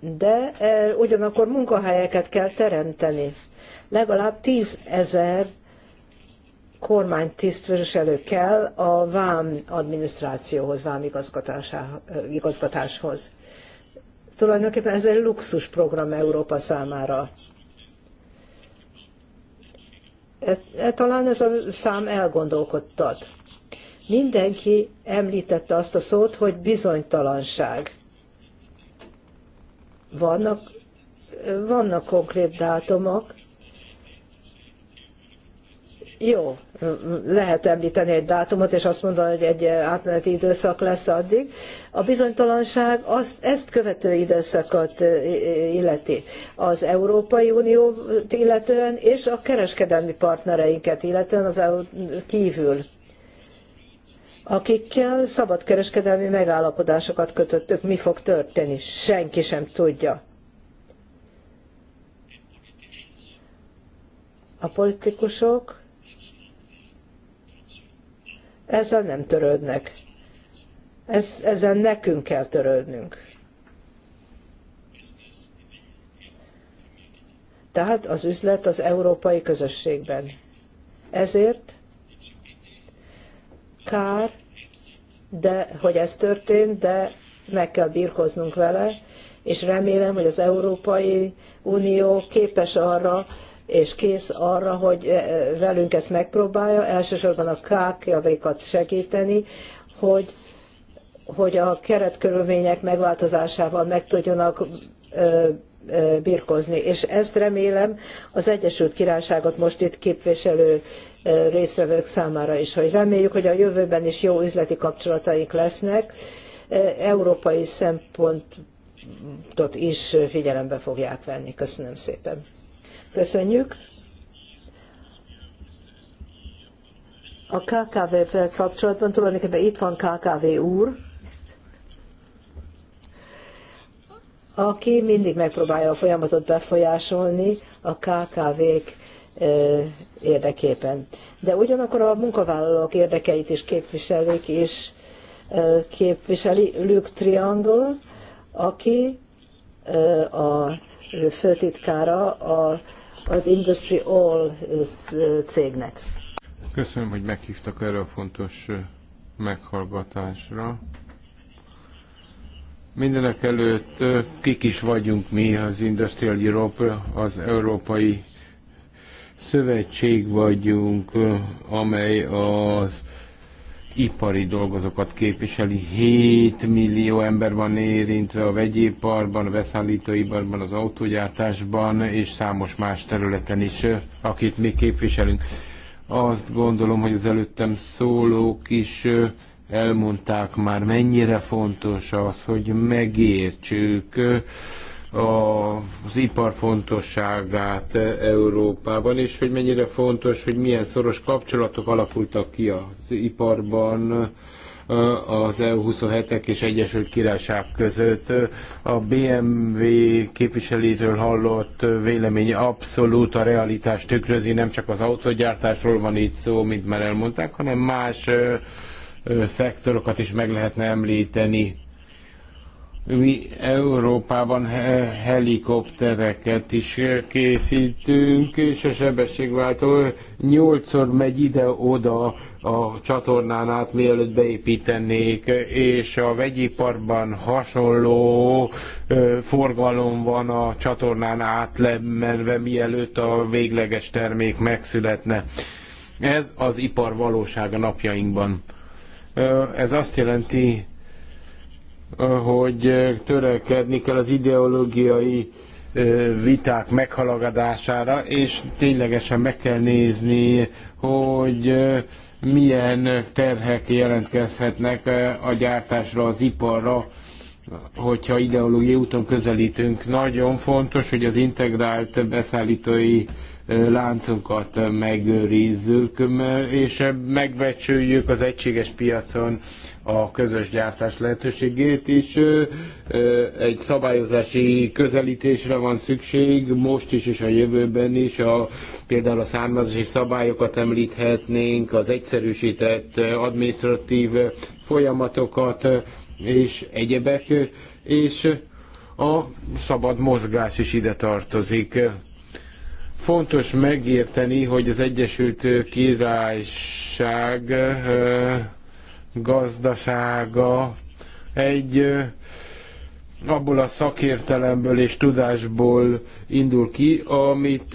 de eh, ugyanakkor munkahelyeket kell teremteni. Legalább tízezer kormánytisztviselő kell a vám adminisztrációhoz, vám eh, igazgatáshoz. Tulajdonképpen ez egy luxus program Európa számára. E, e, talán ez a szám elgondolkodtat. Mindenki említette azt a szót, hogy bizonytalanság vannak, vannak konkrét dátumok. Jó, lehet említeni egy dátumot, és azt mondani, hogy egy átmeneti időszak lesz addig. A bizonytalanság azt, ezt követő időszakot illeti az Európai Unió illetően, és a kereskedelmi partnereinket illetően az EU kívül akikkel szabadkereskedelmi megállapodásokat kötöttök, mi fog történni, senki sem tudja. A politikusok ezzel nem törődnek. Ez, ezzel nekünk kell törődnünk. Tehát az üzlet az európai közösségben. Ezért kár, de hogy ez történt, de meg kell birkoznunk vele, és remélem, hogy az Európai Unió képes arra, és kész arra, hogy eh, velünk ezt megpróbálja, elsősorban a KKV-kat segíteni, hogy, hogy a keretkörülmények megváltozásával meg tudjanak eh, eh, birkozni. És ezt remélem az Egyesült Királyságot most itt képviselő részvevők számára is, hogy reméljük, hogy a jövőben is jó üzleti kapcsolataik lesznek, európai szempontot is figyelembe fogják venni. Köszönöm szépen. Köszönjük. A KKV-vel kapcsolatban tulajdonképpen itt van KKV úr, aki mindig megpróbálja a folyamatot befolyásolni, a KKV-k érdekében. De ugyanakkor a munkavállalók érdekeit is képviselik, és képviseli Luke Triangle, aki a főtitkára a, az Industry All cégnek.
Köszönöm, hogy meghívtak erre a fontos meghallgatásra. Mindenek előtt kik is vagyunk mi az Industrial Europe, az Európai szövetség vagyunk, amely az ipari dolgozókat képviseli. 7 millió ember van érintve a vegyiparban, a beszállítóiparban, az autógyártásban és számos más területen is, akit mi képviselünk. Azt gondolom, hogy az előttem szólók is elmondták már, mennyire fontos az, hogy megértsük az ipar fontosságát Európában, és hogy mennyire fontos, hogy milyen szoros kapcsolatok alakultak ki az iparban, az EU27-ek és Egyesült Királyság között. A BMW képviselőtől hallott vélemény abszolút a realitást tükrözi, nem csak az autogyártásról van itt szó, mint már elmondták, hanem más szektorokat is meg lehetne említeni mi Európában helikoptereket is készítünk, és a sebességváltó nyolcszor megy ide-oda a csatornán át, mielőtt beépítenék, és a vegyiparban hasonló forgalom van a csatornán átlemmenve, mielőtt a végleges termék megszületne. Ez az ipar valósága napjainkban. Ez azt jelenti, hogy eh, törekedni kell az ideológiai eh, viták meghalagadására, és ténylegesen meg kell nézni, hogy eh, milyen terhek jelentkezhetnek a gyártásra, az iparra, hogyha ideológiai úton közelítünk. Nagyon fontos, hogy az integrált beszállítói láncokat megőrizzük, és megbecsüljük az egységes piacon a közös gyártás lehetőségét is. Egy szabályozási közelítésre van szükség, most is és a jövőben is. A, például a származási szabályokat említhetnénk, az egyszerűsített administratív folyamatokat és egyebek, és a szabad mozgás is ide tartozik. Fontos megérteni, hogy az Egyesült Királyság gazdasága egy abból a szakértelemből és tudásból indul ki, amit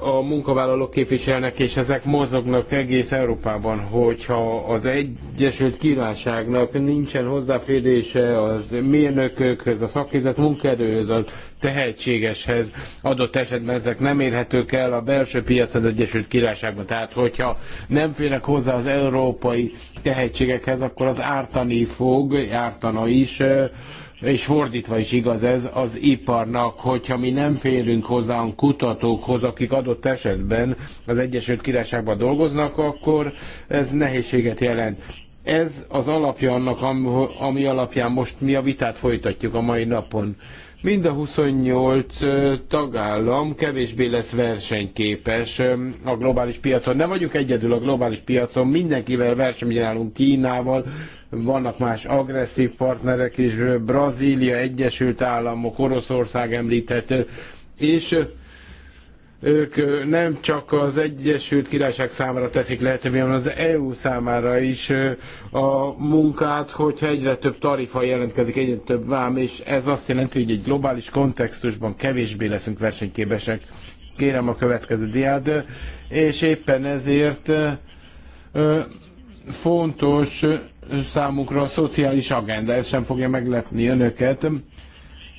a munkavállalók képviselnek, és ezek mozognak egész Európában, hogyha az Egyesült Királyságnak nincsen hozzáférése az mérnökökhöz, a szakképzett munkaerőhöz, a tehetségeshez, adott esetben ezek nem érhetők el a belső piac az Egyesült Királyságban. Tehát, hogyha nem férnek hozzá az európai tehetségekhez, akkor az ártani fog, ártana is és fordítva is igaz ez az iparnak, hogyha mi nem férünk hozzá a kutatókhoz, akik adott esetben az Egyesült Királyságban dolgoznak, akkor ez nehézséget jelent. Ez az alapja annak, ami alapján most mi a vitát folytatjuk a mai napon mind a 28 tagállam kevésbé lesz versenyképes a globális piacon. Nem vagyunk egyedül a globális piacon, mindenkivel versenyben állunk Kínával, vannak más agresszív partnerek is, Brazília, Egyesült Államok, Oroszország említhető, és ők nem csak az Egyesült Királyság számára teszik lehetővé, hanem az EU számára is a munkát, hogyha egyre több tarifa jelentkezik, egyre több vám, és ez azt jelenti, hogy egy globális kontextusban kevésbé leszünk versenyképesek. Kérem a következő diád, és éppen ezért fontos számunkra a szociális agenda, ez sem fogja meglepni önöket,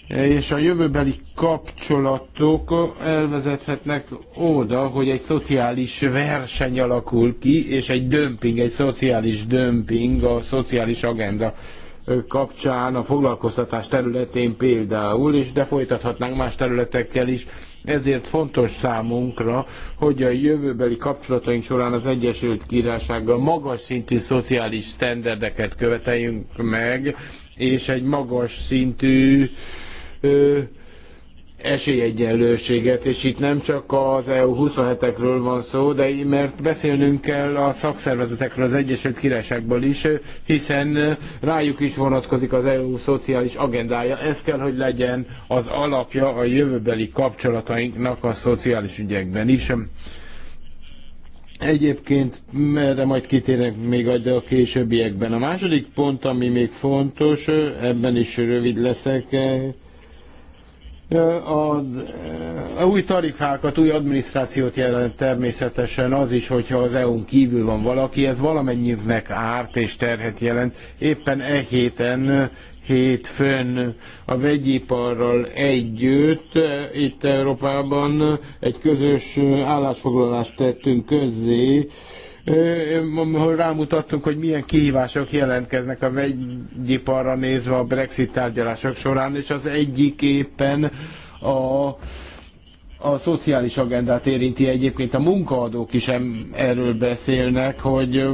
és a jövőbeli kapcsolatok elvezethetnek oda, hogy egy szociális verseny alakul ki, és egy dömping, egy szociális dömping a szociális agenda kapcsán a foglalkoztatás területén például, és de folytathatnánk más területekkel is. Ezért fontos számunkra, hogy a jövőbeli kapcsolataink során az Egyesült Királysággal magas szintű szociális sztenderdeket követeljünk meg, és egy magas szintű esélyegyenlőséget, és itt nem csak az EU 27-ekről van szó, de mert beszélnünk kell a szakszervezetekről az Egyesült Királyságból is, hiszen rájuk is vonatkozik az EU szociális agendája. Ez kell, hogy legyen az alapja a jövőbeli kapcsolatainknak a szociális ügyekben is. Egyébként erre majd kitérnek még a későbbiekben. A második pont, ami még fontos, ebben is rövid leszek, a, a új tarifákat, új adminisztrációt jelent természetesen az is, hogyha az EU-n kívül van valaki, ez valamennyiünknek árt és terhet jelent. Éppen e héten hétfőn a vegyiparral együtt itt Európában egy közös állásfoglalást tettünk közzé, hogy rámutattunk, hogy milyen kihívások jelentkeznek a vegyiparra nézve a Brexit tárgyalások során, és az egyik éppen a a szociális agendát érinti egyébként, a munkaadók is erről beszélnek, hogy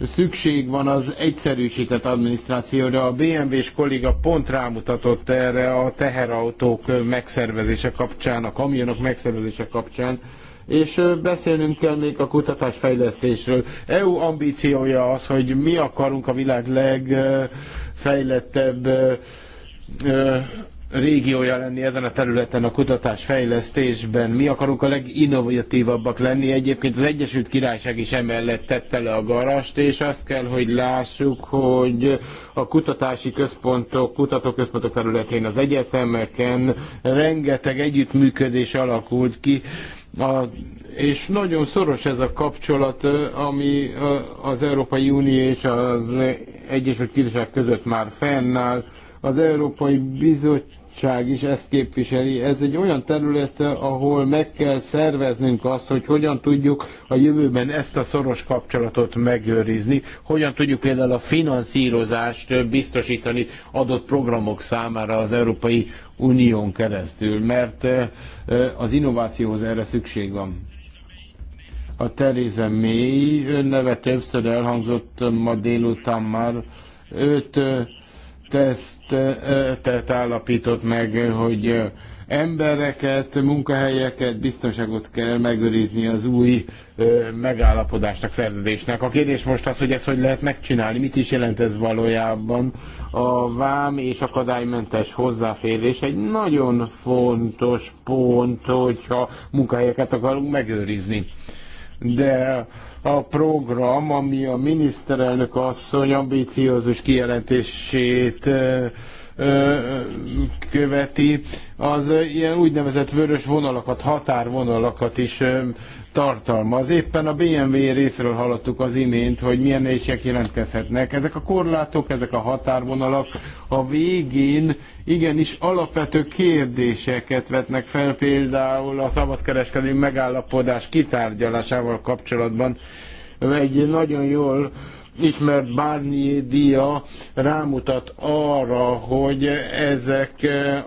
szükség van az egyszerűsített adminisztrációra. A BMW-s kolléga pont rámutatott erre a teherautók megszervezése kapcsán, a kamionok megszervezése kapcsán, és beszélnünk kell még a kutatásfejlesztésről. EU ambíciója az, hogy mi akarunk a világ legfejlettebb régiója lenni ezen a területen a kutatás fejlesztésben. Mi akarunk a leginnovatívabbak lenni. Egyébként az Egyesült Királyság is emellett tette le a garast, és azt kell, hogy lássuk, hogy a kutatási központok, kutatóközpontok területén, az egyetemeken rengeteg együttműködés alakult ki a, és nagyon szoros ez a kapcsolat, ami az Európai Unió és az Egyesült Királyság között már fennáll. Az Európai Bizottság bizottság is ezt képviseli. Ez egy olyan terület, ahol meg kell szerveznünk azt, hogy hogyan tudjuk a jövőben ezt a szoros kapcsolatot megőrizni, hogyan tudjuk például a finanszírozást biztosítani adott programok számára az Európai Unión keresztül, mert eh, az innovációhoz erre szükség van. A Theresa May neve többször elhangzott ma délután már, őt eh, tesztet állapított meg, hogy embereket, munkahelyeket, biztonságot kell megőrizni az új megállapodásnak, szerződésnek. A kérdés most az, hogy ezt hogy lehet megcsinálni, mit is jelent ez valójában. A vám és akadálymentes hozzáférés egy nagyon fontos pont, hogyha munkahelyeket akarunk megőrizni de a program, ami a miniszterelnök asszony ambíciózus kijelentését eh, követi, az ilyen úgynevezett vörös vonalakat, határvonalakat is tartalmaz. Éppen a BMW részről hallottuk az imént, hogy milyen négyek jelentkezhetnek. Ezek a korlátok, ezek a határvonalak a végén igenis alapvető kérdéseket vetnek fel, például a szabadkereskedő megállapodás kitárgyalásával kapcsolatban. Egy nagyon jól ismert Barnier díja rámutat arra, hogy ezek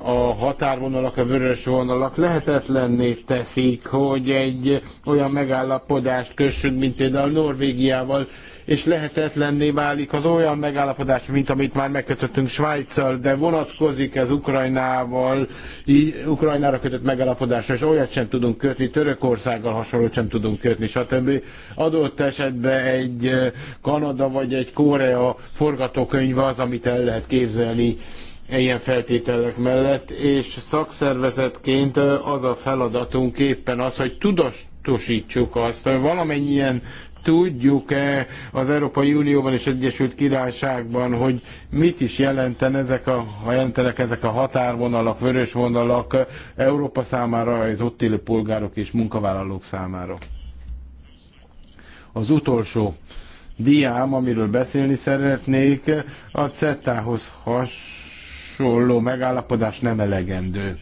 a határvonalak, a vörös vonalak lehetetlenné teszik, hogy egy olyan megállapodást kössünk, mint például Norvégiával, és lehetetlenné válik az olyan megállapodás, mint amit már megkötöttünk Svájccal, de vonatkozik ez Ukrajnával, így, Ukrajnára kötött megállapodásra, és olyat sem tudunk kötni, Törökországgal hasonlót sem tudunk kötni, stb. Adott esetben egy eh, Kanada Kanada vagy egy Korea forgatókönyve az, amit el lehet képzelni ilyen feltételek mellett, és szakszervezetként az a feladatunk éppen az, hogy tudatosítsuk azt, hogy valamennyien tudjuk-e az Európai Unióban és Egyesült Királyságban, hogy mit is jelenten ezek a, ha jelentenek ezek a határvonalak, vörös vonalak Európa számára, az ott élő polgárok és munkavállalók számára. Az utolsó diám, amiről beszélni szeretnék, a CETA-hoz hasonló megállapodás nem elegendő.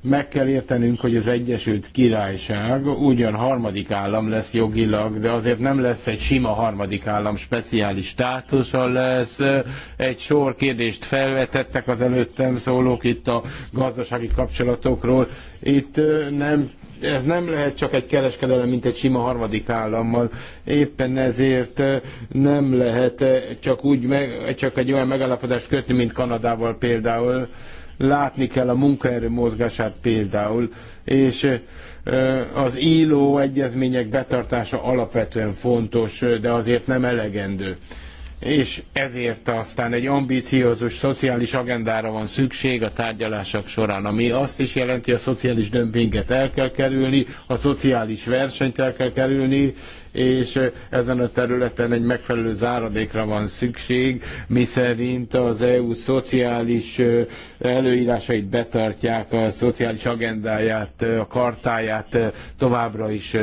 Meg kell értenünk, hogy az Egyesült Királyság ugyan harmadik állam lesz jogilag, de azért nem lesz egy sima harmadik állam, speciális státusa lesz. Egy sor kérdést felvetettek az előttem szólók itt a gazdasági kapcsolatokról. Itt nem ez nem lehet csak egy kereskedelem, mint egy sima harmadik állammal. Éppen ezért eh, nem lehet eh, csak, úgy meg, csak egy olyan megállapodást kötni, mint Kanadával például. Látni kell a munkaerő mozgását például, és eh, az ILO egyezmények betartása alapvetően fontos, de azért nem elegendő és ezért aztán egy ambíciózus szociális agendára van szükség a tárgyalások során, ami azt is jelenti, a szociális dömpinget el kell kerülni, a szociális versenyt el kell kerülni, és ezen a területen egy megfelelő záradékra van szükség, miszerint az EU szociális előírásait betartják, a szociális agendáját, a kartáját továbbra is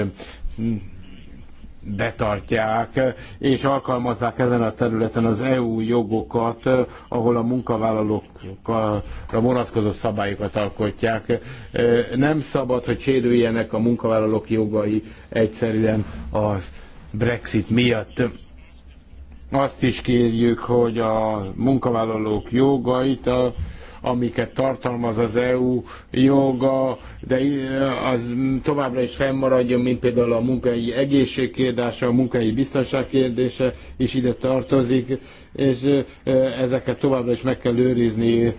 betartják, és alkalmazzák ezen a területen az EU jogokat, ahol a munkavállalókra vonatkozó szabályokat alkotják. Nem szabad, hogy sérüljenek a munkavállalók jogai egyszerűen a Brexit miatt. Azt is kérjük, hogy a munkavállalók jogait a amiket tartalmaz az EU joga, de az továbbra is fennmaradjon, mint például a munkai egészség kérdése, a munkai biztonság kérdése is ide tartozik, és ezeket továbbra is meg kell őrizni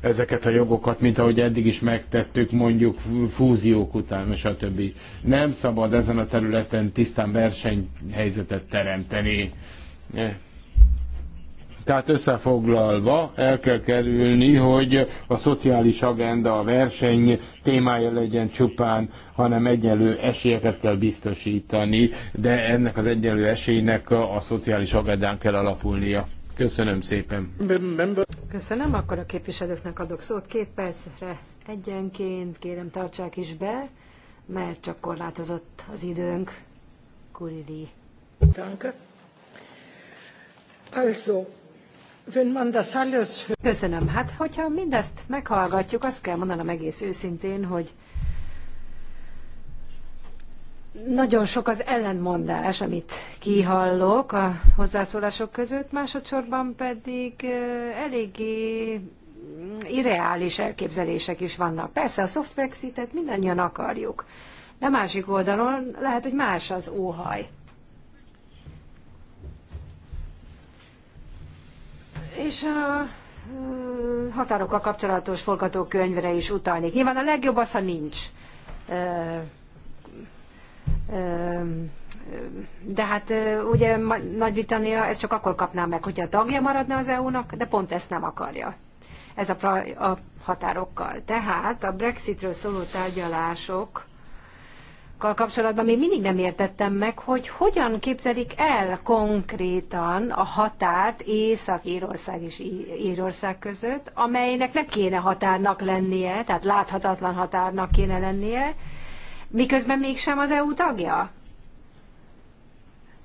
ezeket a jogokat, mint ahogy eddig is megtettük, mondjuk fúziók után, és a többi. Nem szabad ezen a területen tisztán versenyhelyzetet teremteni. Tehát összefoglalva el kell kerülni, hogy a szociális agenda, a verseny témája legyen csupán, hanem egyenlő esélyeket kell biztosítani, de ennek az egyenlő esélynek a, a szociális agendán kell alapulnia. Köszönöm szépen.
Köszönöm, akkor a képviselőknek adok szót két percre egyenként, kérem tartsák is be, mert csak korlátozott az időnk. Kurili. Danke. Also, Köszönöm. Hát, hogyha mindezt meghallgatjuk, azt kell mondanom egész őszintén, hogy nagyon sok az ellentmondás, amit kihallok a hozzászólások között, másodszorban pedig eléggé mm, irreális elképzelések is vannak. Persze a soft Brexitet mindannyian akarjuk, de másik oldalon lehet, hogy más az óhaj. És a határokkal kapcsolatos forgatókönyvre is utalnék. Nyilván a legjobb az, ha nincs. De hát ugye Nagy-Britannia ezt csak akkor kapná meg, hogyha a tagja maradna az EU-nak, de pont ezt nem akarja. Ez a, a határokkal. Tehát a Brexitről szóló tárgyalások kapcsolatban még mindig nem értettem meg, hogy hogyan képzelik el konkrétan a határt Észak-Írország és Írország között, amelynek nem kéne határnak lennie, tehát láthatatlan határnak kéne lennie, miközben mégsem az EU tagja.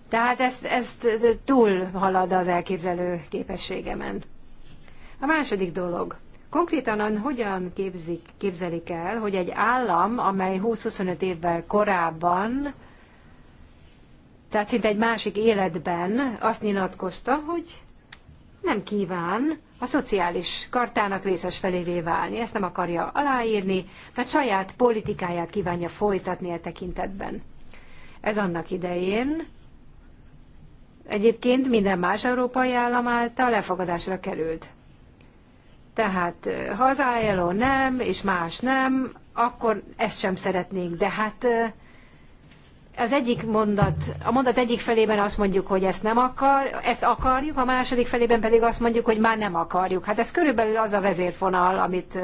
Tehát ezt, ezt túl halad az elképzelő képességemen. A második dolog. Konkrétan hogyan képzik, képzelik el, hogy egy állam, amely 20-25 évvel korábban, tehát szinte egy másik életben azt nyilatkozta, hogy nem kíván a szociális kartának részes felévé válni, ezt nem akarja aláírni, mert saját politikáját kívánja folytatni a e tekintetben. Ez annak idején egyébként minden más európai állam által lefogadásra került. Tehát hazájeló nem, és más nem, akkor ezt sem szeretnénk. De hát az egyik mondat, a mondat egyik felében azt mondjuk, hogy ezt nem akar, ezt akarjuk, a második felében pedig azt mondjuk, hogy már nem akarjuk. Hát ez körülbelül az a vezérfonal, amit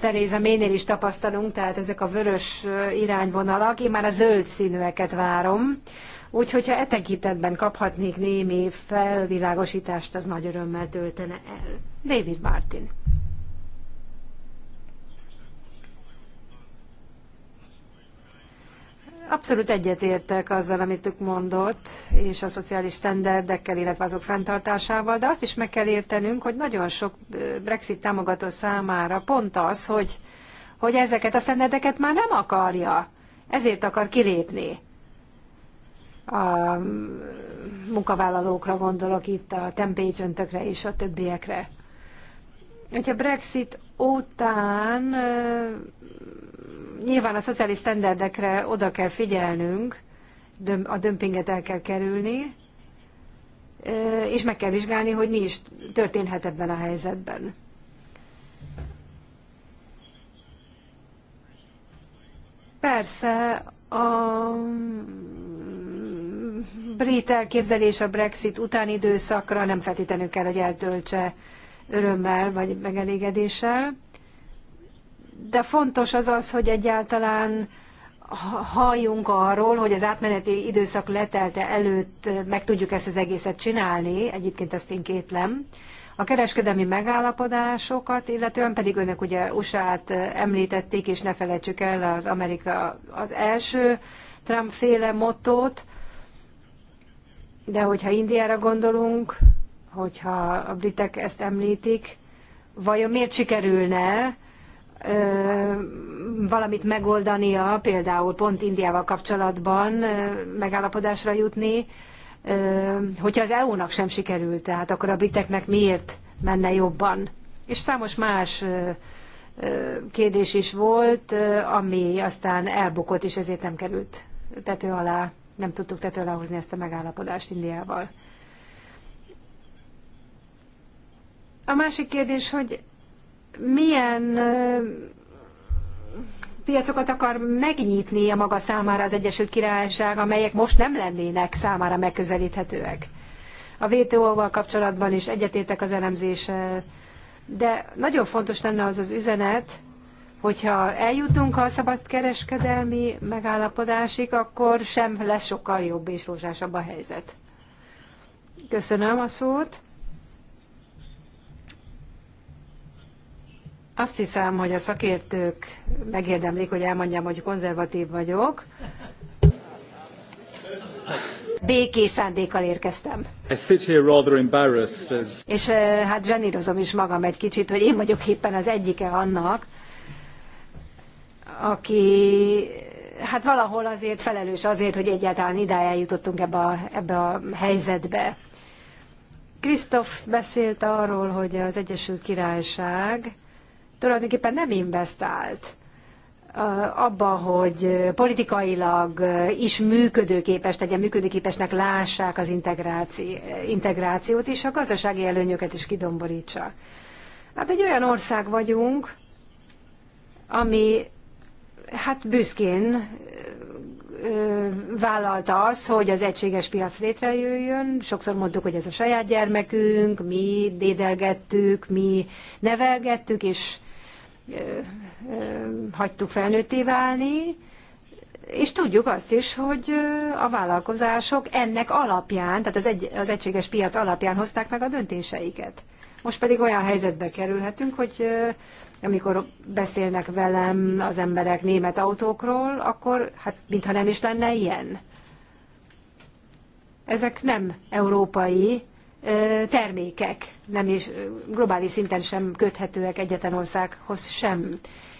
Teréza ménél is tapasztalunk, tehát ezek a vörös irányvonalak. Én már a zöld színűeket várom, Úgyhogy ha e tekintetben kaphatnék némi felvilágosítást, az nagy örömmel töltene el. David Martin. Abszolút egyetértek azzal, amit ők mondott, és a szociális standardekkel, illetve azok fenntartásával, de azt is meg kell értenünk, hogy nagyon sok Brexit támogató számára pont az, hogy, hogy ezeket a standardeket már nem akarja, ezért akar kilépni a munkavállalókra gondolok itt, a temp agentökre és a többiekre. Hogyha Brexit után nyilván a szociális standardekre oda kell figyelnünk, a dömpinget el kell kerülni, és meg kell vizsgálni, hogy mi is történhet ebben a helyzetben. Persze, a brit elképzelés a Brexit utáni időszakra nem feltétlenül kell, hogy eltöltse örömmel vagy megelégedéssel. De fontos az az, hogy egyáltalán halljunk arról, hogy az átmeneti időszak letelte előtt meg tudjuk ezt az egészet csinálni, egyébként ezt én kétlem. A kereskedelmi megállapodásokat, illetően pedig önök ugye USA-t említették, és ne felejtsük el az Amerika az első Trump-féle mottót, de hogyha Indiára gondolunk, hogyha a britek ezt említik, vajon miért sikerülne ö, valamit megoldania, például pont Indiával kapcsolatban ö, megállapodásra jutni, ö, hogyha az EU-nak sem sikerült, tehát akkor a briteknek miért menne jobban? És számos más ö, kérdés is volt, ö, ami aztán elbukott, és ezért nem került tető alá nem tudtuk tetőre hozni ezt a megállapodást Indiával. A másik kérdés, hogy milyen piacokat akar megnyitni a maga számára az Egyesült Királyság, amelyek most nem lennének számára megközelíthetőek. A WTO-val kapcsolatban is egyetétek az elemzéssel, de nagyon fontos lenne az az üzenet, hogyha eljutunk a szabadkereskedelmi megállapodásig, akkor sem lesz sokkal jobb és rózsásabb a helyzet. Köszönöm a szót. Azt hiszem, hogy a szakértők megérdemlik, hogy elmondjam, hogy konzervatív vagyok. Békés szándékkal érkeztem.
I sit here rather embarrassed as...
És eh, hát zsenírozom is magam egy kicsit, hogy én vagyok éppen az egyike annak, aki hát valahol azért felelős azért, hogy egyáltalán idáján jutottunk ebbe a, ebbe a helyzetbe. Krisztof beszélt arról, hogy az Egyesült Királyság tulajdonképpen nem investált abba, hogy politikailag is működőképes legyen, működőképesnek lássák az integrációt, és a gazdasági előnyöket is kidomborítsa. Hát egy olyan ország vagyunk, ami hát büszkén vállalta az, hogy az egységes piac létrejöjjön. Sokszor mondtuk, hogy ez a saját gyermekünk, mi dédelgettük, mi nevelgettük, és hagytuk felnőtté válni. És tudjuk azt is, hogy a vállalkozások ennek alapján, tehát az, egy, az egységes piac alapján hozták meg a döntéseiket. Most pedig olyan helyzetbe kerülhetünk, hogy amikor beszélnek velem az emberek német autókról, akkor hát mintha nem is lenne ilyen. Ezek nem európai ö, termékek, nem is globális szinten sem köthetőek egyetlen országhoz sem.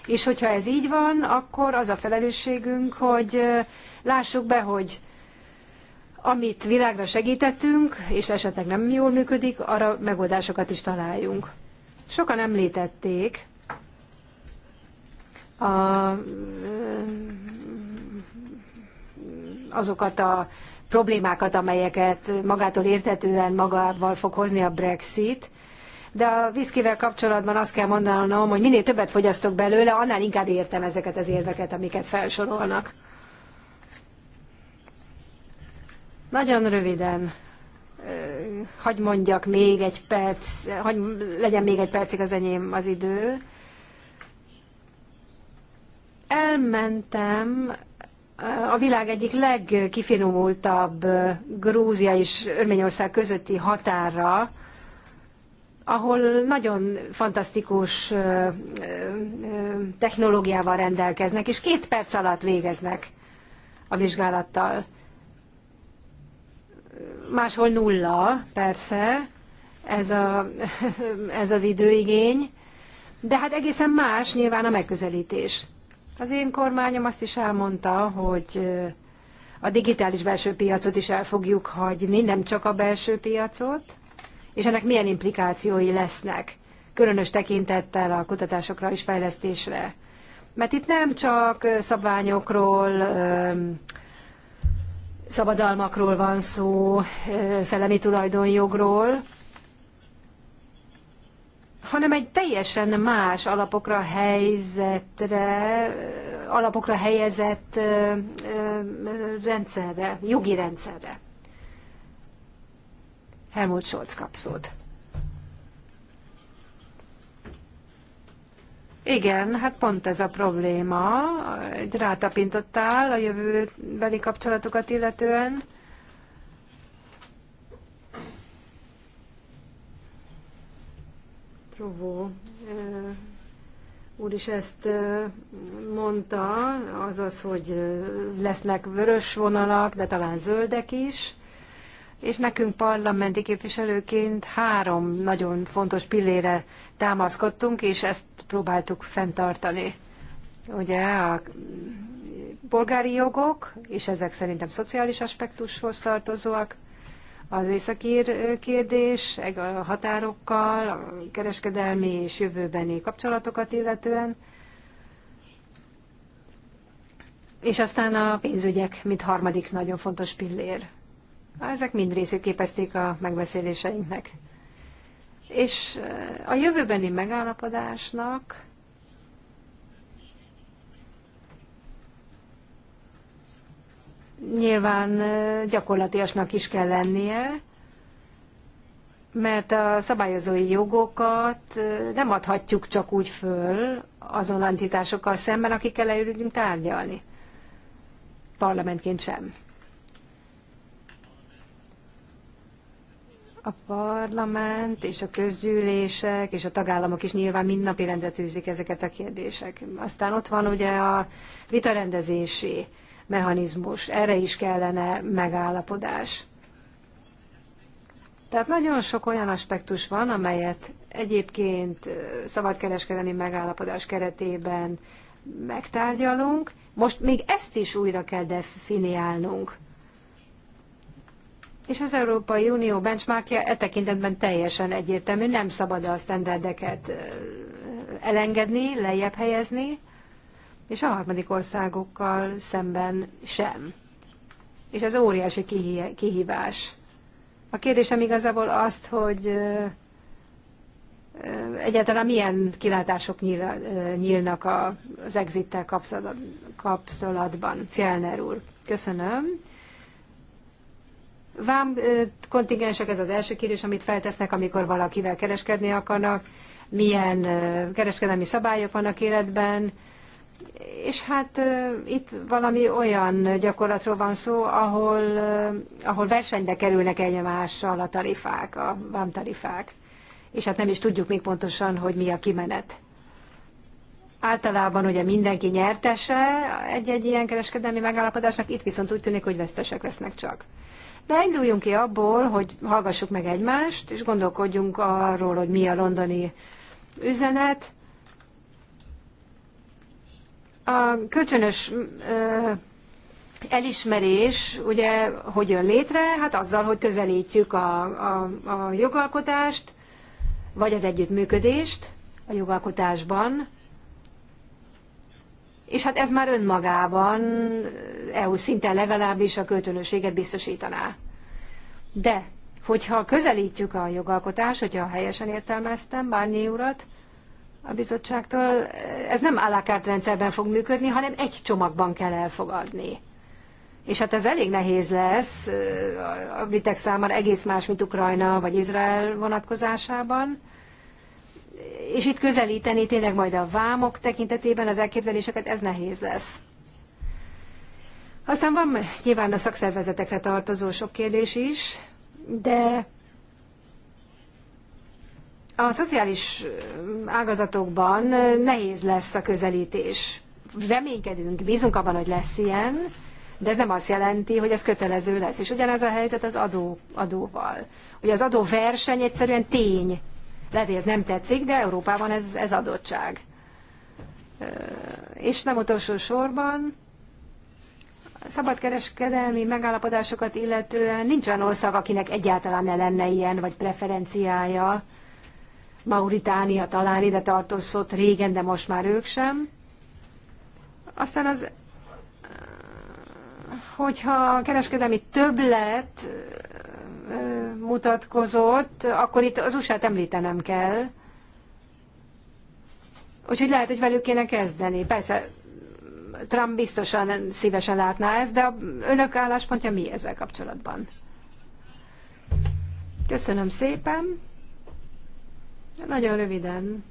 És hogyha ez így van, akkor az a felelősségünk, hogy ö, lássuk be, hogy amit világra segítettünk, és esetleg nem jól működik, arra megoldásokat is találjunk. Sokan említették, a, azokat a problémákat, amelyeket magától értetően magával fog hozni a Brexit, de a viszkivel kapcsolatban azt kell mondanom, hogy minél többet fogyasztok belőle, annál inkább értem ezeket az érveket, amiket felsorolnak. Nagyon röviden, hagy mondjak még egy perc, hagy legyen még egy percig az enyém az idő elmentem eh, a világ egyik legkifinomultabb eh, Grúzia és Örményország közötti határa, ahol nagyon fantasztikus eh, technológiával rendelkeznek, és két perc alatt végeznek a vizsgálattal. Máshol nulla, persze, ez, a, (laughs) ez az időigény, de hát egészen más nyilván a megközelítés. Az én kormányom azt is elmondta, hogy a digitális belső piacot is el fogjuk hagyni, nem csak a belső piacot, és ennek milyen implikációi lesznek, különös tekintettel a kutatásokra és fejlesztésre. Mert itt nem csak szabványokról, szabadalmakról van szó, szellemi tulajdonjogról, hanem egy teljesen más alapokra helyzetre, alapokra helyezett rendszerre, jogi rendszerre. Helmut Scholz kap Igen, hát pont ez a probléma. Rátapintottál a jövőbeli kapcsolatokat illetően. Provó úr is ezt mondta, azaz, hogy lesznek vörös vonalak, de talán zöldek is, és nekünk parlamenti képviselőként három nagyon fontos pillére támaszkodtunk, és ezt próbáltuk fenntartani. Ugye a polgári jogok, és ezek szerintem szociális aspektushoz tartozóak, az északír kérdés a határokkal, a kereskedelmi és jövőbeni kapcsolatokat illetően, és aztán a pénzügyek, mint harmadik nagyon fontos pillér. Ezek mind részét képezték a megbeszéléseinknek. És eh, a jövőbeni megállapodásnak nyilván gyakorlatiasnak is kell lennie, mert a szabályozói jogokat nem adhatjuk csak úgy föl azon entitásokkal szemben, akikkel leülünk tárgyalni. Parlamentként sem. A parlament és a közgyűlések és a tagállamok is nyilván mindnapi rendet űzik ezeket a kérdések. Aztán ott van ugye a vitarendezési mechanizmus. Erre is kellene megállapodás. Tehát nagyon sok olyan aspektus van, amelyet egyébként szabadkereskedelmi megállapodás keretében megtárgyalunk. Most még ezt is újra kell definiálnunk. És az Európai Unió benchmarkja e tekintetben teljesen egyértelmű, nem szabad a sztenderdeket elengedni, lejjebb helyezni, és a harmadik országokkal szemben sem. És ez óriási kihívás. A kérdésem igazából azt, hogy egyáltalán milyen kilátások nyílnak az exittel kapcsolatban. Fjellner úr, köszönöm. Vám kontingensek, ez az első kérdés, amit feltesznek, amikor valakivel kereskedni akarnak. Milyen kereskedelmi szabályok vannak életben, és hát itt valami olyan gyakorlatról van szó, ahol, ahol versenybe kerülnek egymással a tarifák, a vámtarifák. És hát nem is tudjuk még pontosan, hogy mi a kimenet. Általában ugye mindenki nyertese egy-egy ilyen kereskedelmi megállapodásnak, itt viszont úgy tűnik, hogy vesztesek lesznek csak. De induljunk ki abból, hogy hallgassuk meg egymást, és gondolkodjunk arról, hogy mi a londoni üzenet, a kölcsönös ö, elismerés ugye hogy jön létre? Hát azzal, hogy közelítjük a, a, a jogalkotást, vagy az együttműködést a jogalkotásban, és hát ez már önmagában EU szinten legalábbis a kölcsönösséget biztosítaná. De, hogyha közelítjük a jogalkotást, hogyha helyesen értelmeztem Bárnyi urat, a bizottságtól. Ez nem állákárt rendszerben fog működni, hanem egy csomagban kell elfogadni. És hát ez elég nehéz lesz a britek számára egész más, mint Ukrajna vagy Izrael vonatkozásában. És itt közelíteni tényleg majd a vámok tekintetében az elképzeléseket, ez nehéz lesz. Aztán van nyilván a szakszervezetekre tartozó sok kérdés is, de a szociális ágazatokban nehéz lesz a közelítés. Reménykedünk, bízunk abban, hogy lesz ilyen, de ez nem azt jelenti, hogy ez kötelező lesz. És ugyanez a helyzet az adó, adóval. Ugye az adóverseny egyszerűen tény. Lehet, hogy ez nem tetszik, de Európában ez, ez adottság. És nem utolsó sorban, szabadkereskedelmi megállapodásokat illetően nincs olyan ország, akinek egyáltalán ne lenne ilyen, vagy preferenciája Mauritánia talán ide tartozott régen, de most már ők sem. Aztán az, hogyha a kereskedelmi többlet mutatkozott, akkor itt az USA-t említenem kell. Úgyhogy lehet, hogy velük kéne kezdeni. Persze Trump biztosan szívesen látná ezt, de a önök álláspontja mi ezzel kapcsolatban? Köszönöm szépen. Nagyon röviden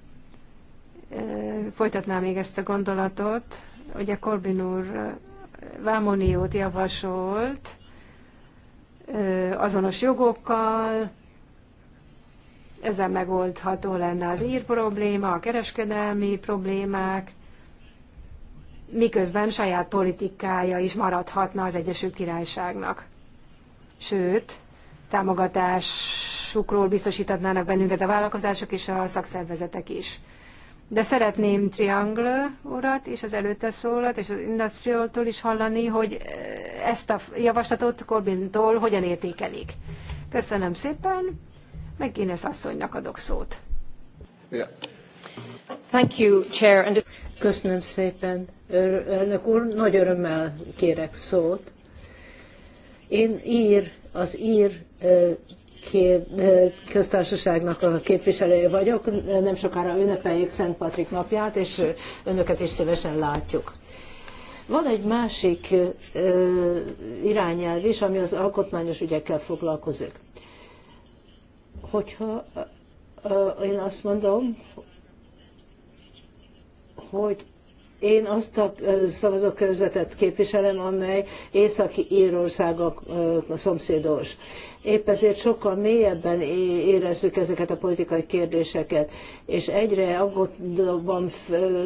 folytatnám még ezt a gondolatot. Ugye Corbyn úr Vámoniót javasolt azonos jogokkal, ezzel megoldható lenne az ír probléma, a kereskedelmi problémák, miközben saját politikája is maradhatna az Egyesült Királyságnak. Sőt, támogatásukról biztosítatnának bennünket a vállalkozások és a szakszervezetek is. De szeretném Triangle urat és az előtte szólat és az Industrial-tól is hallani, hogy eh, ezt a javaslatot Corbyn-tól hogyan értékelik. Köszönöm szépen, meg ezt asszonynak adok szót.
Yeah.
Thank you, Chair. And... Köszönöm szépen, elnök úr. Nagy örömmel kérek szót. Én ír az ír köztársaságnak a képviselője vagyok. Nem sokára ünnepeljük Szent Patrik napját, és önöket is szívesen látjuk. Van egy másik irányelv is, ami az alkotmányos ügyekkel foglalkozik. Hogyha én azt mondom, hogy én azt a szavazókörzetet képviselem, amely északi Írországa szomszédos. Épp ezért sokkal mélyebben érezzük ezeket a politikai kérdéseket, és egyre aggódóban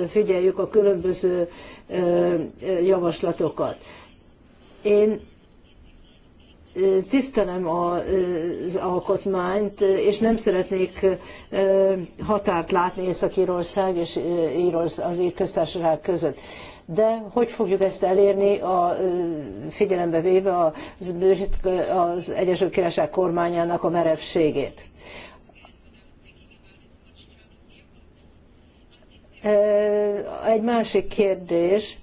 figyeljük a különböző javaslatokat. Én tisztelem az alkotmányt, és nem szeretnék határt látni Észak-Írország és az Ír-köztársaság között. De hogy fogjuk ezt elérni, a, figyelembe véve az, az Egyesült Királyság kormányának a merevségét? Egy másik kérdés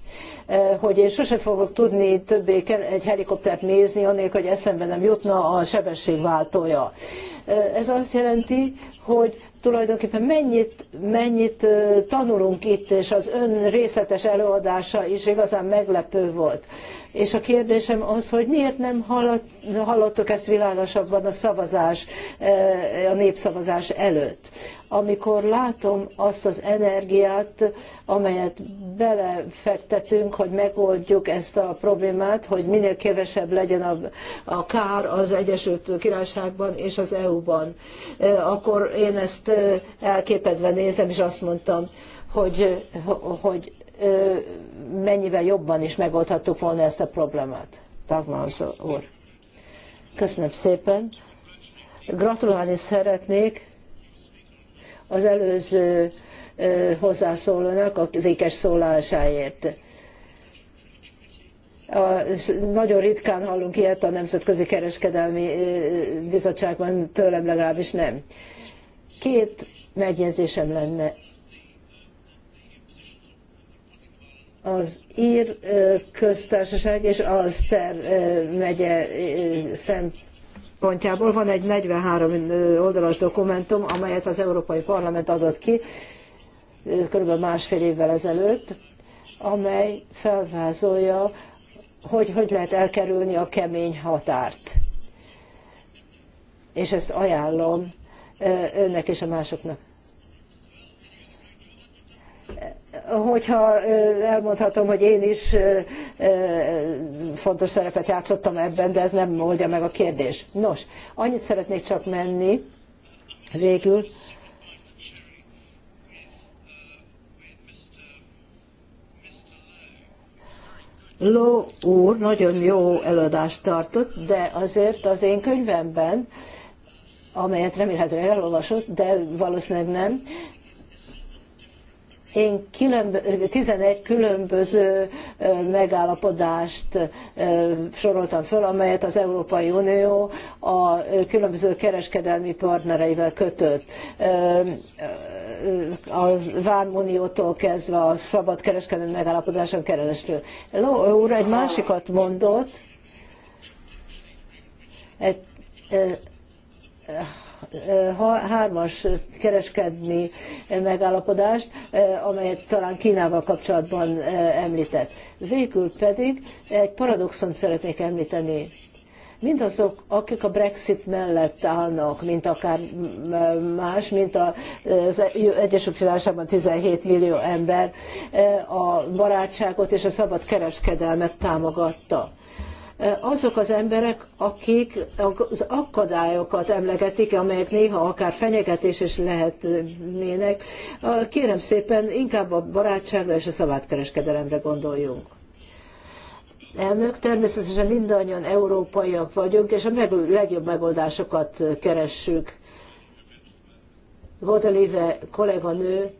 hogy én sose fogok tudni többé egy helikoptert nézni, anélkül, hogy eszembe nem jutna a sebességváltója. Ez azt jelenti, hogy tulajdonképpen mennyit, mennyit tanulunk itt, és az ön részletes előadása is igazán meglepő volt. És a kérdésem az, hogy miért nem hallottuk ezt világosabban a szavazás, e, a népszavazás előtt. Amikor látom azt az energiát, amelyet belefektetünk, hogy megoldjuk ezt a problémát, hogy minél kevesebb legyen a, a kár az Egyesült Királyságban és az EU-ban, e, akkor én ezt e, elképedve nézem, és azt mondtam, hogy, hogy mennyivel jobban is megoldhattuk volna ezt a problémát. Tagmánzó úr. Köszönöm szépen. Gratulálni szeretnék az előző hozzászólónak az ékes szólásáért. A, nagyon ritkán hallunk ilyet a Nemzetközi Kereskedelmi Bizottságban, tőlem legalábbis nem. Két megjegyzésem lenne. az ír köztársaság és az Alster megye szempontjából van egy 43 oldalas dokumentum, amelyet az Európai Parlament adott ki kb. másfél évvel ezelőtt, amely felvázolja, hogy hogy lehet elkerülni a kemény határt. És ezt ajánlom önnek és a másoknak. hogyha elmondhatom, hogy én is fontos szerepet játszottam ebben, de ez nem oldja meg a kérdést. Nos, annyit szeretnék csak menni végül, Ló úr nagyon jó előadást tartott, de azért az én könyvemben, amelyet remélhetően elolvasott, de valószínűleg nem, én 11 különböző megállapodást soroltam föl, amelyet az Európai Unió a különböző kereskedelmi partnereivel kötött. A Vármuniótól kezdve a szabad kereskedelmi megállapodáson keresztül. Ló úr egy másikat mondott, egy, hármas kereskedmi megállapodást, eh, amelyet talán Kínával kapcsolatban eh, említett. Végül pedig egy paradoxon szeretnék említeni. Mindazok, akik a Brexit mellett állnak, mint akár más, mint az Egyesült Királyságban 17 millió ember, eh, a barátságot és a szabad kereskedelmet támogatta azok az emberek, akik az akadályokat emlegetik, amelyek néha akár fenyegetés is lehetnének, kérem szépen inkább a barátságra és a szabadkereskedelemre gondoljunk elnök, természetesen mindannyian európaiak vagyunk, és a meg, legjobb megoldásokat keressük. Godelive kolléganő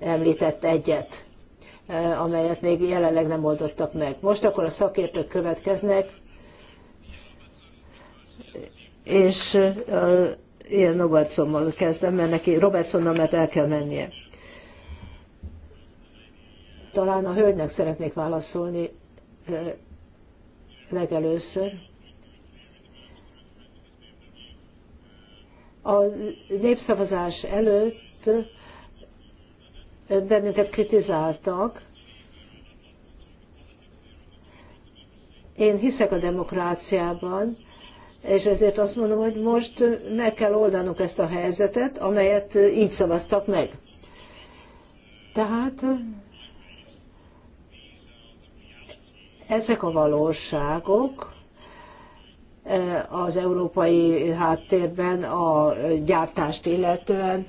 említett egyet. Eh, amelyet még jelenleg nem oldottak meg. Most akkor a szakértők következnek, és eh, én Robertsonnal kezdem, mert neki Robertsonnal, mert el kell mennie. Talán a hölgynek szeretnék válaszolni eh, legelőször. A népszavazás előtt bennünket kritizáltak. Én hiszek a demokráciában, és ezért azt mondom, hogy most meg kell oldanunk ezt a helyzetet, amelyet így szavaztak meg. Tehát ezek a valóságok, Eh, az európai háttérben a gyártást illetően.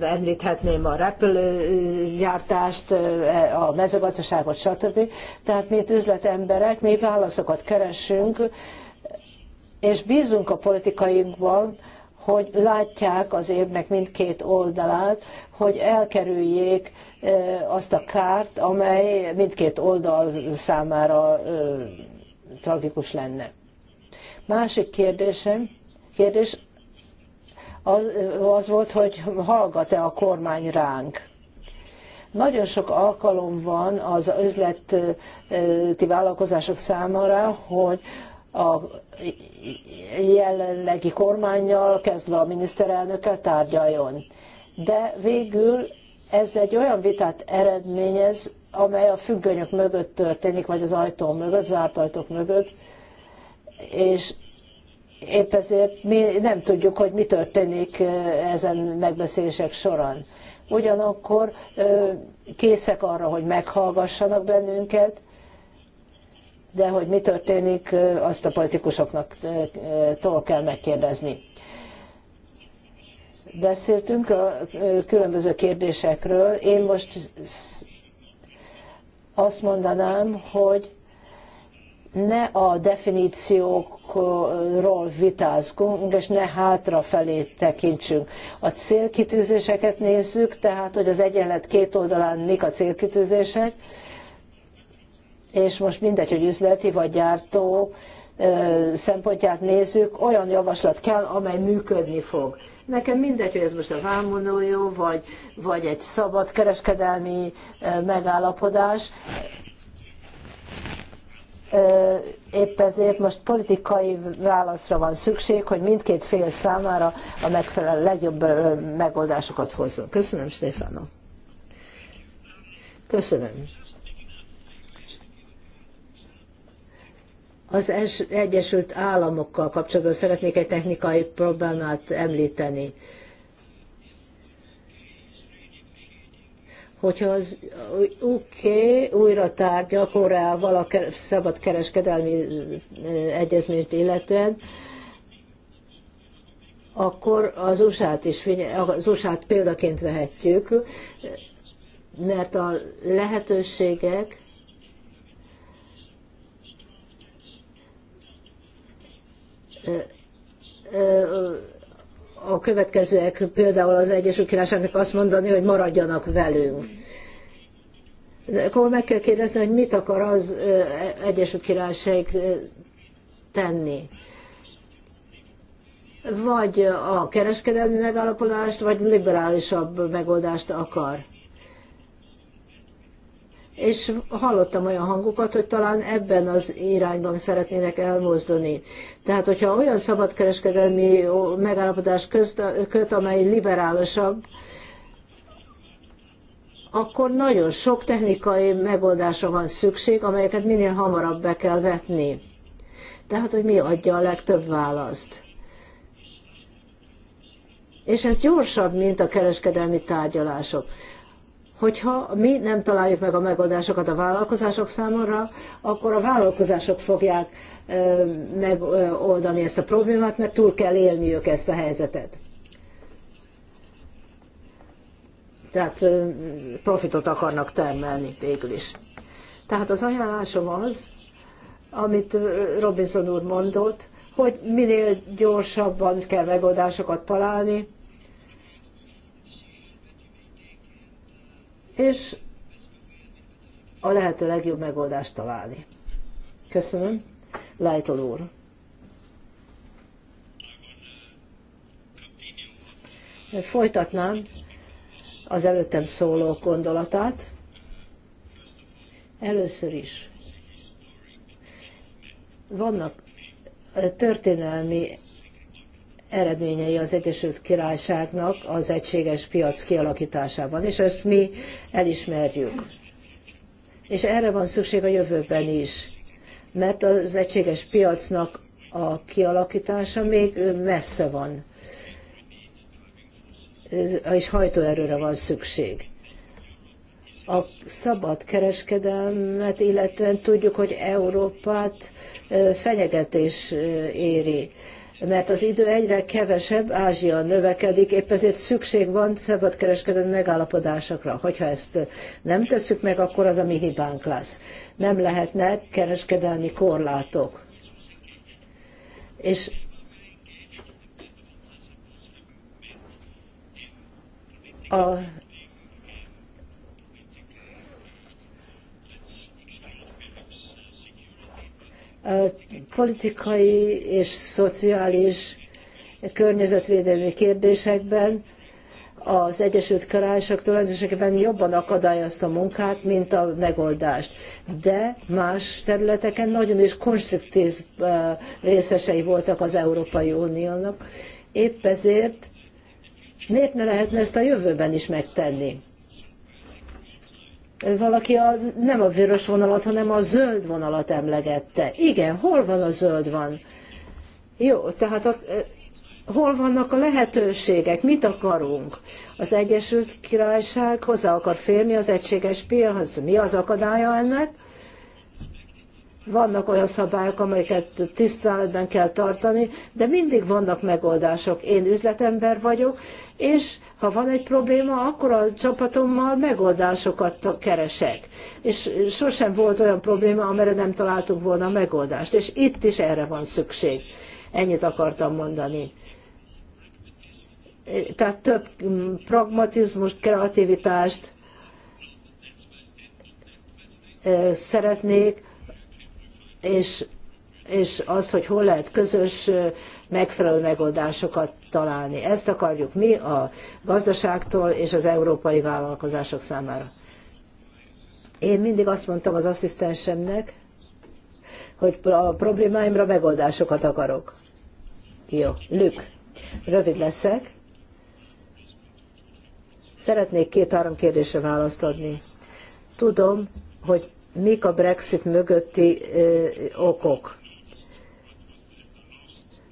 Említhetném a repülőgyártást, e, a mezőgazdaságot, stb. Tehát mi üzletemberek, mi válaszokat keresünk, és bízunk a politikainkban, hogy látják az évnek mindkét oldalát, hogy elkerüljék azt a kárt, amely mindkét oldal számára tragikus lenne. Másik kérdésem, kérdés az, az volt, hogy hallgat-e a kormány ránk. Nagyon sok alkalom van az üzleti vállalkozások számára, hogy a jelenlegi kormányjal, kezdve a miniszterelnökkel tárgyaljon. De végül ez egy olyan vitát eredményez, amely a függönyök mögött történik, vagy az ajtó mögött, zárt ajtók mögött, és épp ezért mi nem tudjuk, hogy mi történik ezen megbeszélések során. Ugyanakkor készek arra, hogy meghallgassanak bennünket, de hogy mi történik, azt a politikusoknak tól kell megkérdezni. Beszéltünk a különböző kérdésekről. Én most azt mondanám, hogy ne a definíciókról vitázkunk, és ne hátrafelé tekintsünk. A célkitűzéseket nézzük, tehát hogy az egyenlet két oldalán mik a célkitűzések, és most mindegy, hogy üzleti vagy gyártó szempontját nézzük, olyan javaslat kell, amely működni fog. Nekem mindegy, hogy ez most a jó, vagy, vagy egy szabad kereskedelmi megállapodás, épp ezért most politikai válaszra van szükség, hogy mindkét fél számára a megfelelő legjobb megoldásokat hozzon. Köszönöm, Stefano. Köszönöm. Az Egyesült Államokkal kapcsolatban szeretnék egy technikai problémát említeni hogyha az UK újra tárgya Koreával a szabad kereskedelmi eh, egyezményt illetően, akkor az USA-t is az usa példaként vehetjük, mert a lehetőségek Uh, uh, a következőek például az Egyesült Királyságnak azt mondani, hogy maradjanak velünk. De akkor meg kell kérdezni, hogy mit akar az Egyesült Királyság tenni. Vagy a kereskedelmi megállapodást, vagy liberálisabb megoldást akar és hallottam olyan hangokat, hogy talán ebben az irányban szeretnének elmozdulni. Tehát, hogyha olyan szabadkereskedelmi megállapodás közt, köt, amely liberálisabb, akkor nagyon sok technikai megoldásra van szükség, amelyeket minél hamarabb be kell vetni. Tehát, hogy mi adja a legtöbb választ. És ez gyorsabb, mint a kereskedelmi tárgyalások. Hogyha mi nem találjuk meg a megoldásokat a vállalkozások számára, akkor a vállalkozások fogják megoldani ezt a problémát, mert túl kell élniük ezt a helyzetet. Tehát profitot akarnak termelni végül is. Tehát az ajánlásom az, amit Robinson úr mondott, hogy minél gyorsabban kell megoldásokat találni, és a lehető legjobb megoldást találni. Köszönöm. Lájtol úr. Folytatnám az előttem szóló gondolatát. Először is vannak történelmi eredményei az Egyesült Királyságnak az egységes piac kialakításában, és ezt mi elismerjük. És erre van szükség a jövőben is, mert az egységes piacnak a kialakítása még messze van, és hajtóerőre van szükség. A szabad kereskedelmet illetően tudjuk, hogy Európát fenyegetés éri mert az idő egyre kevesebb, Ázsia növekedik, épp ezért szükség van szabadkereskedelmi megállapodásokra. Hogyha ezt nem tesszük meg, akkor az a mi hibánk lesz. Nem lehetnek kereskedelmi korlátok. És a politikai és szociális környezetvédelmi kérdésekben az Egyesült Királyság tulajdonképpen jobban akadályozta a munkát, mint a megoldást. De más területeken nagyon is konstruktív részesei voltak az Európai Uniónak. Épp ezért miért ne lehetne ezt a jövőben is megtenni? valaki a, nem a vörös vonalat, hanem a zöld vonalat emlegette. Igen, hol van a zöld van? Jó, tehát a, e, hol vannak a lehetőségek, mit akarunk? Az Egyesült Királyság hozzá akar férni az egységes piachoz. Mi az akadálya ennek? Vannak olyan szabályok, amelyeket tiszteletben kell tartani, de mindig vannak megoldások. Én üzletember vagyok, és ha van egy probléma, akkor a csapatommal megoldásokat keresek. És sosem volt olyan probléma, amire nem találtuk volna megoldást. És itt is erre van szükség. Ennyit akartam mondani tehát több pragmatizmust, kreativitást szeretnék, és, és azt, hogy hol lehet közös megfelelő megoldásokat találni. Ezt akarjuk mi a gazdaságtól és az európai vállalkozások számára. Én mindig azt mondtam az asszisztensemnek, hogy a problémáimra megoldásokat akarok. Jó, Lük, rövid leszek. Szeretnék két-három kérdésre választ adni. Tudom, hogy mik a Brexit mögötti okok.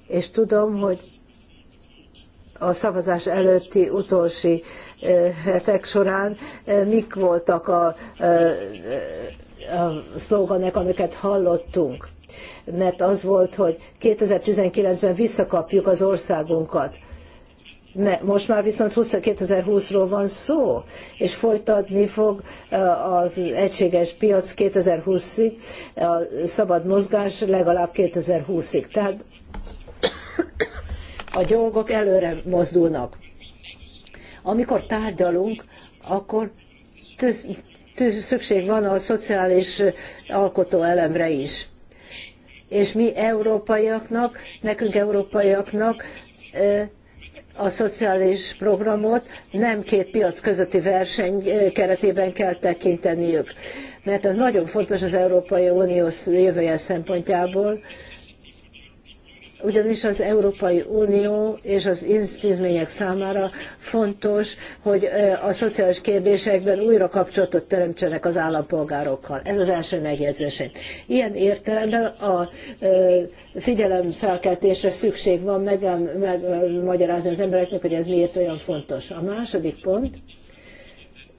És tudom, hogy a szavazás előtti utolsó hetek során mik voltak a, a, a szlóganek, amiket hallottunk. Mert az volt, hogy 2019-ben visszakapjuk az országunkat most már viszont 2020-ról van szó, és folytatni fog az egységes piac 2020-ig, a szabad mozgás legalább 2020-ig. Tehát a dolgok előre mozdulnak. Amikor tárgyalunk, akkor tűz, tűz, szükség van a szociális alkotó elemre is. És mi európaiaknak, nekünk európaiaknak a szociális programot nem két piac közötti verseny eh, keretében kell tekinteniük, mert ez nagyon fontos az Európai Unió jövője szempontjából, ugyanis az Európai Unió és az intézmények számára fontos, hogy a szociális kérdésekben újra kapcsolatot teremtsenek az állampolgárokkal. Ez az első megjegyzése. Ilyen értelemben a figyelemfelkeltésre szükség van megmagyarázni meg, az embereknek, hogy ez miért olyan fontos. A második pont,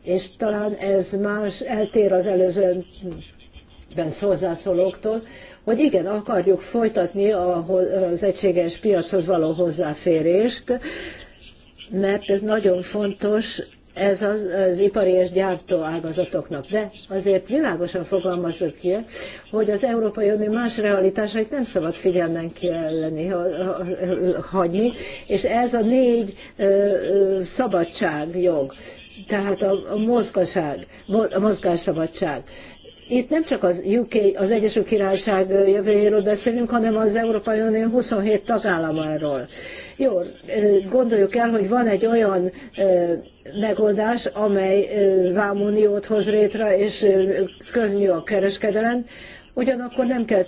és talán ez más eltér az előző hozzászólóktól, hogy igen, akarjuk folytatni az egységes piachoz való hozzáférést, mert ez nagyon fontos ez az, az ipari és gyártó ágazatoknak. De azért világosan fogalmazok ki, hogy az Európai Unió más realitásait nem szabad figyelmen kelleni hagyni, és ez a négy ö, ö, szabadságjog, tehát a, a mozgaság, a mozgásszabadság. Itt nem csak az, UK, az Egyesült Királyság jövőjéről beszélünk, hanem az Európai Unió 27 tagállamáról. Jó, gondoljuk el, hogy van egy olyan megoldás, amely vámuniót hoz rétre, és könnyű a kereskedelem, ugyanakkor nem kell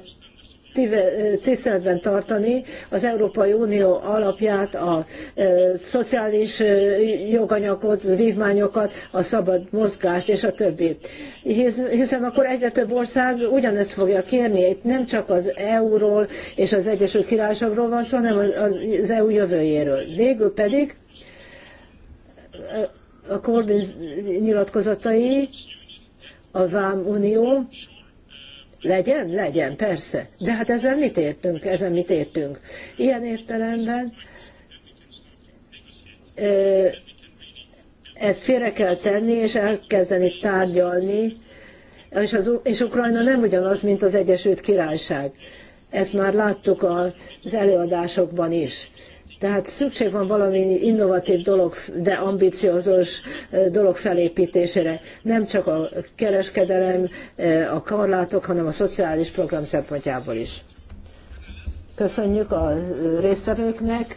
tiszteletben tartani az Európai Unió alapját, a szociális joganyagot, vívmányokat, a szabad mozgást és a többi. Hiszen akkor egyre több ország ugyanezt fogja kérni. Itt nem csak az EU-ról és az Egyesült Királyságról van szó, hanem az EU jövőjéről. Végül pedig a Corbyn nyilatkozatai, a Vám Unió, legyen? Legyen, persze. De hát ezzel mit értünk? Ezen mit értünk? Ilyen értelemben ezt félre kell tenni, és elkezdeni tárgyalni, és, az, és Ukrajna nem ugyanaz, mint az Egyesült Királyság. Ezt már láttuk az előadásokban is. Tehát szükség van valami innovatív dolog, de ambiciózus dolog felépítésére. Nem csak a kereskedelem, a karlátok, hanem a szociális program szempontjából is. Köszönjük a résztvevőknek.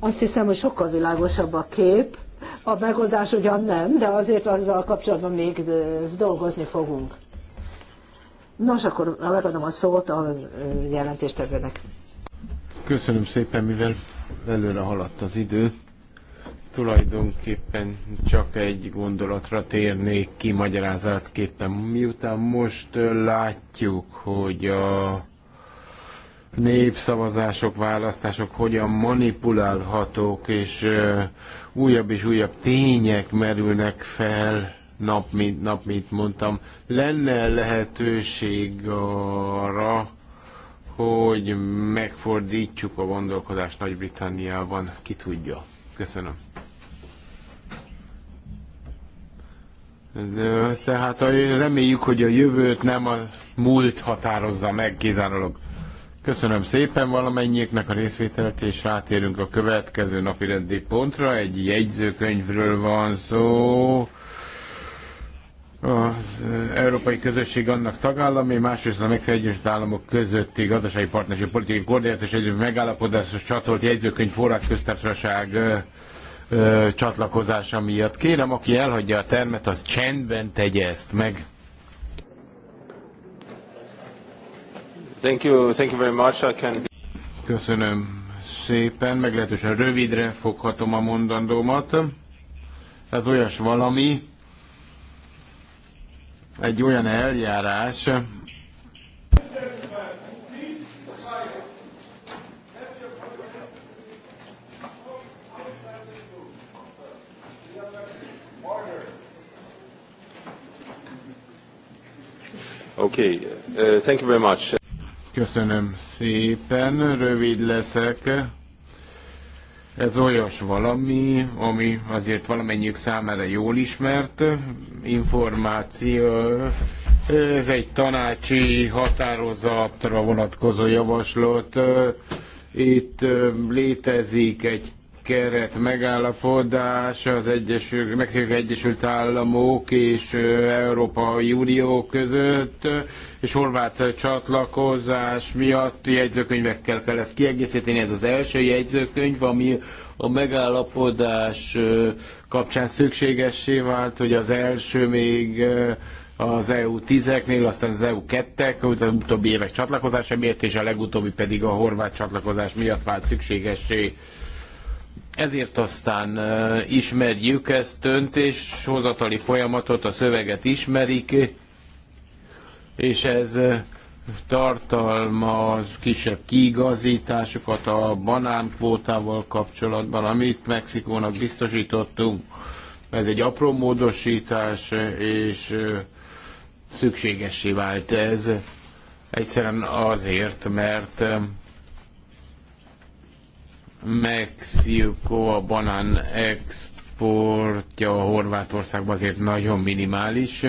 Azt hiszem, hogy sokkal világosabb a kép. A megoldás ugyan nem, de azért azzal kapcsolatban még dolgozni fogunk. Nos, akkor megadom a szót a jelentéstevőnek.
Köszönöm szépen, mivel előre haladt az idő. Tulajdonképpen csak egy gondolatra térnék ki magyarázatképpen. Miután most látjuk, hogy a népszavazások, választások hogyan manipulálhatók, és újabb és újabb tények merülnek fel nap, mint nap, mint mondtam. Lenne lehetőség arra, hogy megfordítjuk a gondolkodást Nagy-Britanniában, ki tudja. Köszönöm. De, tehát reméljük, hogy a jövőt nem a múlt határozza meg kizárólag. Köszönöm szépen valamennyieknek a részvételt, és rátérünk a következő napi rendi pontra. Egy jegyzőkönyvről van szó az eh, európai közösség annak tagállamai, másrészt a Mexikó Egyesült Államok közötti gazdasági partnerség politikai koordinációs egy megállapodásos csatolt jegyzőkönyv forrás köztársaság eh, eh, csatlakozása miatt. Kérem, aki elhagyja a termet, az csendben tegye ezt meg. Thank you, thank you very much. I can... Köszönöm szépen, meglehetősen rövidre foghatom a mondandómat. Ez olyas valami, egy olyan eljárás,
Okay. Uh, thank you very much.
Köszönöm szépen, rövid leszek. Ez olyas valami, ami azért valamennyiük számára jól ismert információ. Ez egy tanácsi határozatra vonatkozó javaslat. Itt létezik egy keret megállapodás az Egyesült, Egyesült Államok és Európai Unió között és horvát csatlakozás miatt jegyzőkönyvekkel kell ezt kiegészíteni. Ez az első jegyzőkönyv, ami a megállapodás kapcsán szükségessé vált, hogy az első még az EU 10-eknél, aztán az EU 2-ek, az utóbbi évek csatlakozása miatt, és a legutóbbi pedig a horvát csatlakozás miatt vált szükségessé. Ezért aztán ismerjük ezt döntéshozatali folyamatot, a szöveget ismerik, és ez tartalmaz kisebb kiigazításokat a banánkvótával kapcsolatban, amit Mexikónak biztosítottunk. Ez egy apró módosítás, és szükségessé vált ez. Egyszerűen azért, mert Mexikó a banán exportja a Horvátországban azért nagyon minimális,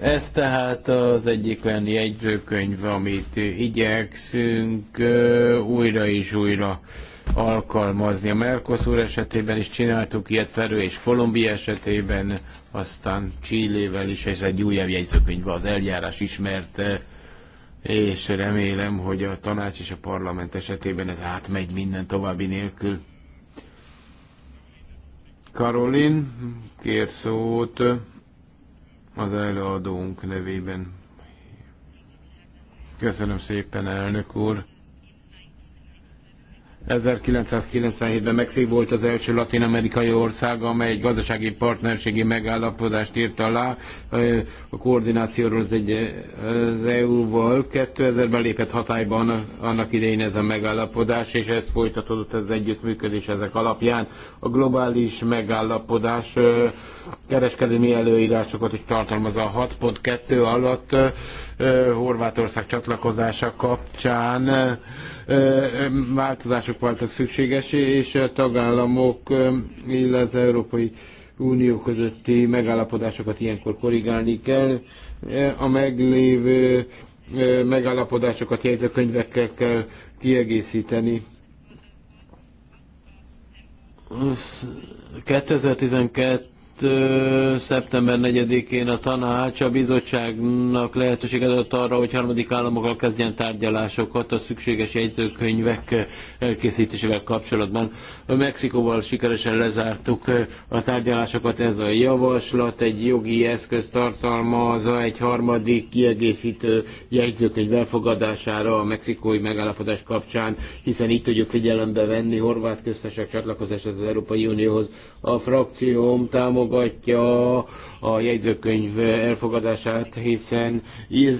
ez tehát az egyik olyan jegyzőkönyv, amit igyekszünk újra és újra alkalmazni. A Mercosur esetében is csináltuk ilyet, Peru és Kolumbia esetében, aztán Csillével is, ez egy újabb jegyzőkönyv az eljárás ismerte, és remélem, hogy a tanács és a parlament esetében ez átmegy minden további nélkül. Karolin, kér szót az előadónk nevében. Köszönöm szépen, elnök úr. 1997-ben Mexik volt az első latin-amerikai ország, amely egy gazdasági partnerségi megállapodást írt alá a koordinációról az, egy, az EU-val. 2000-ben lépett hatályban annak idején ez a megállapodás, és ez folytatódott az együttműködés ezek alapján. A globális megállapodás kereskedelmi előírásokat is tartalmaz a 6.2 alatt Horvátország csatlakozása kapcsán változások intézkedések voltak szükségesé, és a tagállamok, illetve az Európai Unió közötti megállapodásokat ilyenkor korrigálni kell. E, a meglévő e, megállapodásokat jegyzőkönyvekkel kell kiegészíteni. 2012 szeptember 4-én a tanács a bizottságnak lehetőséget adott arra, hogy harmadik államokkal kezdjen tárgyalásokat a szükséges jegyzőkönyvek elkészítésével kapcsolatban. A Mexikóval sikeresen lezártuk a tárgyalásokat, ez a javaslat, egy jogi eszköz tartalmazza egy harmadik kiegészítő jegyzőkönyv elfogadására a mexikói megállapodás kapcsán, hiszen itt tudjuk figyelembe venni horvát köztesek csatlakozását az Európai Unióhoz. A frakcióm támogatja támogatja a jegyzőkönyv elfogadását, hiszen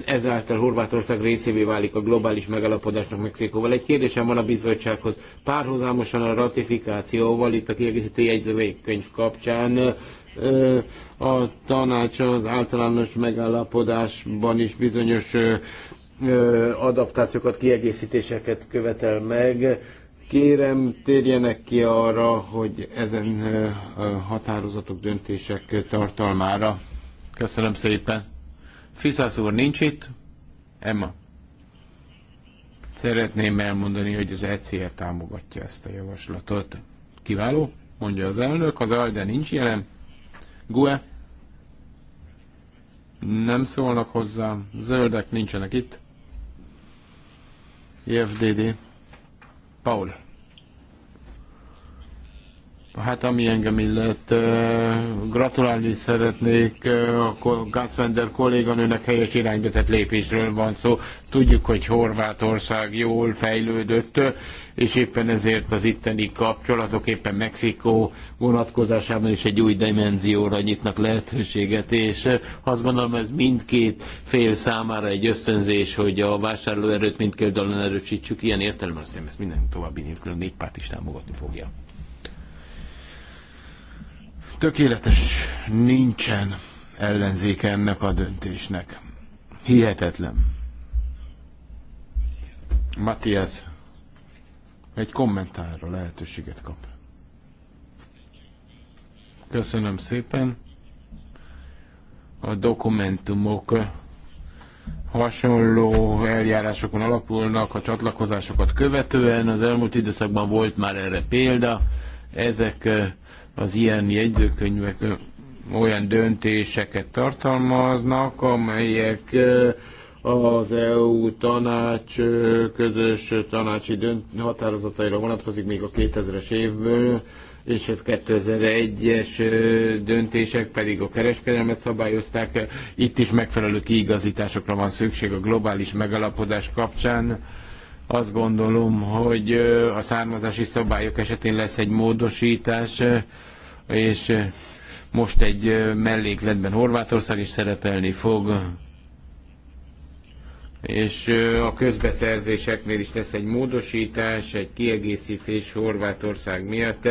ezáltal Horvátország részévé válik a globális megalapodásnak Mexikóval. Egy kérdésem van a bizottsághoz. Párhuzamosan a ratifikációval itt a kiegészítő jegyzőkönyv kapcsán a tanács az általános megállapodásban is bizonyos adaptációkat, kiegészítéseket követel meg Kérem, térjenek ki arra, hogy ezen határozatok, döntések tartalmára. Köszönöm szépen. Fiszász úr nincs itt. Emma. Szeretném elmondani, hogy az ECR támogatja ezt a javaslatot. Kiváló, mondja az elnök, az ALDE nincs jelen. GUE. Nem szólnak hozzá. Zöldek nincsenek itt. FDD. Paul. Hát ami engem illet, gratulálni szeretnék, a Gászvender kolléganőnek helyes irányba tett lépésről van szó. Tudjuk, hogy Horvátország jól fejlődött, és éppen ezért az itteni kapcsolatok éppen Mexikó vonatkozásában is egy új dimenzióra nyitnak lehetőséget, és azt gondolom ez mindkét fél számára egy ösztönzés, hogy a vásárlóerőt mindkét dalon erősítsük. Ilyen értelemben azt hiszem ezt minden további nélkül a párt is támogatni fogja. Tökéletes nincsen ellenzéke ennek a döntésnek. Hihetetlen. Matthias, egy kommentárra lehetőséget kap. Köszönöm szépen. A dokumentumok hasonló eljárásokon alapulnak, a csatlakozásokat követően. Az elmúlt időszakban volt már erre példa. Ezek az ilyen jegyzőkönyvek olyan döntéseket tartalmaznak, amelyek az EU tanács közös tanácsi dönt határozataira vonatkozik még a 2000-es évből, és az 2001-es döntések pedig a kereskedelmet szabályozták. Itt is megfelelő kiigazításokra van szükség a globális megalapodás kapcsán azt gondolom, hogy a származási szabályok esetén lesz egy módosítás, és most egy mellékletben Horvátország is szerepelni fog, és a közbeszerzéseknél is lesz egy módosítás, egy kiegészítés Horvátország miatt,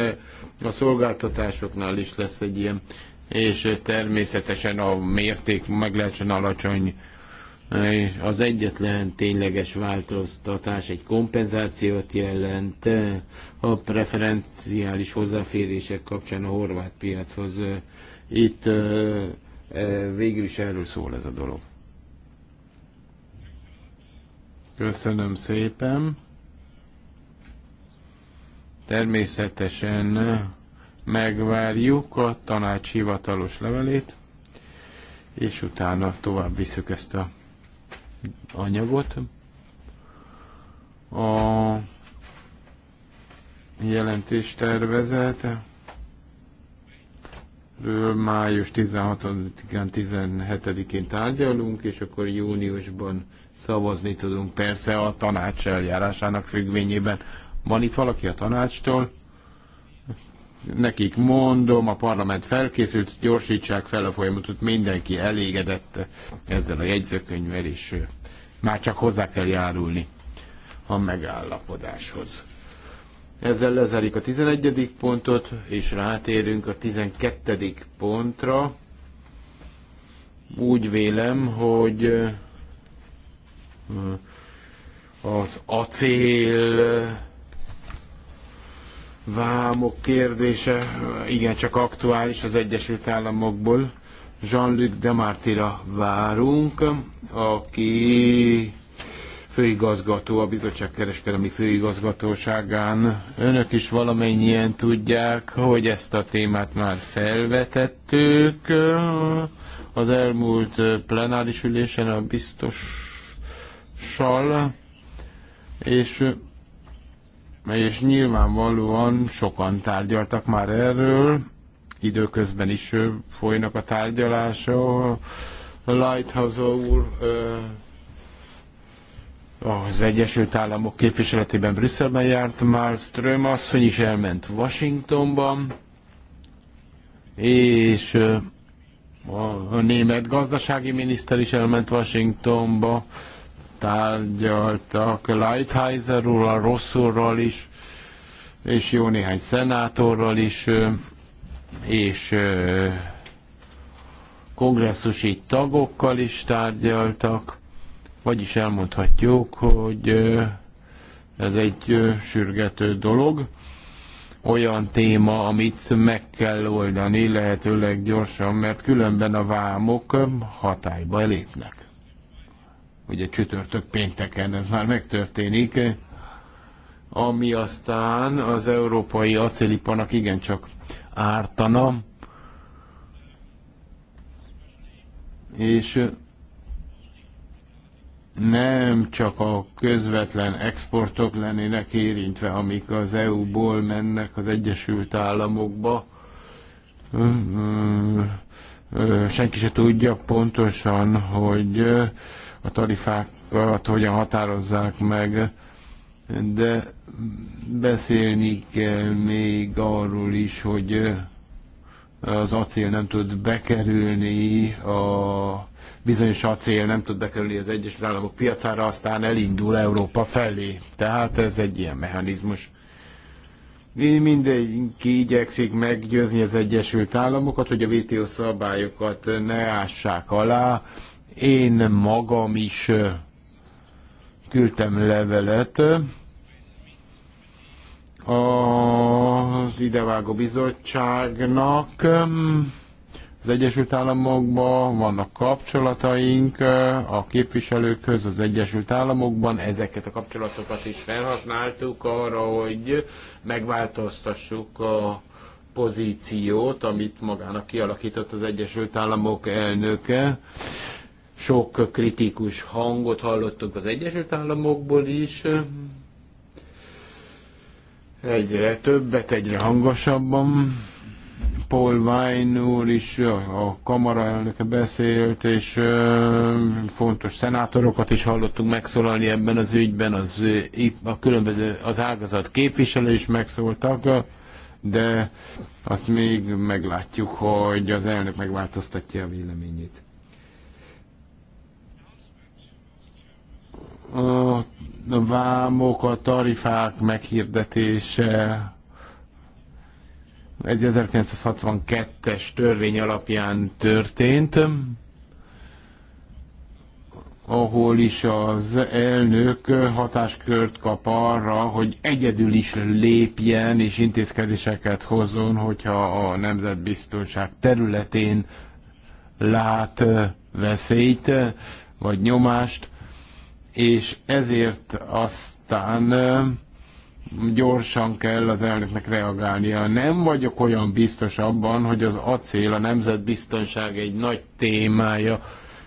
a szolgáltatásoknál is lesz egy ilyen, és természetesen a mérték meglehetősen alacsony az egyetlen tényleges változtatás egy kompenzációt jelent a preferenciális hozzáférések kapcsán a horvát piachoz. Itt végül is erről szól ez a dolog. Köszönöm szépen. Természetesen megvárjuk a tanács hivatalos levelét, és utána tovább visszük ezt a anyagot. A jelentés tervezete május 16-án, 17-én tárgyalunk, és akkor júniusban szavazni tudunk, persze a tanács eljárásának függvényében. Van itt valaki a tanácstól? nekik mondom, a parlament felkészült, gyorsítsák fel a folyamatot, mindenki elégedett ezzel a jegyzőkönyvvel, és már csak hozzá kell járulni a megállapodáshoz. Ezzel lezárjuk a 11. pontot, és rátérünk a 12. pontra. Úgy vélem, hogy az acél vámok kérdése igen csak aktuális az Egyesült Államokból. Jean-Luc Demartira várunk, aki főigazgató, a bizottság kereskedelmi főigazgatóságán. Önök is valamennyien tudják, hogy ezt a témát már felvetettük az elmúlt plenáris ülésen a biztossal, és és nyilvánvalóan sokan tárgyaltak már erről, időközben is folynak a tárgyalások. Lighthouse úr az Egyesült Államok képviseletében Brüsszelben járt, Malmström asszony is elment Washingtonban, és a német gazdasági miniszter is elment Washingtonba, tárgyaltak Lighthizerről, a rosszorról is, és jó néhány szenátorral is, és kongresszusi tagokkal is tárgyaltak, vagyis elmondhatjuk, hogy ez egy sürgető dolog, olyan téma, amit meg kell oldani lehetőleg gyorsan, mert különben a vámok hatályba lépnek ugye csütörtök pénteken ez már megtörténik, ami aztán az európai acélipanak igencsak ártana, és nem csak a közvetlen exportok lennének érintve, amik az EU-ból mennek az Egyesült Államokba, senki se tudja pontosan, hogy a tarifákat hogyan határozzák meg, de beszélni kell még arról is, hogy az acél nem tud bekerülni, a bizonyos acél nem tud bekerülni az Egyesült Államok piacára, aztán elindul Európa felé. Tehát ez egy ilyen mechanizmus. Mindenki igyekszik meggyőzni az Egyesült Államokat, hogy a WTO szabályokat ne ássák alá. Én magam is küldtem levelet az idevágó bizottságnak, az Egyesült Államokban, vannak kapcsolataink a képviselőkhöz az Egyesült Államokban, ezeket a kapcsolatokat is felhasználtuk arra, hogy megváltoztassuk a pozíciót, amit magának kialakított az Egyesült Államok elnöke. Sok kritikus hangot hallottunk az Egyesült Államokból is, egyre többet, egyre hangosabban. Paul Wein úr is, a kamara elnöke beszélt, és fontos szenátorokat is hallottunk megszólalni ebben az ügyben, az, a különböző, az ágazat képviselő is megszóltak, de azt még meglátjuk, hogy az elnök megváltoztatja a véleményét. A vámok, a tarifák meghirdetése, egy 1962-es törvény alapján történt, ahol is az elnök hatáskört kap arra, hogy egyedül is lépjen és intézkedéseket hozzon, hogyha a nemzetbiztonság területén lát veszélyt vagy nyomást, és ezért aztán gyorsan kell az elnöknek reagálnia. Nem vagyok olyan biztos abban, hogy az acél, a nemzetbiztonság egy nagy témája.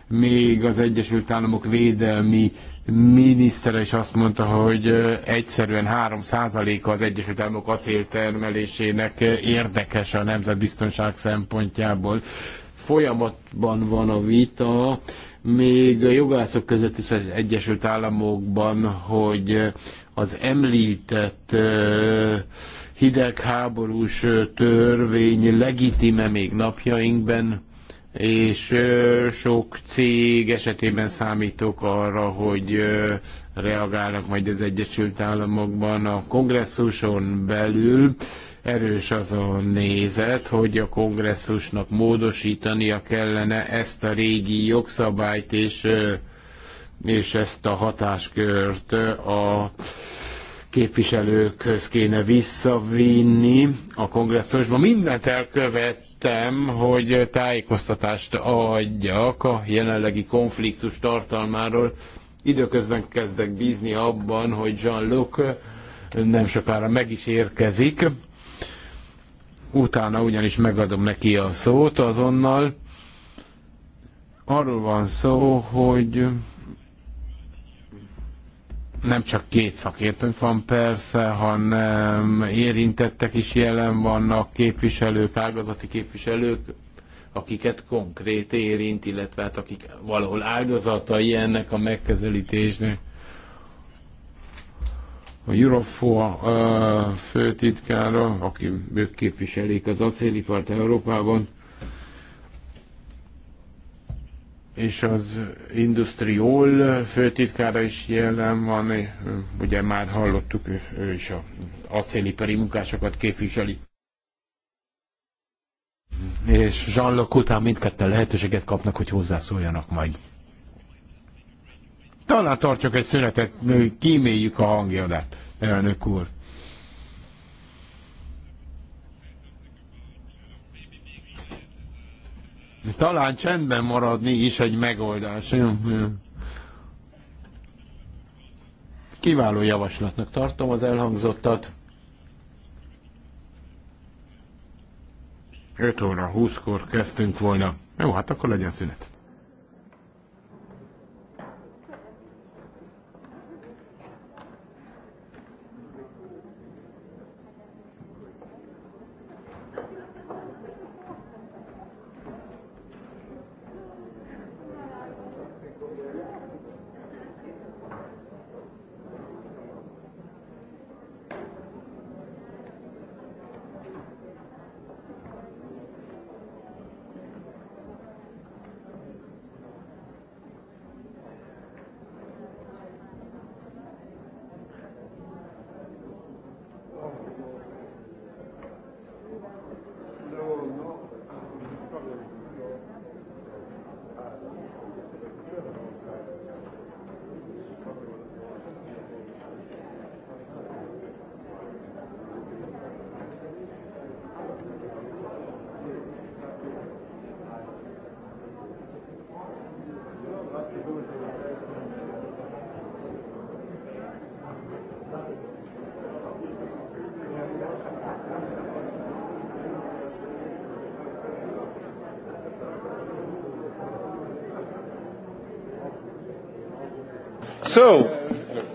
Még az Egyesült Államok védelmi minisztere is azt mondta, hogy egyszerűen 3%-a az Egyesült Államok acéltermelésének érdekes a nemzetbiztonság szempontjából. Folyamatban van a vita, még a jogászok között is az Egyesült Államokban, hogy az említett hidegháborús törvény legitime még napjainkban, és sok cég esetében számítok arra, hogy reagálnak majd az Egyesült Államokban a kongresszuson belül. Erős az a nézet, hogy a kongresszusnak módosítania kellene ezt a régi jogszabályt, és és ezt a hatáskört a képviselőkhöz kéne visszavinni a kongresszusba. Mindent elkövettem, hogy tájékoztatást adjak a jelenlegi konfliktus tartalmáról. Időközben kezdek bízni abban, hogy Jean-Luc nem sokára meg is érkezik. Utána ugyanis megadom neki a szót azonnal. Arról van szó, hogy nem csak két szakértőnk van persze, hanem érintettek is jelen vannak, képviselők, ágazati képviselők, akiket konkrét érint, illetve hát akik valahol áldozatai ennek a megközelítésnek. A Eurofo főtitkára, aki ők képviselik az acélipart Európában, és az Industriol főtitkára is jelen van, eh, ugye már hallottuk, ő is a acélipari munkásokat képviseli. És Zsallok után mindketten lehetőséget kapnak, hogy hozzászóljanak majd. Talán tartsak egy szünetet, kíméljük a hangjadat, elnök úr. Talán csendben maradni is egy megoldás. Kiváló javaslatnak tartom az elhangzottat. 5 óra 20-kor kezdtünk volna. Jó, hát akkor legyen szünet.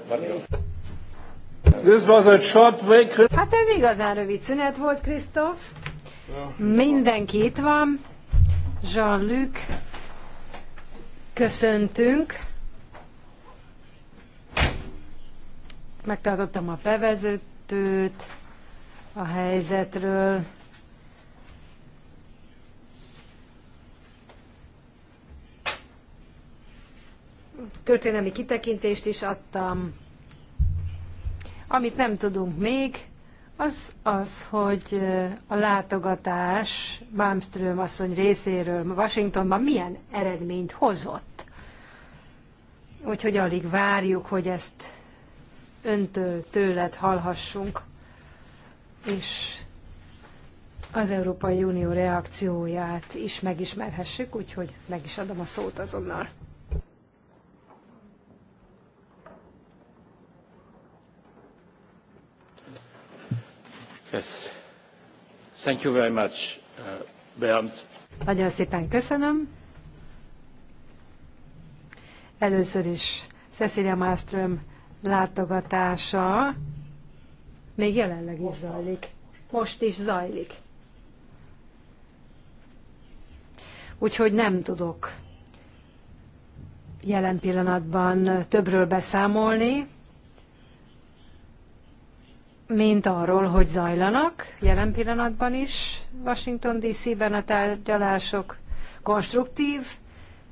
This was a short break.
Hát ez igazán rövid szünet volt, Krisztóf. Mindenki itt van. Jean-Luc, köszöntünk. Megtartottam a bevezetőt a helyzetről. történelmi kitekintést is adtam. Amit nem tudunk még, az az, hogy eh, a látogatás Malmström asszony részéről Washingtonban milyen eredményt hozott. Úgyhogy alig várjuk, hogy ezt öntől, tőled hallhassunk, és az Európai Unió reakcióját is megismerhessük, úgyhogy meg is adom a szót azonnal.
Yes. Thank you very much, uh, Bernd.
Nagyon szépen köszönöm. Először is Cecilia Malmström látogatása még jelenleg is zajlik. Most is zajlik. Úgyhogy nem tudok jelen pillanatban többről beszámolni, mint arról, hogy zajlanak jelen pillanatban is Washington DC-ben a tárgyalások, konstruktív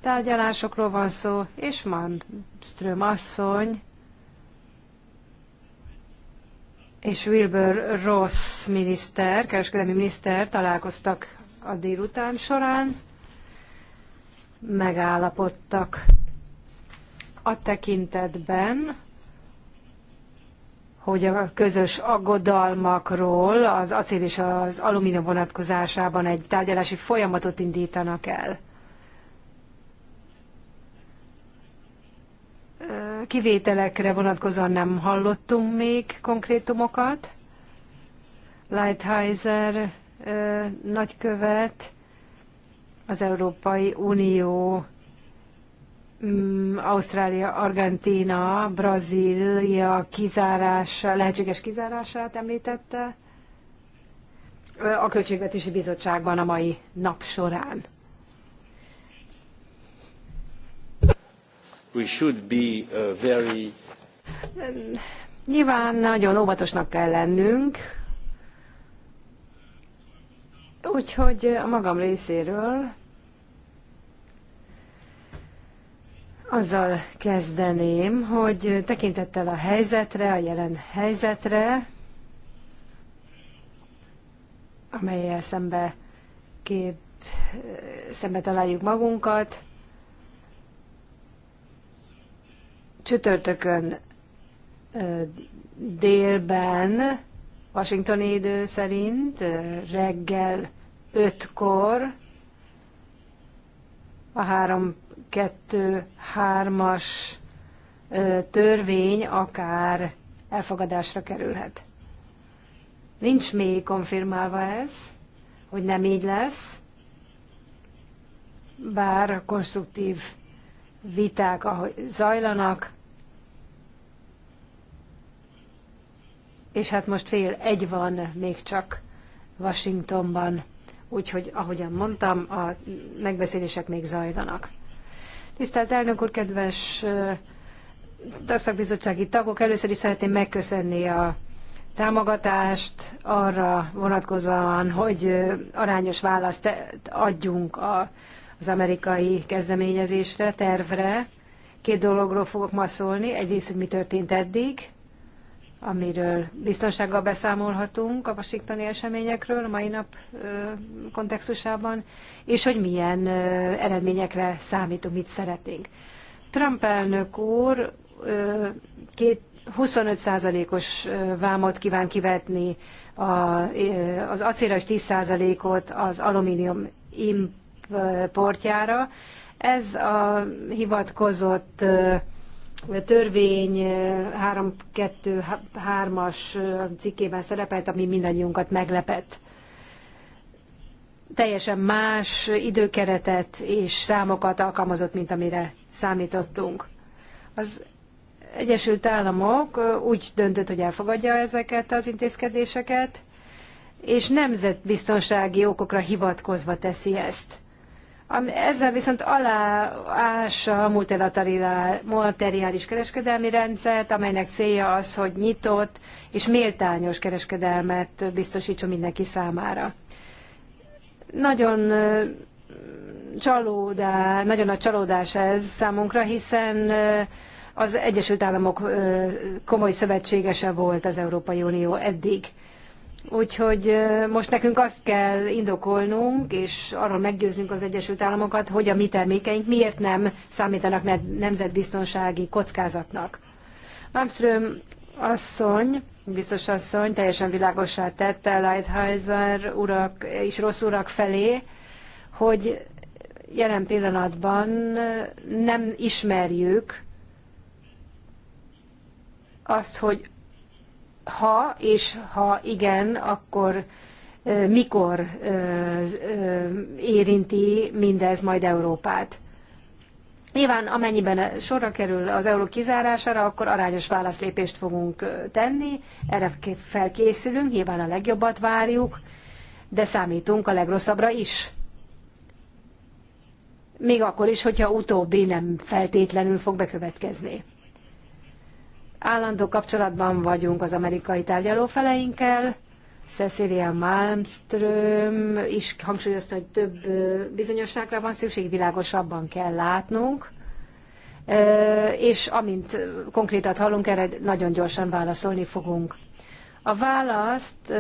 tárgyalásokról van szó, és Malmström asszony és Wilbur Ross miniszter, kereskedelmi miniszter találkoztak a délután során, megállapodtak a tekintetben, hogy a közös aggodalmakról az acél és az alumínium vonatkozásában egy tárgyalási folyamatot indítanak el. Kivételekre vonatkozóan nem hallottunk még konkrétumokat. Lighthizer nagykövet, az Európai Unió Mm, Ausztrália, Argentína, Brazília kizárása, lehetséges kizárását említette a Költségvetési Bizottságban a mai nap során.
We should be uh, very...
Mm, nyilván nagyon óvatosnak kell lennünk, úgyhogy a magam részéről Azzal kezdeném, hogy tekintettel a helyzetre, a jelen helyzetre, amelyel szembe kép, szembe találjuk magunkat. Csütörtökön délben, washingtoni idő szerint, reggel ötkor a három kettő hármas as törvény akár elfogadásra kerülhet. Nincs még konfirmálva ez, hogy nem így lesz, bár konstruktív viták ahogy zajlanak, és hát most fél egy van még csak Washingtonban, úgyhogy ahogyan mondtam, a megbeszélések még zajlanak. Tisztelt elnök úr, kedves tagszakbizottsági tagok, először is szeretném megköszönni a támogatást arra vonatkozóan, hogy arányos választ adjunk az amerikai kezdeményezésre, tervre. Két dologról fogok ma szólni. Egyrészt, hogy mi történt eddig, amiről biztonsággal beszámolhatunk a washingtoni eseményekről a mai nap kontextusában, és hogy milyen eredményekre számítunk, mit szeretnénk. Trump elnök úr két 25%-os vámot kíván kivetni a, az acélas 10%-ot az alumínium importjára. Ez a hivatkozott törvény 3 as cikkében szerepelt, ami mindannyiunkat meglepett. Teljesen más időkeretet és számokat alkalmazott, mint amire számítottunk. Az Egyesült Államok úgy döntött, hogy elfogadja ezeket az intézkedéseket, és nemzetbiztonsági okokra hivatkozva teszi ezt. Ami, ezzel viszont aláássa a multilateriális kereskedelmi rendszert, amelynek célja az, hogy nyitott és méltányos kereskedelmet biztosítson mindenki számára. Nagyon csalódás, nagyon nagy csalódás ez számunkra, hiszen az Egyesült Államok komoly szövetségese volt az Európai Unió eddig. Úgyhogy most nekünk azt kell indokolnunk, és arról meggyőznünk az Egyesült Államokat, hogy a mi termékeink miért nem számítanak nemzetbiztonsági kockázatnak. Malmström asszony, biztos asszony teljesen világossá tette Lighthizer urak és rossz urak felé, hogy jelen pillanatban nem ismerjük azt, hogy ha, és ha igen, akkor mikor érinti mindez majd Európát. Nyilván amennyiben sorra kerül az euró kizárására, akkor arányos válaszlépést fogunk tenni, erre felkészülünk, nyilván a legjobbat várjuk, de számítunk a legrosszabbra is. Még akkor is, hogyha utóbbi nem feltétlenül fog bekövetkezni. Állandó kapcsolatban vagyunk az amerikai tárgyalófeleinkkel. Cecilia Malmström is hangsúlyozta, hogy több bizonyosságra van szükség, világosabban kell látnunk. És amint konkrétat hallunk, erre nagyon gyorsan válaszolni fogunk. A választ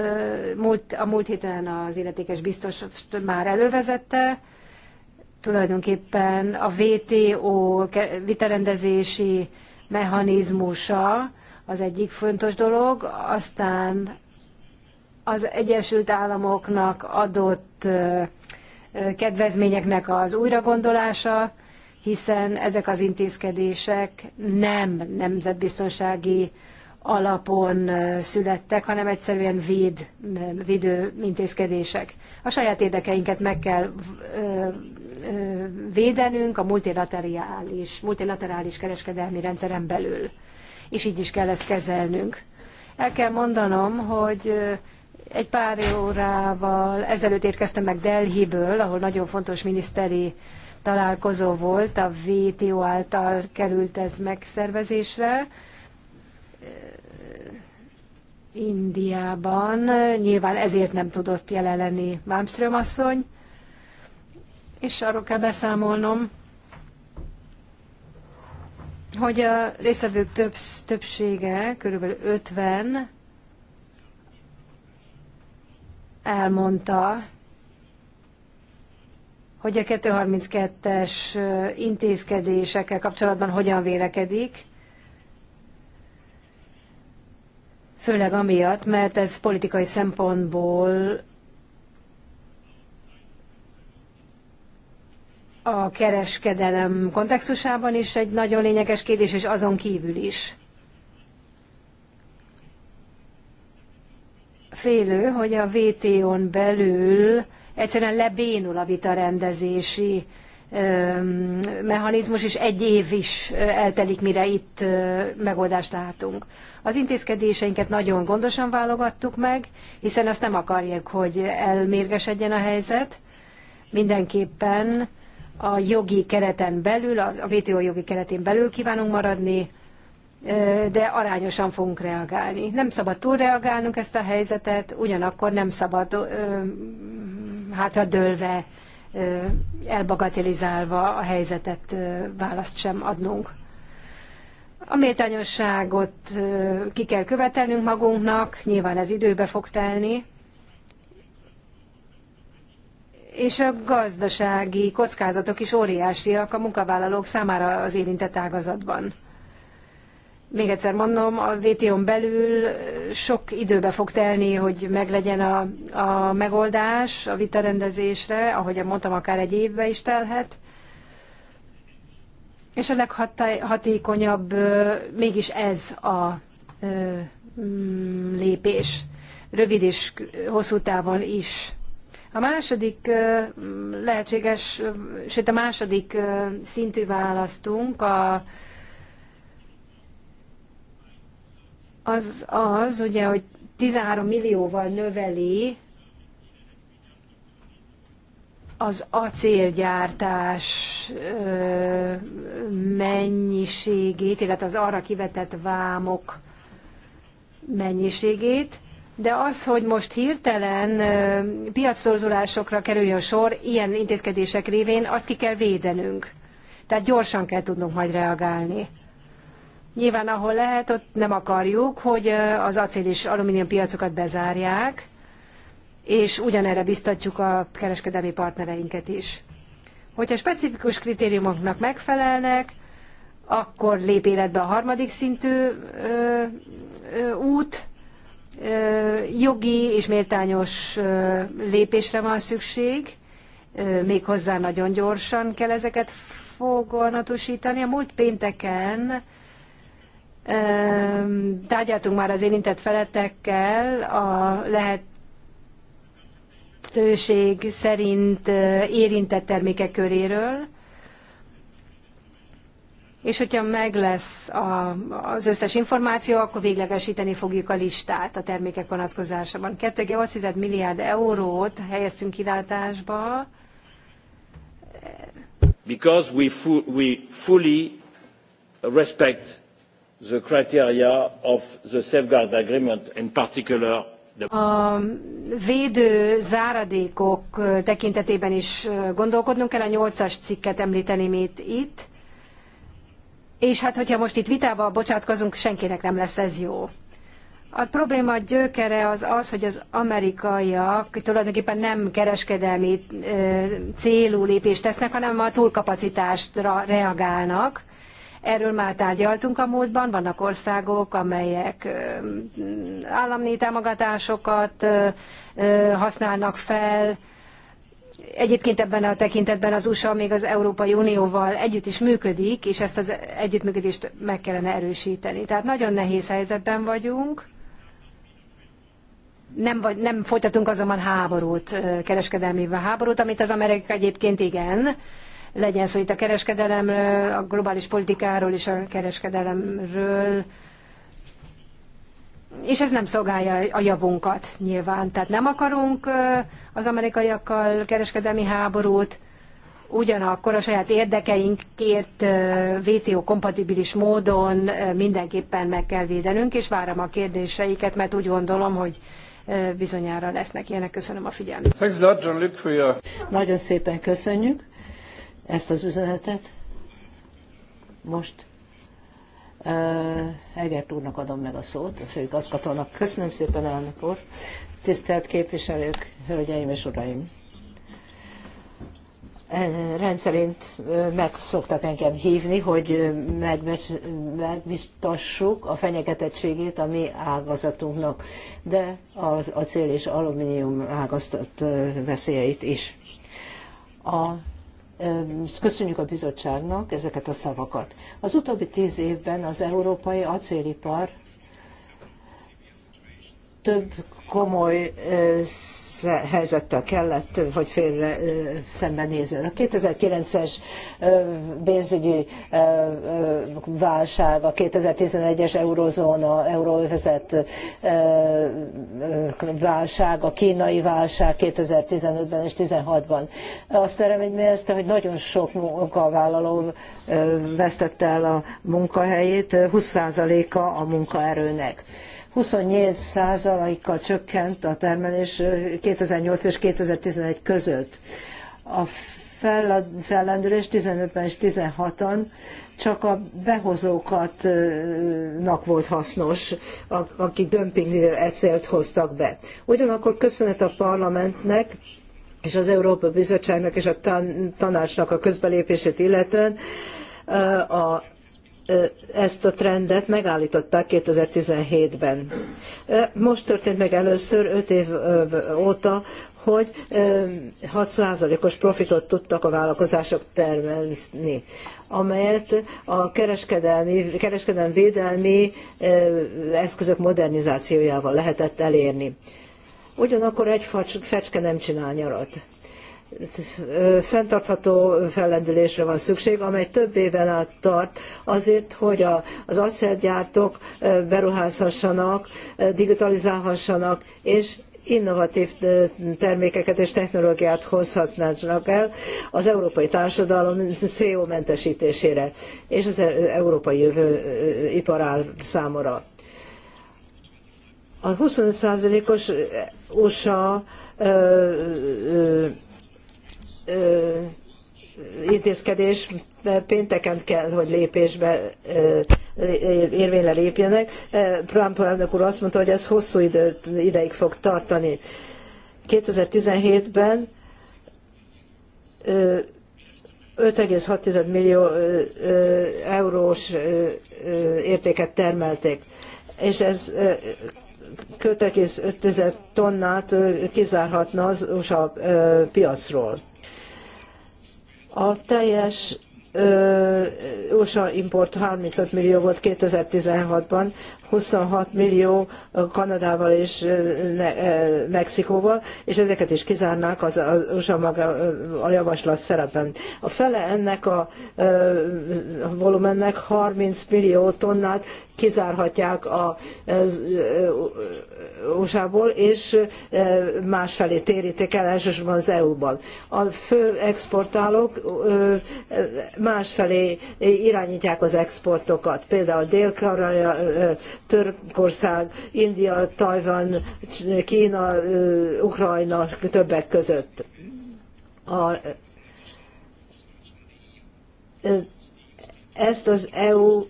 a múlt héten az illetékes biztos már elővezette, tulajdonképpen a VTO vitarendezési mechanizmusa az egyik fontos dolog, aztán az Egyesült Államoknak adott kedvezményeknek az újragondolása, hiszen ezek az intézkedések nem nemzetbiztonsági alapon születtek, hanem egyszerűen véd, védő intézkedések. A saját érdekeinket meg kell védenünk a multilaterális, multilaterális kereskedelmi rendszeren belül. És így is kell ezt kezelnünk. El kell mondanom, hogy egy pár órával ezelőtt érkeztem meg Delhi-ből, ahol nagyon fontos miniszteri találkozó volt, a VTO által került ez megszervezésre, Indiában. Nyilván ezért nem tudott jelen lenni Mámström asszony, és arról kell beszámolnom, hogy a résztvevők több, többsége, körülbelül 50 elmondta, hogy a 232-es intézkedésekkel kapcsolatban hogyan vélekedik, főleg amiatt, mert ez politikai szempontból a kereskedelem kontextusában is egy nagyon lényeges kérdés, és azon kívül is. Félő, hogy a VTO-n belül egyszerűen lebénul a vitarendezési mechanizmus, és egy év is eltelik, mire itt megoldást látunk. Az intézkedéseinket nagyon gondosan válogattuk meg, hiszen azt nem akarjuk, hogy elmérgesedjen a helyzet. Mindenképpen a jogi kereten belül, a VTO jogi keretén belül kívánunk maradni, de arányosan fogunk reagálni. Nem szabad túlreagálnunk ezt a helyzetet, ugyanakkor nem szabad ö, hátradőlve elbagatelizálva a helyzetet választ sem adnunk. A méltányosságot ki kell követelnünk magunknak, nyilván ez időbe fog telni, és a gazdasági kockázatok is óriásiak a munkavállalók számára az érintett ágazatban. Még egyszer mondom, a VTO-n belül sok időbe fog telni, hogy meglegyen a, a megoldás a vitarendezésre, ahogy mondtam, akár egy évbe is telhet. És a leghatékonyabb mégis ez a ö, mm, lépés, rövid és hosszú távon is. A második lehetséges, sőt a második szintű választunk a az az, ugye, hogy 13 millióval növeli az acélgyártás mennyiségét, illetve az arra kivetett vámok mennyiségét, de az, hogy most hirtelen piacszorzulásokra kerüljön sor ilyen intézkedések révén, azt ki kell védenünk. Tehát gyorsan kell tudnunk majd reagálni. Nyilván, ahol lehet, ott nem akarjuk, hogy az acél és alumínium piacokat bezárják, és ugyanerre biztatjuk a kereskedelmi partnereinket is. Hogyha specifikus kritériumoknak megfelelnek, akkor lép életbe a harmadik szintű ö, ö, út, ö, jogi és méltányos ö, lépésre van szükség, ö, méghozzá nagyon gyorsan kell ezeket fogalmatosítani. A múlt pénteken Tárgyaltunk már az érintett feletekkel a lehetőség szerint érintett termékek köréről, és hogyha meg lesz a, az összes információ, akkor véglegesíteni fogjuk a listát a termékek vonatkozásában. 2,8 milliárd eurót helyeztünk kilátásba.
Because we, fu- we fully respect the criteria of the safeguard agreement, in particular a
védő záradékok tekintetében is gondolkodnunk kell, a nyolcas cikket említeném itt, itt. És hát, hogyha most itt vitába bocsátkozunk, senkinek nem lesz ez jó. A probléma gyökere az az, hogy az amerikaiak tulajdonképpen nem kereskedelmi célú lépést tesznek, hanem a túlkapacitásra reagálnak Erről már tárgyaltunk a múltban, vannak országok, amelyek állami támogatásokat használnak fel, Egyébként ebben a tekintetben az USA még az Európai Unióval együtt is működik, és ezt az együttműködést meg kellene erősíteni. Tehát nagyon nehéz helyzetben vagyunk. Nem, vagy, nem folytatunk azonban háborút, kereskedelmi háborút, amit az Amerika egyébként igen legyen szó itt a kereskedelemről, a globális politikáról és a kereskedelemről, és ez nem szolgálja a javunkat nyilván. Tehát nem akarunk az amerikaiakkal kereskedelmi háborút, ugyanakkor a saját érdekeinkért VTO kompatibilis módon mindenképpen meg kell védenünk, és várom a kérdéseiket, mert úgy gondolom, hogy bizonyára lesznek ilyenek. Köszönöm a figyelmet.
Nagyon szépen köszönjük ezt az üzenetet. Most uh, Egert úrnak adom meg a szót, a főigazgatónak. Köszönöm szépen, elnök úr. Tisztelt képviselők, hölgyeim és uraim! E, rendszerint meg szoktak engem hívni, hogy megbiztassuk a fenyegetettségét a mi ágazatunknak, de az acél és alumínium ágazat veszélyeit is. A köszönjük a bizottságnak ezeket a szavakat. Az utóbbi tíz évben az európai acélipar több komoly helyzettel kellett, hogy félre szembenézzen. A 2009-es pénzügyi válság, a 2011-es eurozóna, euróövezet válság, a kínai válság 2015-ben és 2016-ban. Azt eredményezte, hogy nagyon sok munkavállaló vesztette el a munkahelyét, 20%-a a munkaerőnek. 28%-kal csökkent a termelés 2008 és 2011 között. A fellendülés 15-ben és 16-an csak a behozókatnak volt hasznos, akik dömping ecélt hoztak be. Ugyanakkor köszönet a parlamentnek, és az Európa Bizottságnak és a tanácsnak a közbelépését illetően a ezt a trendet megállították 2017-ben. Most történt meg először 5 év óta, hogy 6%-os profitot tudtak a vállalkozások termelni, amelyet a kereskedelmi, kereskedelmi védelmi eszközök modernizációjával lehetett elérni. Ugyanakkor egy fecske nem csinál nyarat fenntartható fellendülésre van szükség, amely több éven át tart azért, hogy a, az acélgyártók beruházhassanak, digitalizálhassanak, és innovatív termékeket és technológiát hozhatnának el az európai társadalom CO mentesítésére és az európai jövő iparár számára. A 25%-os USA intézkedés pénteken kell, hogy lépésbe érvényre lépjenek. Trump elnök úr azt mondta, hogy ez hosszú időt, ideig fog tartani. 2017-ben 5,6 millió eurós értéket termelték, és ez 2,5 tonnát kizárhatna az USA piacról a teljes USA import 35 millió volt 2016-ban, 26 millió Kanadával és Mexikóval, és ezeket is kizárnák az USA maga a javaslat szerepen. A fele ennek a volumennek 30 millió tonnát kizárhatják a usa és másfelé térítik el, elsősorban az EU-ban. A fő exportálók másfelé irányítják az exportokat, például dél Törökország, India, Tajvan, Kína, Ukrajna többek között. A, ezt az EU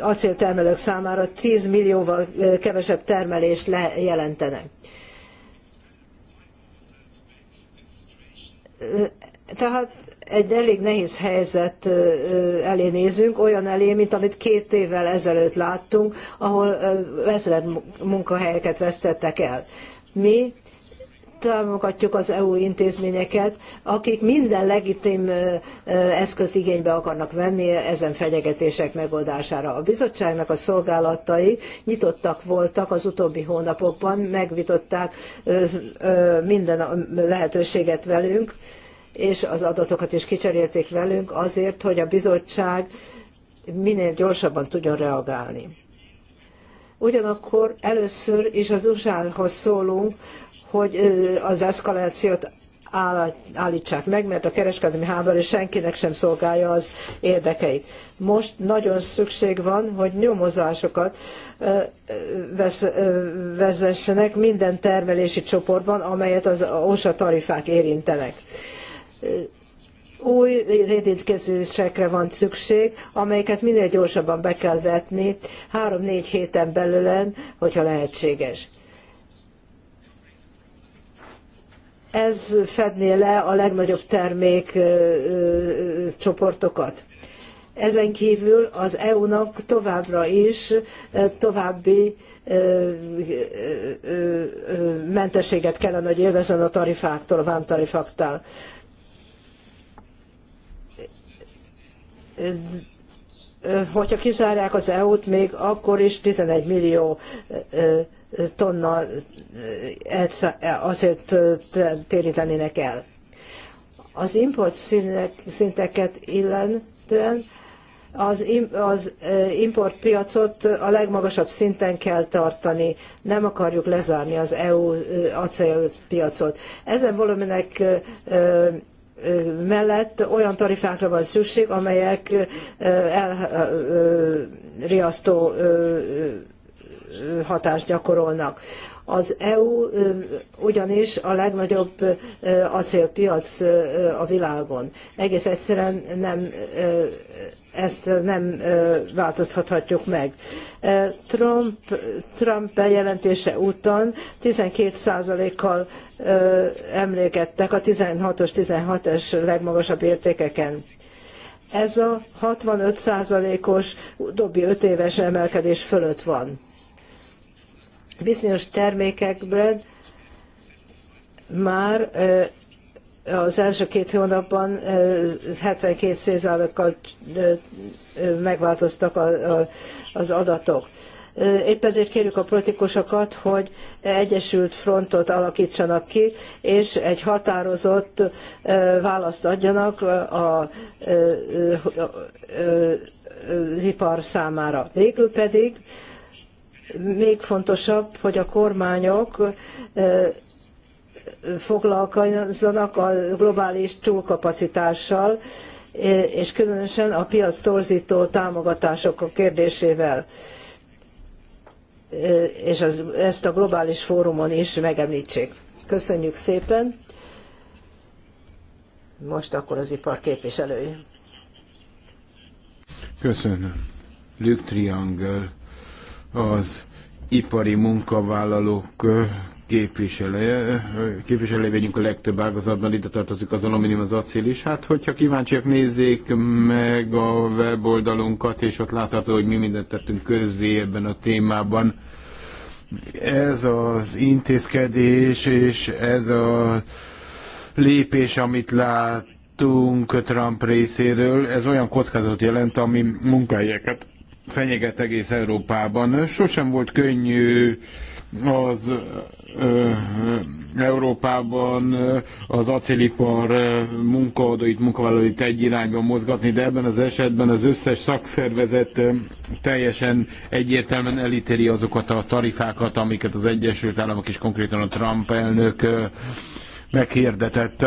acéltermelők számára 10 millióval kevesebb termelést jelentene. Tehát egy elég nehéz helyzet elé nézünk, olyan elé, mint amit két évvel ezelőtt láttunk, ahol ezred munkahelyeket vesztettek el. Mi támogatjuk az EU intézményeket, akik minden legitim eszközt igénybe akarnak venni ezen fenyegetések megoldására. A bizottságnak a szolgálatai nyitottak voltak az utóbbi hónapokban, megvitották minden lehetőséget velünk, és az adatokat is kicserélték velünk azért, hogy a bizottság minél gyorsabban tudjon reagálni. Ugyanakkor először is az USA-hoz szólunk, hogy az eszkalációt állítsák meg, mert a kereskedelmi háború senkinek sem szolgálja az érdekeit. Most nagyon szükség van, hogy nyomozásokat vezessenek minden termelési csoportban, amelyet az OSA tarifák érintenek új védintkezésekre van szükség, amelyeket minél gyorsabban be kell vetni, három-négy héten belülen, hogyha lehetséges. Ez fedné le a legnagyobb termék csoportokat. Ezen kívül az EU-nak továbbra is további mentességet kellene, hogy élvezzen a tarifáktól, a vámtarifáktól. hogyha kizárják az EU-t, még akkor is 11 millió tonna e, azért térítenének el. Az import szinteket illetően az, az importpiacot a legmagasabb szinten kell tartani, nem akarjuk lezárni az EU acélpiacot. Ezen valaminek mellett olyan tarifákra van szükség, amelyek elriasztó hatást gyakorolnak. Az EU ugyanis a legnagyobb acélpiac a világon. Egész egyszerűen nem ezt nem változtathatjuk meg. Trump, Trump bejelentése után 12%-kal emlékeztek a 16-os, 16-es legmagasabb értékeken. Ez a 65%-os utóbbi 5 éves emelkedés fölött van. Bizonyos termékekben már az első két hónapban 72 százalékkal megváltoztak a az adatok. Épp ezért kérjük a politikusokat, hogy egyesült frontot alakítsanak ki, és egy határozott választ adjanak a, az ipar számára. Végül pedig még fontosabb, hogy a kormányok foglalkozzanak a globális túlkapacitással, és különösen a piac torzító támogatások a kérdésével. És ezt a globális fórumon is megemlítsék. Köszönjük szépen. Most akkor az ipar képviselői.
Köszönöm. Luke Triangle az ipari munkavállalók képviselője, képviselő vagyunk a legtöbb ágazatban, ide tartozik az alumínium, az acél is. Hát, hogyha kíváncsiak, nézzék meg a weboldalunkat, és ott látható, hogy mi mindent tettünk közzé ebben a témában. Ez az intézkedés, és ez a lépés, amit látunk Trump részéről, ez olyan kockázatot jelent, ami munkahelyeket fenyeget egész Európában. Sosem volt könnyű az ö, Európában az acélipar munkaadóit, munkavállalóit egy irányba mozgatni, de ebben az esetben az összes szakszervezet teljesen egyértelműen elítéri azokat a tarifákat, amiket az Egyesült Államok és konkrétan a Trump elnök meghirdetett.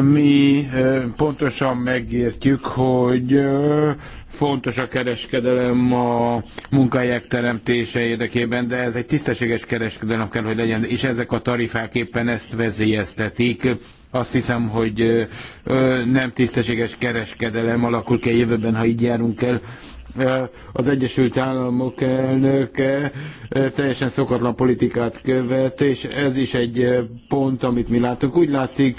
Mi eh, pontosan megértjük, hogy eh, fontos a kereskedelem a munkahelyek teremtése érdekében, de ez egy tisztességes kereskedelem kell, hogy legyen, és ezek a tarifák éppen ezt vezélyeztetik azt hiszem, hogy eh, nem tisztességes kereskedelem alakul ki a jövőben, ha így járunk el. Eh, az Egyesült Államok elnöke eh, teljesen szokatlan politikát követ, és ez is egy eh, pont, amit mi látunk. Úgy látszik,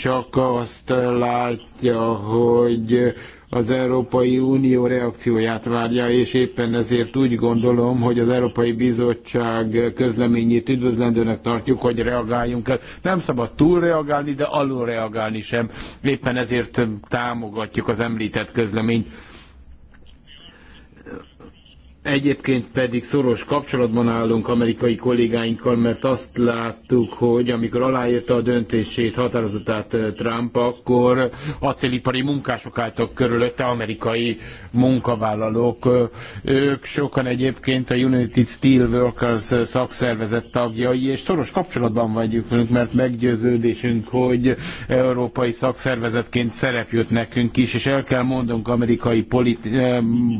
csak azt látja, hogy az Európai Unió reakcióját várja, és éppen ezért úgy gondolom, hogy az Európai Bizottság közleményét üdvözlendőnek tartjuk, hogy reagáljunk el. Nem szabad túlreagálni, de alulreagálni sem. Éppen ezért támogatjuk az említett közleményt. Egyébként pedig szoros kapcsolatban állunk amerikai kollégáinkkal, mert azt láttuk, hogy amikor aláírta a döntését, határozatát eh, Trump, akkor acélipari munkások álltak körülötte, amerikai munkavállalók. Eh, ők sokan egyébként a United Steel Workers eh, szakszervezet tagjai, és szoros kapcsolatban vagyunk, mert meggyőződésünk, hogy európai szakszervezetként szerep jött nekünk is, és el kell mondunk amerikai politi-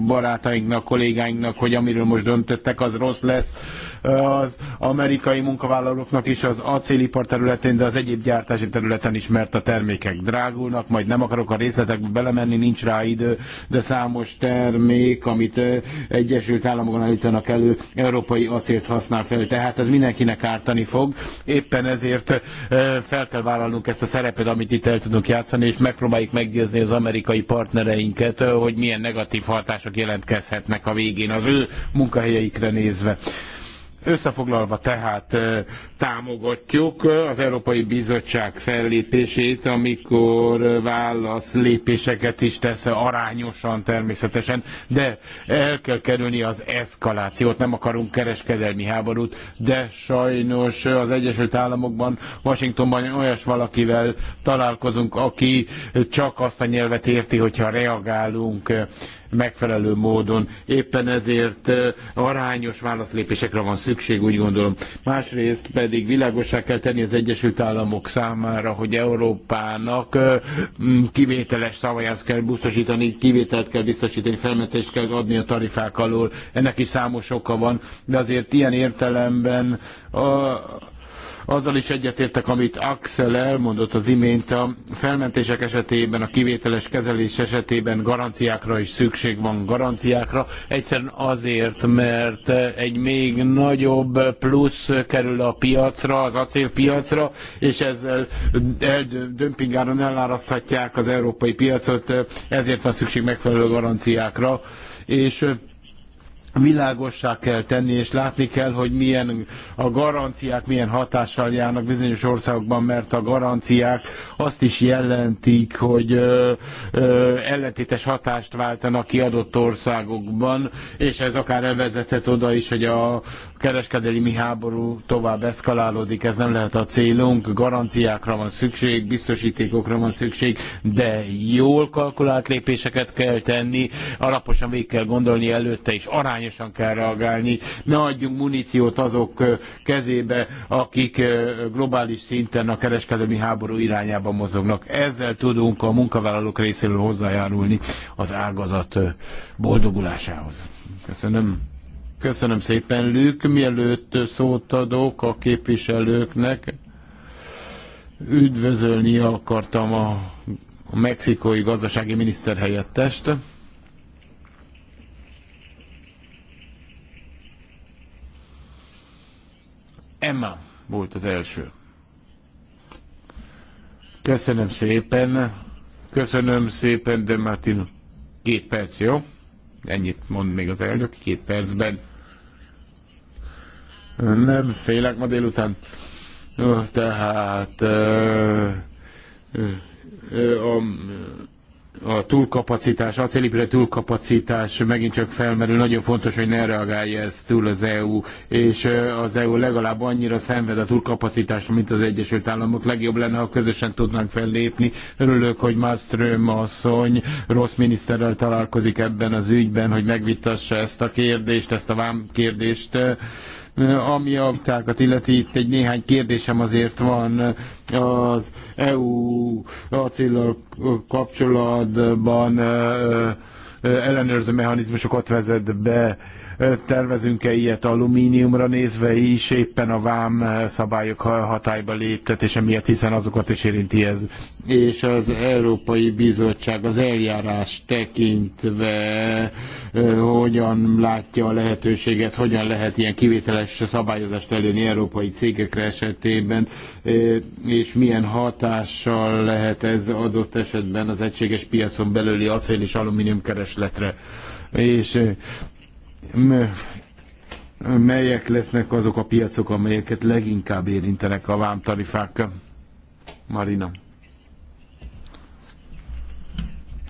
barátainknak, kollégáinknak, hogy amiről most döntöttek, az rossz lesz az amerikai munkavállalóknak is az acélipar területén, de az egyéb gyártási területen is, mert a termékek drágulnak, majd nem akarok a részletekbe belemenni, nincs rá idő, de számos termék, amit Egyesült Államokon állítanak elő, európai acélt használ fel, tehát ez mindenkinek ártani fog. Éppen ezért fel kell vállalnunk ezt a szerepet, amit itt el tudunk játszani, és megpróbáljuk meggyőzni az amerikai partnereinket, hogy milyen negatív hatások jelentkezhetnek a végén az ő munkahelyeikre nézve. Összefoglalva tehát támogatjuk az Európai Bizottság fellépését, amikor válasz lépéseket is tesz arányosan természetesen, de el kell kerülni az eszkalációt, nem akarunk kereskedelmi háborút, de sajnos az Egyesült Államokban, Washingtonban olyas valakivel találkozunk, aki csak azt a nyelvet érti, hogyha reagálunk megfelelő módon. Éppen ezért arányos válaszlépésekre van szükség, úgy gondolom. Másrészt pedig világosá kell tenni az Egyesült Államok számára, hogy Európának kivételes szavajást kell biztosítani, kivételt kell biztosítani, felmentést kell adni a tarifák alól. Ennek is számos oka van, de azért ilyen értelemben a, azzal is egyetértek, amit Axel elmondott az imént, a felmentések esetében, a kivételes kezelés esetében garanciákra is szükség van, garanciákra. Egyszerűen azért, mert egy még nagyobb plusz kerül a piacra, az acélpiacra, és ezzel dömpingáron eláraszthatják az európai piacot, ezért van szükség megfelelő garanciákra. És világossá kell tenni, és látni kell, hogy milyen a garanciák, milyen hatással járnak bizonyos országokban, mert a garanciák azt is jelentik, hogy ö, ö, ellentétes hatást váltanak ki adott országokban, és ez akár elvezethet oda is, hogy a kereskedelmi háború tovább eszkalálódik, ez nem lehet a célunk, garanciákra van szükség, biztosítékokra van szükség, de jól kalkulált lépéseket kell tenni, alaposan végig kell gondolni előtte, és arány tudományosan kell reagálni. Ne adjunk muníciót azok kezébe, akik globális szinten a kereskedelmi háború irányába mozognak. Ezzel tudunk a munkavállalók részéről hozzájárulni az ágazat boldogulásához. Köszönöm. Köszönöm szépen, Lük. Mielőtt szót adok a képviselőknek, üdvözölni akartam a, a gazdasági miniszter helyettest. Emma volt az első. Köszönöm szépen. Köszönöm szépen, de Martin. Két perc, jó? Ennyit mond még az elnök, két percben. Nem félek ma délután. Tehát... Uh, uh, uh, um, a túlkapacitás, acélipre túlkapacitás megint csak felmerül, nagyon fontos, hogy ne reagálja ezt túl az EU, és az EU legalább annyira szenved a túlkapacitásra, mint az Egyesült Államok. Legjobb lenne, ha közösen tudnánk fellépni. Örülök, hogy Malmström asszony rossz miniszterrel találkozik ebben az ügyben, hogy megvitassa ezt a kérdést, ezt a vám kérdést ami a vitákat illeti, itt egy néhány kérdésem azért van az EU acéllal kapcsolatban ellenőrző mechanizmusokat vezet be Tervezünk-e ilyet alumíniumra nézve is éppen a vám eh, szabályok hatályba léptetése miatt, hiszen azokat is érinti ez. És az Európai Bizottság az eljárás tekintve eh, hogyan látja a lehetőséget, hogyan lehet ilyen kivételes szabályozást előni európai cégekre esetében, eh, és milyen hatással lehet ez adott esetben az egységes piacon belüli acél és alumínium keresletre. És melyek lesznek azok a piacok, amelyeket leginkább érintenek a vámtarifák. Marina.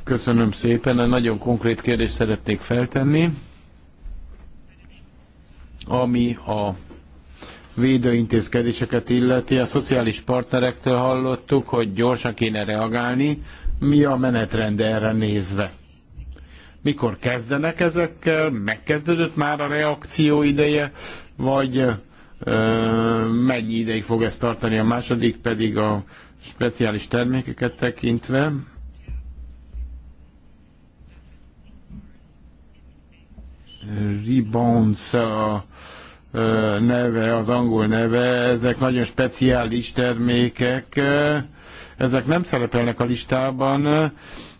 Köszönöm szépen. Egy nagyon konkrét kérdést szeretnék feltenni, ami a védőintézkedéseket illeti. A szociális partnerektől hallottuk, hogy gyorsan kéne reagálni. Mi a menetrend erre nézve? Mikor kezdenek ezekkel? Megkezdődött már a reakció ideje? Vagy ö, mennyi ideig fog ez tartani? A második pedig a speciális termékeket tekintve. Rebounds a neve, az angol neve, ezek nagyon speciális termékek, ezek nem szerepelnek a listában,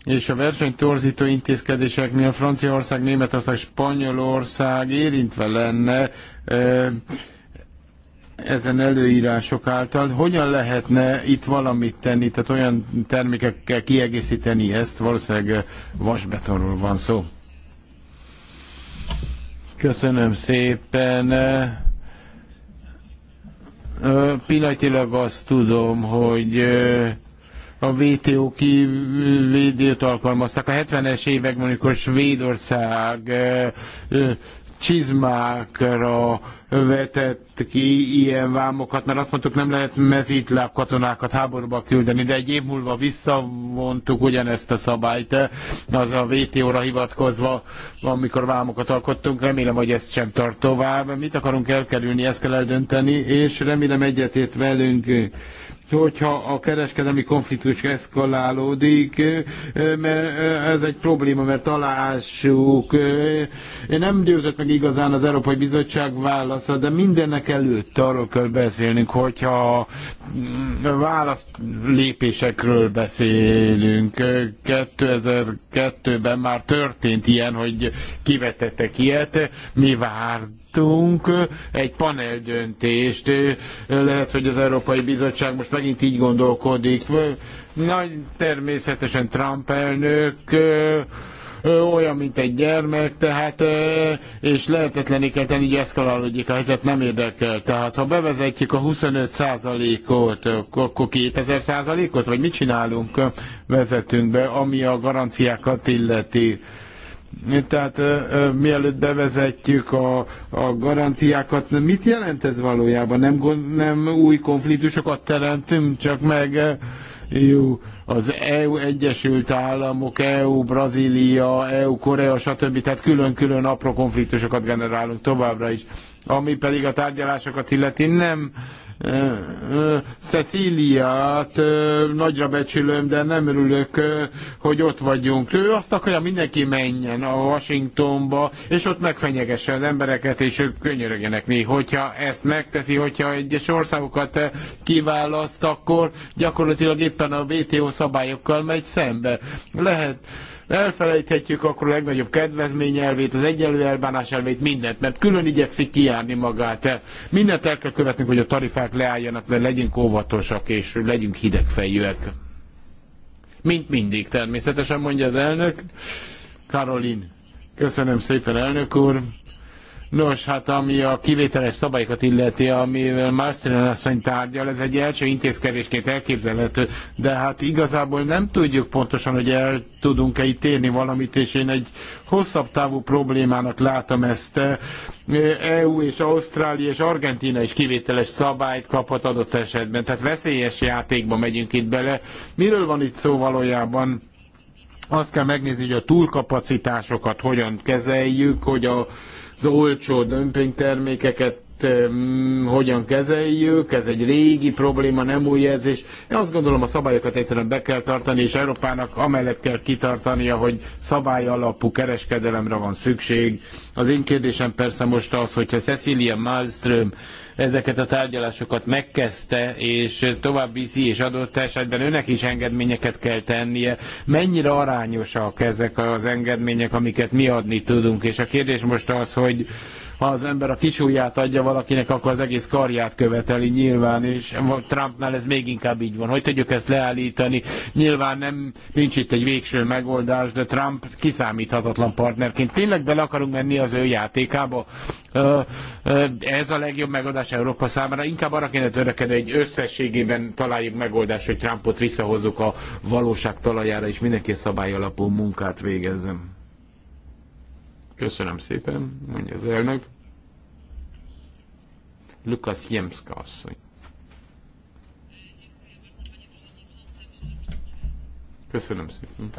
és a versenytorzító intézkedéseknél Franciaország, Németország, Spanyolország érintve lenne e, ezen előírások által. Hogyan lehetne itt valamit tenni, tehát olyan termékekkel kiegészíteni ezt? Valószínűleg vasbetonról van szó. Köszönöm szépen. E, pillanatilag azt tudom, hogy a WTO kivédőt alkalmaztak. A 70-es években, amikor Svédország csizmákra vetett ki ilyen vámokat, mert azt mondtuk, nem lehet mezítláb katonákat háborúba küldeni, de egy év múlva visszavontuk ugyanezt a szabályt, az a VTO-ra hivatkozva, amikor vámokat alkottunk, remélem, hogy ezt sem tart tovább. Mit akarunk elkerülni, ezt kell eldönteni, és remélem egyetért velünk hogyha a kereskedelmi konfliktus eszkalálódik, eh, mert eh, ez egy probléma, mert találsuk. Én eh, nem győzött meg igazán az Európai Bizottság válasza, de mindennek előtt arról kell beszélnünk, hogyha mm, válasz lépésekről beszélünk. 2002-ben már történt ilyen, hogy kivetettek ilyet. Mi várt láttunk egy panel döntést. Lehet, hogy az Európai Bizottság most megint így gondolkodik. Nagy, természetesen Trump elnök olyan, mint egy gyermek, tehát, és lehetetlené így eszkalálódik a helyzet, nem érdekel. Tehát, ha bevezetjük a 25%-ot, akkor 2000%-ot, vagy mit csinálunk, vezetünk be, ami a garanciákat illeti. Tehát uh, uh, mielőtt bevezetjük a, a garanciákat, mit jelent ez valójában? Nem, nem új konfliktusokat teremtünk, csak meg jó, az EU Egyesült Államok, EU Brazília, EU Korea, stb. Tehát külön-külön apró konfliktusokat generálunk továbbra is. Ami pedig a tárgyalásokat illeti, nem Cecíliát nagyra becsülöm, de nem örülök, hogy ott vagyunk. Ő azt akarja, mindenki menjen a Washingtonba, és ott megfenyegesse az embereket, és ők könyörögjenek mi. Hogyha ezt megteszi, hogyha egyes országokat kiválaszt, akkor gyakorlatilag éppen a WTO szabályokkal megy szembe. Lehet elfelejthetjük akkor a legnagyobb kedvezmény elvét, az egyenlő elbánás elvét, mindent, mert külön igyekszik kijárni magát. Mindent el kell követnünk, hogy a tarifák leálljanak, de legyünk óvatosak és legyünk hidegfejűek. Mint mindig, természetesen mondja az elnök. Karolin, köszönöm szépen, elnök úr. Nos, hát ami a kivételes szabályokat illeti, amivel Marcelin asszony tárgyal, ez egy első intézkedésként elképzelhető, de hát igazából nem tudjuk pontosan, hogy el tudunk-e itt érni valamit, és én egy hosszabb távú problémának látom ezt. EU e és Ausztrália és Argentina is kivételes szabályt kaphat adott esetben, tehát veszélyes játékba megyünk itt bele. Miről van itt szó valójában? azt kell megnézni, hogy a túlkapacitásokat hogyan kezeljük, hogy a az olcsó dömpingtermékeket hogyan kezeljük, ez egy régi probléma, nem új ez, és én azt gondolom a szabályokat egyszerűen be kell tartani, és Európának amellett kell kitartania, hogy szabály alapú kereskedelemre van szükség. Az én kérdésem persze most az, hogyha Cecilia Malmström ezeket a tárgyalásokat megkezdte, és tovább viszi, és adott esetben önnek is engedményeket kell tennie. Mennyire arányosak ezek az engedmények, amiket mi adni tudunk? És a kérdés most az, hogy ha az ember a kisúját adja valakinek, akkor az egész karját követeli nyilván, és Trumpnál ez még inkább így van. Hogy tudjuk ezt leállítani? Nyilván nem, nincs itt egy végső megoldás, de Trump kiszámíthatatlan partnerként. Tényleg bele akarunk menni az ő játékába? Ez a legjobb megoldás Európa számára. Inkább arra kéne törekedni, hogy összességében találjuk megoldást, hogy Trumpot visszahozzuk a valóság talajára, és mindenki alapú munkát végezzen. Köszönöm szépen, mondja az elnök. Lukasz Jemszka asszony. Köszönöm szépen.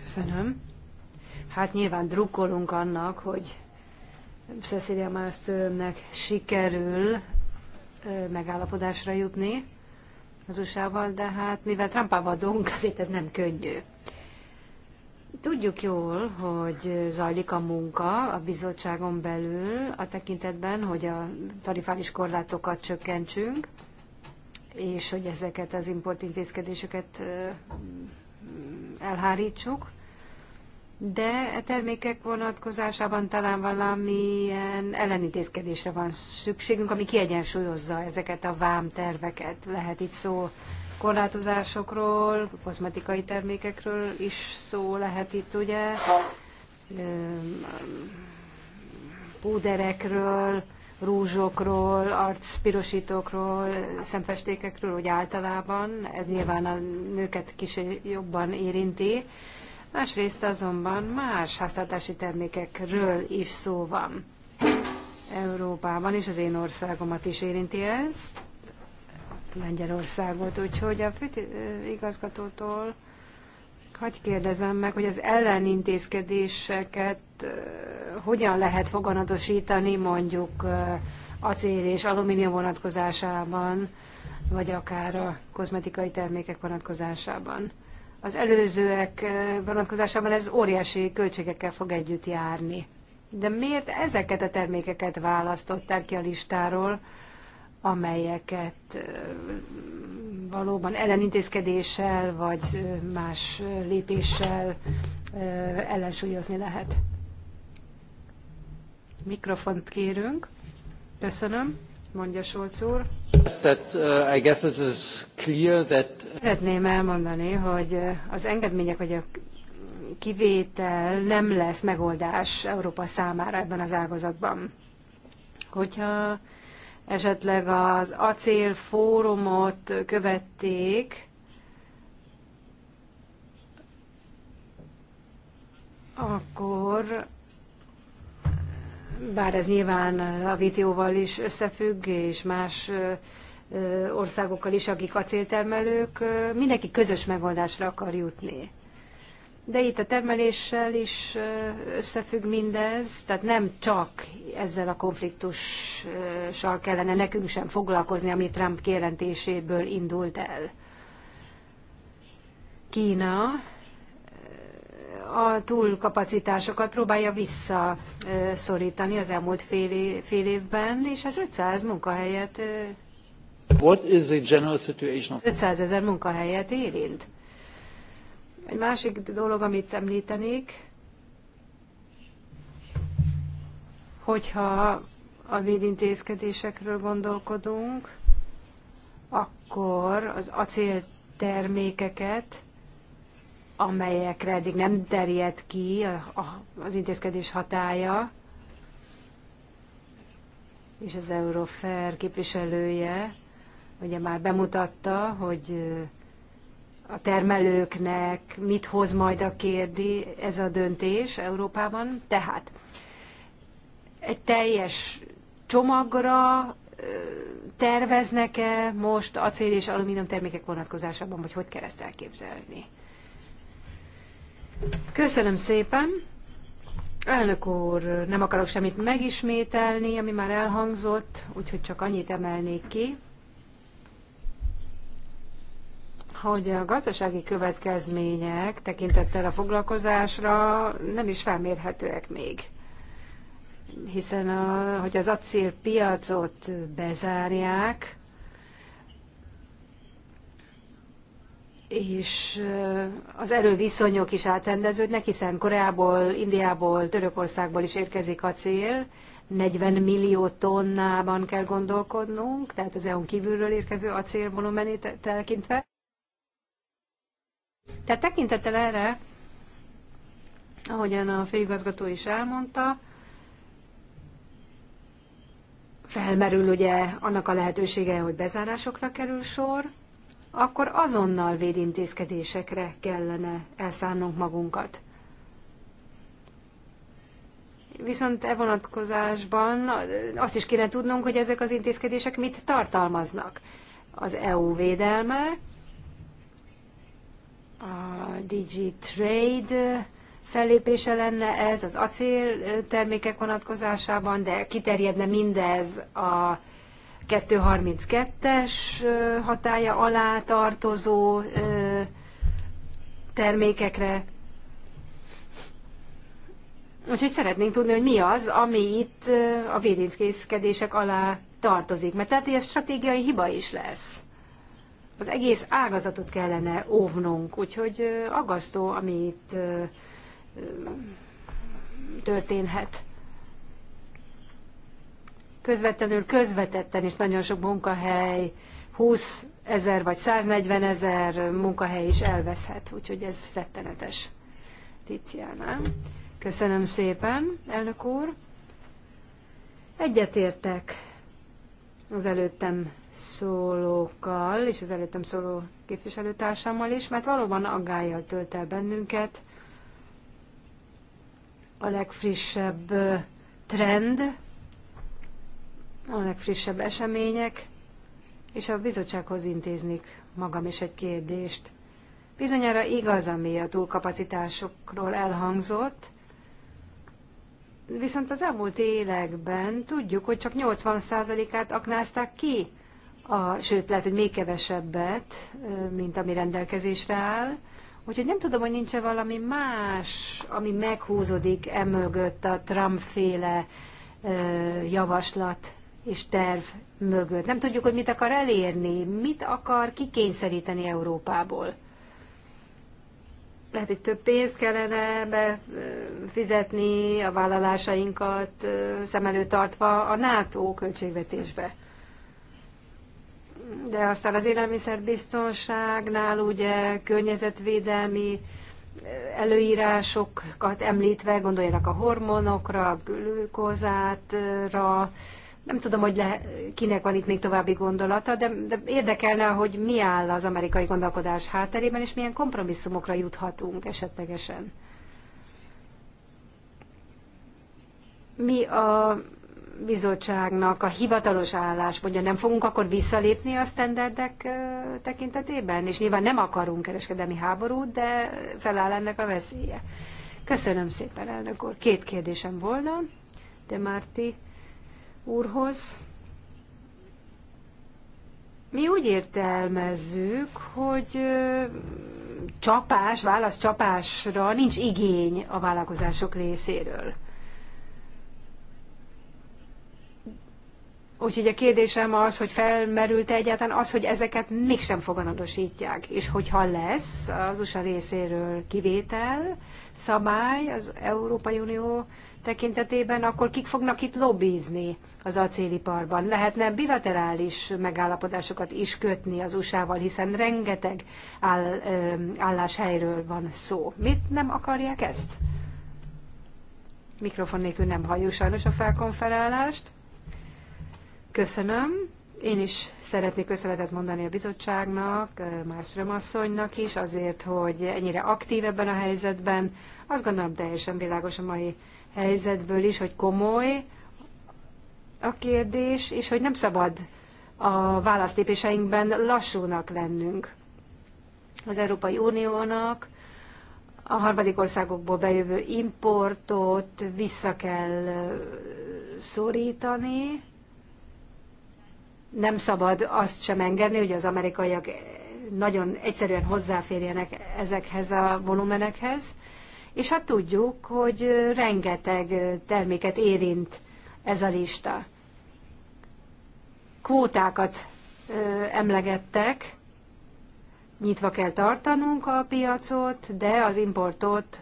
Köszönöm. Hát nyilván drukkolunk annak, hogy Cecilia Malmströmnek sikerül megállapodásra jutni az usa de hát mivel Trumpával dolgunk, azért ez nem könnyű. Tudjuk jól, hogy zajlik a munka a bizottságon belül a tekintetben, hogy a tarifális korlátokat csökkentsünk, és hogy ezeket az importintézkedéseket elhárítsuk. De a e termékek vonatkozásában talán valamilyen ellenintézkedésre van szükségünk, ami kiegyensúlyozza ezeket a vámterveket. Lehet itt szó korlátozásokról, kozmetikai termékekről is szó lehet itt, ugye, púderekről, rúzsokról, arcpirosítókról, szemfestékekről úgy általában, ez nyilván a nőket kis jobban érinti. Másrészt azonban más háztartási termékekről is szó van. Európában és az én országomat is érinti ez. Lengyelországot. Úgyhogy a igazgatótól hagyj kérdezem meg, hogy az ellenintézkedéseket hogyan lehet foganatosítani mondjuk acél és alumínium vonatkozásában, vagy akár a kozmetikai termékek vonatkozásában. Az előzőek vonatkozásában ez óriási költségekkel fog együtt járni. De miért ezeket a termékeket választották ki a listáról? amelyeket valóban ellenintézkedéssel vagy más lépéssel ellensúlyozni lehet. Mikrofont kérünk. Köszönöm, mondja Solc úr. That, uh, I guess it is clear that... Uh, Szeretném elmondani, hogy uh, az engedmények vagy a kivétel nem lesz megoldás Európa számára ebben az ágazatban. Hogyha esetleg az acél fórumot követték, akkor bár ez nyilván a VTO-val is összefügg, és más országokkal is, akik acéltermelők, mindenki közös megoldásra akar jutni. De itt a termeléssel is összefügg mindez, tehát nem csak ezzel a konfliktussal kellene nekünk sem foglalkozni, ami Trump kérentéséből indult el. Kína a túlkapacitásokat próbálja visszaszorítani az elmúlt fél, fél évben, és ez 500 munkahelyet
What is the general situation of... 500
ezer munkahelyet érint. Egy másik dolog, amit említenék, hogyha a védintézkedésekről gondolkodunk, akkor az acéltermékeket, amelyekre eddig nem terjed ki az intézkedés hatája, és az Eurofer képviselője ugye már bemutatta, hogy a termelőknek, mit hoz majd a kérdi ez a döntés Európában. Tehát egy teljes csomagra terveznek-e most acél és alumínium termékek vonatkozásában, vagy hogy kell ezt elképzelni? Köszönöm szépen! Elnök úr, nem akarok semmit megismételni, ami már elhangzott, úgyhogy csak annyit emelnék ki, hogy a gazdasági következmények tekintettel a foglalkozásra nem is felmérhetőek még. Hiszen, a, hogy az acélpiacot bezárják, és az erőviszonyok is átrendeződnek, hiszen Koreából, Indiából, Törökországból is érkezik acél, 40 millió tonnában kell gondolkodnunk, tehát az EU-n kívülről érkező acélvolumenét tekintve. Tehát tekintettel erre, ahogyan a főigazgató is elmondta, felmerül ugye annak a lehetősége, hogy bezárásokra kerül sor, akkor azonnal védintézkedésekre kellene elszánnunk magunkat. Viszont e vonatkozásban azt is kéne tudnunk, hogy ezek az intézkedések mit tartalmaznak. Az EU védelme, a DG Trade fellépése lenne ez az acél termékek vonatkozásában, de kiterjedne mindez a 232-es hatája alá tartozó termékekre. Úgyhogy szeretnénk tudni, hogy mi az, ami itt a védénckészkedések alá tartozik, mert tehát ez stratégiai hiba is lesz az egész ágazatot kellene óvnunk, úgyhogy aggasztó, amit történhet. Közvetlenül, közvetetten is nagyon sok munkahely, 20 ezer vagy 140 ezer munkahely is elveszhet, úgyhogy ez rettenetes. Tiziana. Köszönöm szépen, elnök úr. Egyetértek az előttem szólókkal és az előttem szóló képviselőtársammal is, mert valóban aggájjal tölt el bennünket a legfrissebb trend, a legfrissebb események, és a bizottsághoz intéznék magam is egy kérdést. Bizonyára igaz, ami a túlkapacitásokról elhangzott, viszont az elmúlt élekben tudjuk, hogy csak 80%-át aknázták ki a, sőt, lehet, hogy még kevesebbet, mint ami rendelkezésre áll. Úgyhogy nem tudom, hogy nincs-e valami más, ami meghúzódik emögött a Trump-féle javaslat és terv mögött. Nem tudjuk, hogy mit akar elérni, mit akar kikényszeríteni Európából. Lehet, hogy több pénzt kellene befizetni a vállalásainkat szem előtt tartva a NATO költségvetésbe de aztán az élelmiszerbiztonságnál ugye környezetvédelmi eh, előírásokat említve, gondoljanak a hormonokra, a glükozátra, nem tudom, hogy le, kinek van itt még további gondolata, de, de érdekelne, hogy mi áll az amerikai gondolkodás hátterében, és milyen kompromisszumokra juthatunk esetlegesen. Mi a bizottságnak a hivatalos álláspontja, nem fogunk akkor visszalépni a standardek tekintetében? És nyilván nem akarunk kereskedelmi háborút, de feláll ennek a veszélye. Köszönöm szépen, elnök úr. Két kérdésem volna de Márti úrhoz. Mi úgy értelmezzük, hogy csapás, válaszcsapásra nincs igény a vállalkozások részéről. Úgyhogy a kérdésem az, hogy felmerült -e egyáltalán az, hogy ezeket mégsem foganatosítják, és hogyha lesz az USA részéről kivétel, szabály az Európai Unió tekintetében, akkor kik fognak itt lobbizni az acéliparban? Lehetne bilaterális megállapodásokat is kötni az USA-val, hiszen rengeteg áll, ö, álláshelyről van szó. Mit nem akarják ezt? Mikrofon nélkül nem halljuk sajnos a felkonferálást. Köszönöm. Én is szeretnék köszönetet mondani a bizottságnak, eh, más asszonynak is, azért, hogy ennyire aktív ebben a helyzetben. Azt gondolom teljesen világos a mai helyzetből is, hogy komoly a kérdés, és hogy nem szabad a választépéseinkben lassúnak lennünk. Az Európai Uniónak a harmadik országokból bejövő importot vissza kell eh, szorítani, nem szabad azt sem engedni, hogy az amerikaiak nagyon egyszerűen hozzáférjenek ezekhez a volumenekhez, és hát tudjuk, hogy rengeteg terméket érint ez a lista. Kvótákat emlegettek, nyitva kell tartanunk a piacot, de az importot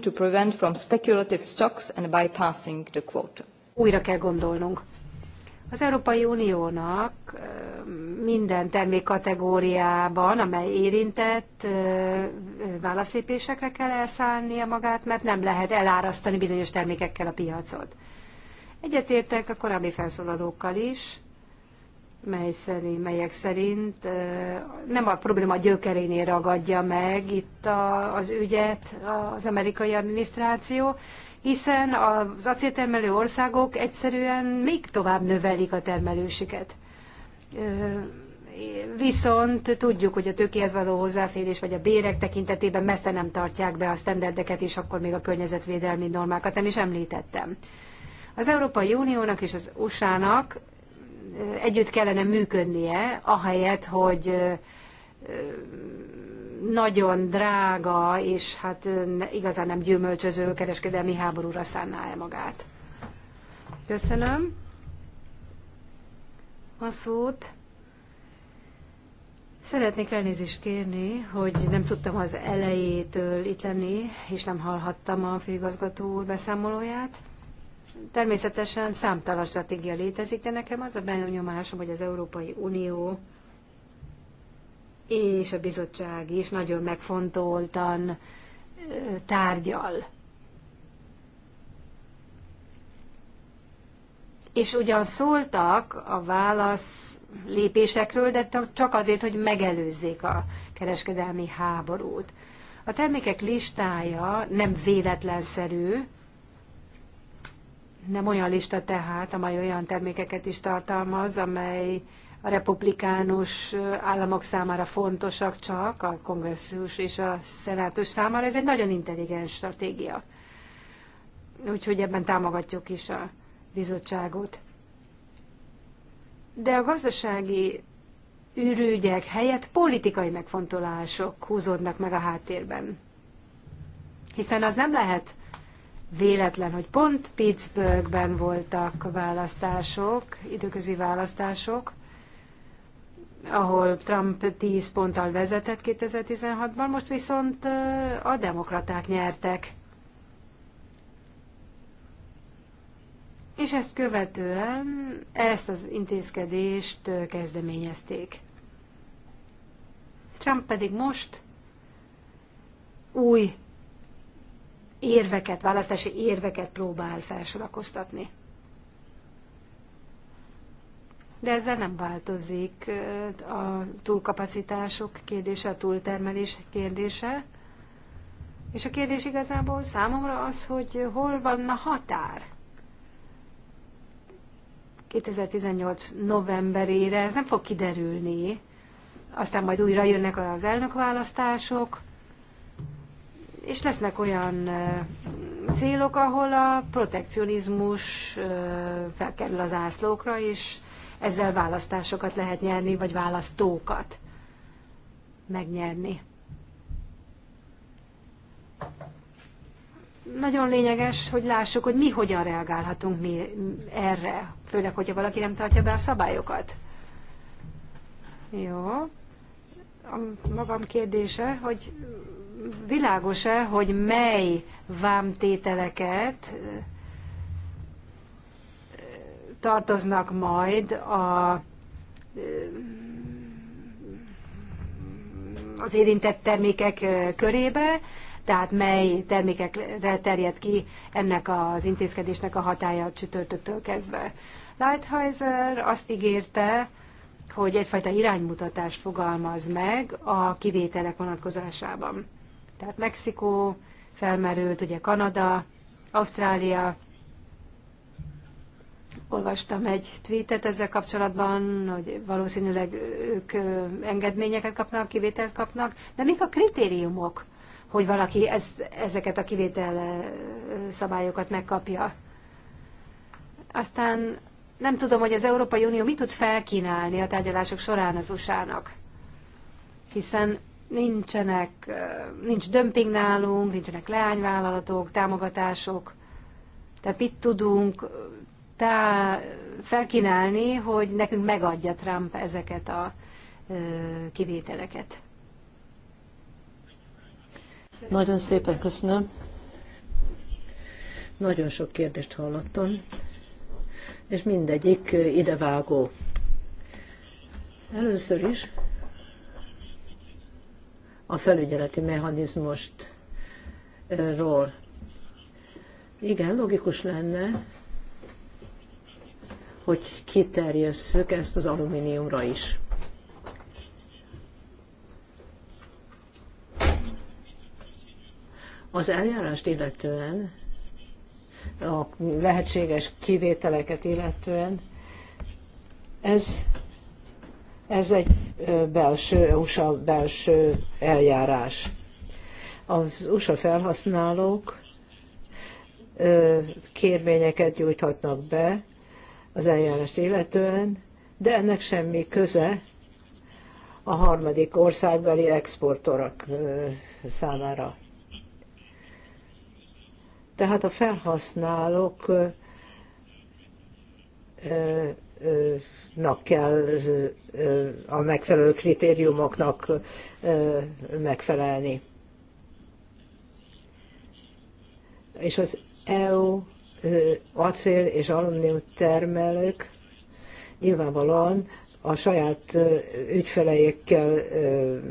to prevent from speculative stocks and bypassing the quota. Újra kell gondolnunk. Az Európai Uniónak minden termékkategóriában, amely érintett, válaszlépésekre kell elszállnia magát, mert nem lehet elárasztani bizonyos termékekkel a piacot. Egyetértek a korábbi felszólalókkal is, mely szerint, melyek szerint nem a probléma gyökerénél ragadja meg itt a, az ügyet az amerikai adminisztráció, hiszen az acéltermelő országok egyszerűen még tovább növelik a termelősüket. Viszont tudjuk, hogy a tőkéhez való hozzáférés vagy a bérek tekintetében messze nem tartják be a sztenderdeket, és akkor még a környezetvédelmi normákat nem is említettem. Az Európai Uniónak és az USA-nak együtt kellene működnie, ahelyett, hogy nagyon drága, és hát igazán nem gyümölcsöző kereskedelmi háborúra szánná el magát. Köszönöm a szót. Szeretnék elnézést kérni, hogy nem tudtam az elejétől itt lenni, és nem hallhattam a főigazgató úr beszámolóját. Természetesen számtalan stratégia létezik, de nekem az a benyomásom, hogy az Európai Unió és a bizottság is nagyon megfontoltan tárgyal. És ugyan szóltak a válasz lépésekről, de csak azért, hogy megelőzzék a kereskedelmi háborút. A termékek listája nem véletlenszerű, nem olyan lista tehát, amely olyan termékeket is tartalmaz, amely a republikánus államok számára fontosak csak, a kongresszus és a szenátus számára. Ez egy nagyon intelligens stratégia. Úgyhogy ebben támogatjuk is a bizottságot. De a gazdasági ürügyek helyett politikai megfontolások húzódnak meg a háttérben. Hiszen az nem lehet véletlen, hogy pont Pittsburghben voltak választások, időközi választások, ahol Trump 10 ponttal vezetett 2016-ban, most viszont a demokraták nyertek. És ezt követően ezt az intézkedést kezdeményezték. Trump pedig most új érveket, választási érveket próbál felsorakoztatni de ezzel nem változik a túlkapacitások kérdése, a túltermelés kérdése. És a kérdés igazából számomra az, hogy hol van a határ? 2018 novemberére ez nem fog kiderülni. Aztán majd újra jönnek az elnökválasztások, és lesznek olyan célok, ahol a protekcionizmus felkerül az ászlókra, és ezzel választásokat lehet nyerni, vagy választókat megnyerni. Nagyon lényeges, hogy lássuk, hogy mi hogyan reagálhatunk mi erre, főleg, hogyha valaki nem tartja be a szabályokat. Jó. A magam kérdése, hogy világos-e, hogy mely vámtételeket tartoznak majd a az érintett termékek körébe, tehát mely termékekre terjed ki ennek az intézkedésnek a hatája csütörtöktől kezdve. Lighthizer azt ígérte, hogy egyfajta iránymutatást fogalmaz meg a kivételek vonatkozásában. Tehát Mexikó felmerült, ugye Kanada, Ausztrália, olvastam egy tweetet ezzel kapcsolatban, hogy valószínűleg ők engedményeket kapnak, kivételt kapnak, de mik a kritériumok, hogy valaki ez, ezeket a kivétel szabályokat megkapja? Aztán nem tudom, hogy az Európai Unió mit tud felkínálni a tárgyalások során az USA-nak, hiszen nincsenek, nincs dömping nálunk, nincsenek leányvállalatok, támogatások, tehát mit tudunk tá, felkínálni, hogy nekünk megadja Trump ezeket a kivételeket.
Nagyon szépen köszönöm. Nagyon sok kérdést hallottam, és mindegyik idevágó. Először is a felügyeleti mechanizmust ról. Igen, logikus lenne, hogy kiterjesszük ezt az alumíniumra is. Az eljárást illetően, a lehetséges kivételeket illetően, ez, ez egy belső, USA belső eljárás. Az USA felhasználók kérvényeket gyújthatnak be, az eljárást illetően, de ennek semmi köze a harmadik országbeli exportorak számára. Tehát a felhasználóknak kell a megfelelő kritériumoknak megfelelni. És az EU acél és alumínium termelők nyilvánvalóan a saját ügyfeleikkel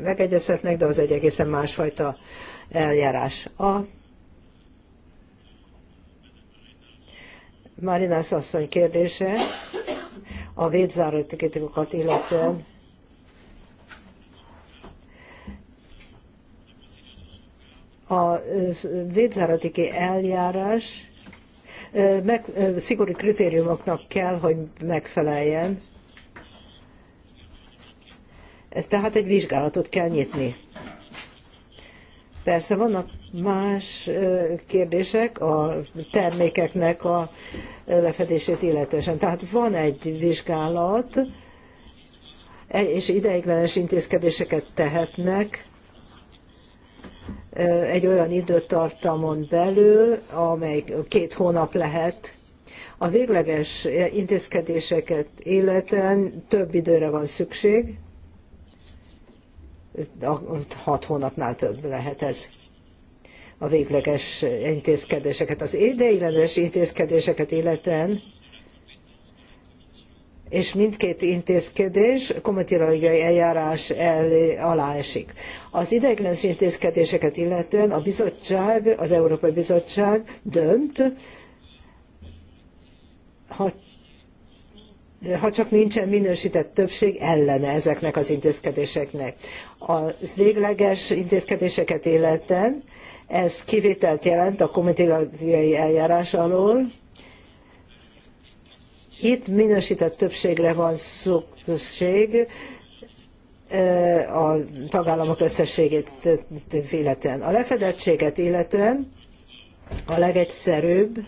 megegyezhetnek, de az egy egészen másfajta eljárás. A Marinász asszony kérdése a védzárótiketékokat illetően a védzáratiki eljárás meg, szigorú kritériumoknak kell, hogy megfeleljen. Tehát egy vizsgálatot kell nyitni. Persze vannak más kérdések a termékeknek a lefedését illetősen. Tehát van egy vizsgálat, e, és ideiglenes intézkedéseket tehetnek, egy olyan időtartamon belül, amely két hónap lehet, a végleges intézkedéseket életen több időre van szükség, hat hónapnál több lehet ez a végleges intézkedéseket. Az ideiglenes intézkedéseket illetően és mindkét intézkedés komitológiai eljárás alá esik. Az ideiglenes intézkedéseket illetően a bizottság, az Európai Bizottság dönt, ha, ha csak nincsen minősített többség ellene ezeknek az intézkedéseknek. Az végleges intézkedéseket illetően ez kivételt jelent a komitológiai eljárás alól, itt minősített többségre van szükség a tagállamok összességét illetően. A lefedettséget illetően a legegyszerűbb,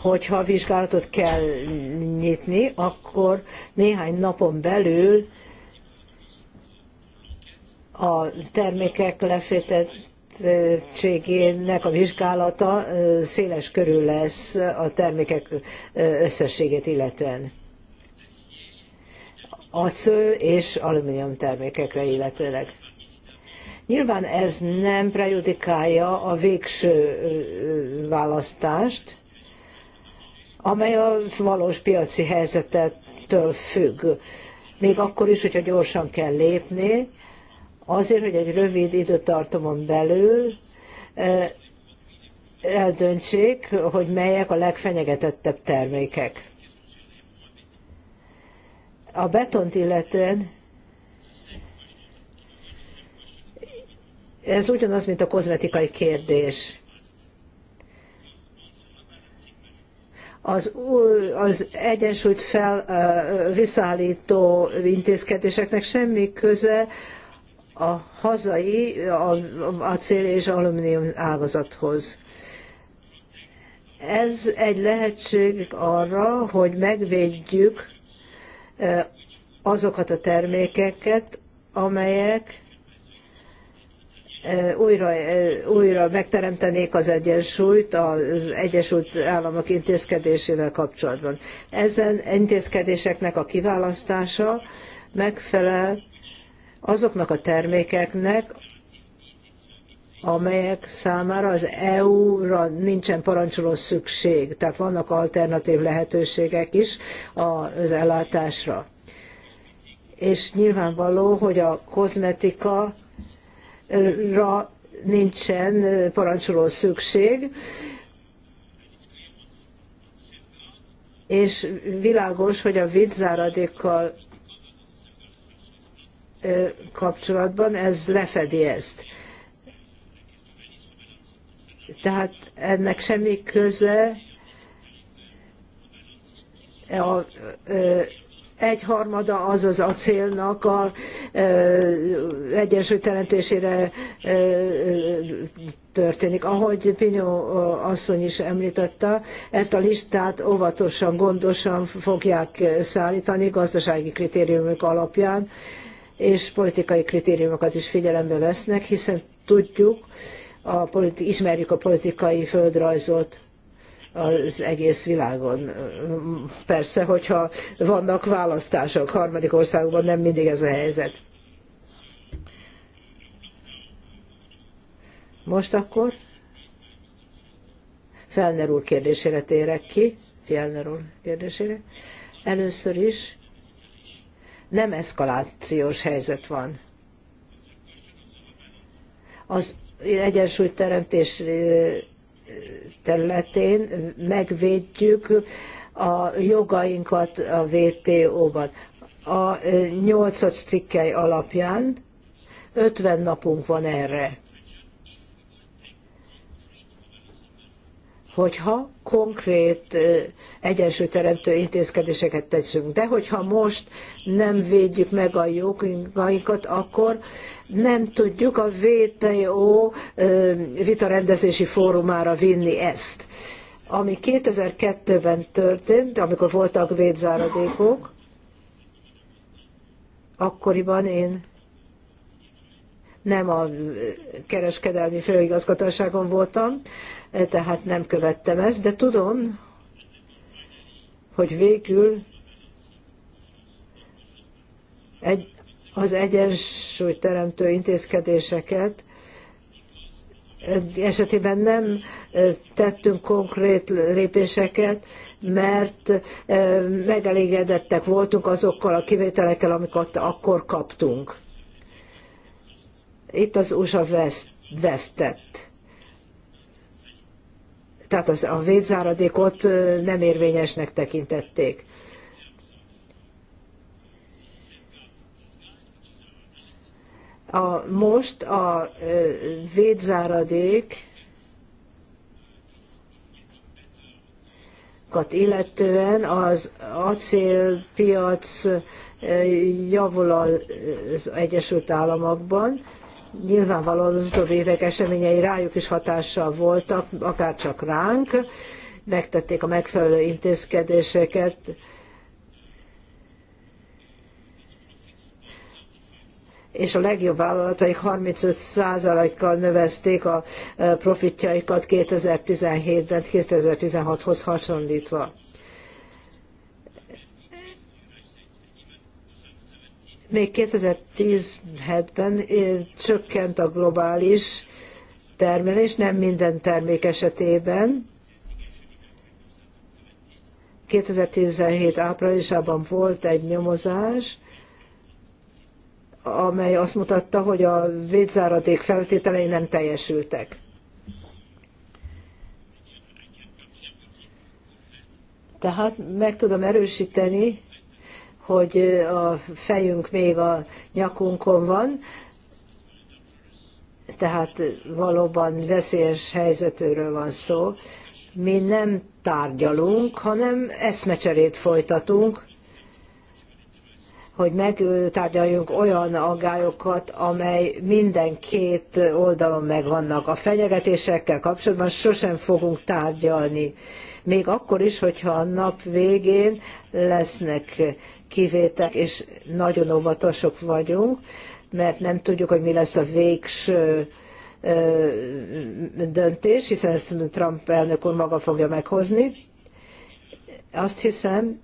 hogyha vizsgálatot kell nyitni, akkor néhány napon belül a termékek lefedett költségének a vizsgálata széles körül lesz a termékek összességét illetően. Acöl és alumínium termékekre illetőleg. Nyilván ez nem prejudikálja a végső választást, amely a valós piaci helyzetettől függ. Még akkor is, hogyha gyorsan kell lépni, azért, hogy egy rövid időtartamon belül e, eldöntsék, hogy melyek a legfenyegetettebb termékek. A betont illetően ez ugyanaz, mint a kozmetikai kérdés. Az, az egyensúlyt fel, e, visszaállító intézkedéseknek semmi köze a hazai acél és alumínium ágazathoz. Ez egy lehetség arra, hogy megvédjük e, azokat a termékeket, amelyek e, újra, e, újra megteremtenék az egyensúlyt az Egyesült Államok intézkedésével kapcsolatban. Ezen intézkedéseknek a kiválasztása megfelel azoknak a termékeknek, amelyek számára az EU-ra nincsen parancsoló szükség, tehát vannak alternatív lehetőségek is az ellátásra. És nyilvánvaló, hogy a kozmetika ra nincsen parancsoló szükség, és világos, hogy a vízzáradékkal kapcsolatban, ez lefedi ezt. Tehát ennek semmi köze a, harmada az az acélnak a egyensúly teremtésére történik. Ahogy Pinyó asszony is említette, ezt a listát óvatosan, gondosan fogják szállítani gazdasági kritériumok alapján, és politikai kritériumokat is figyelembe vesznek, hiszen tudjuk, a politi- ismerjük a politikai földrajzot az egész világon. Persze, hogyha vannak választások harmadik országokban, nem mindig ez a helyzet. Most akkor Felner úr kérdésére térek ki. Fjellner úr kérdésére. Először is nem eszkalációs helyzet van. Az egyensúly teremtés területén megvédjük a jogainkat a vto ban A nyolcas cikkely alapján 50 napunk van erre. hogyha konkrét egyensúlyteremtő intézkedéseket teszünk, De hogyha most nem védjük meg a jogainkat, akkor nem tudjuk a VTO vitarendezési fórumára vinni ezt. Ami 2002-ben történt, amikor voltak védzáradékok, akkoriban én nem a kereskedelmi főigazgatóságon voltam, E, tehát nem követtem ezt, de tudom, hogy végül egy, az teremtő intézkedéseket esetében nem e, tettünk konkrét lépéseket, mert e, megelégedettek voltunk azokkal a kivételekkel, amiket akkor kaptunk. Itt az USA vesztett tehát az, a védzáradékot nem érvényesnek tekintették. A, most a védzáradék illetően az acélpiac javul az Egyesült Államokban, nyilvánvalóan az utóbbi évek eseményei rájuk is hatással voltak, akár csak ránk, megtették a megfelelő intézkedéseket, és a legjobb vállalataik 35%-kal növezték a eh, profitjaikat 2017-ben, 2016-hoz hasonlítva. Még 2017-ben eh, csökkent a globális termelés, nem minden termék esetében. 2017 áprilisában volt egy nyomozás, amely azt mutatta, hogy a védzáradék feltételei nem teljesültek. Tehát meg tudom erősíteni, hogy a fejünk még a nyakunkon van, tehát valóban veszélyes helyzetről van szó. Mi nem tárgyalunk, hanem eszmecserét folytatunk, hogy megtárgyaljunk olyan aggályokat, amely minden két oldalon megvannak. A fenyegetésekkel kapcsolatban sosem fogunk tárgyalni. Még akkor is, hogyha a nap végén lesznek kivétek, és nagyon óvatosok vagyunk, mert nem tudjuk, hogy mi lesz a végső döntés, hiszen ezt Trump elnök úr maga fogja meghozni. Azt hiszem,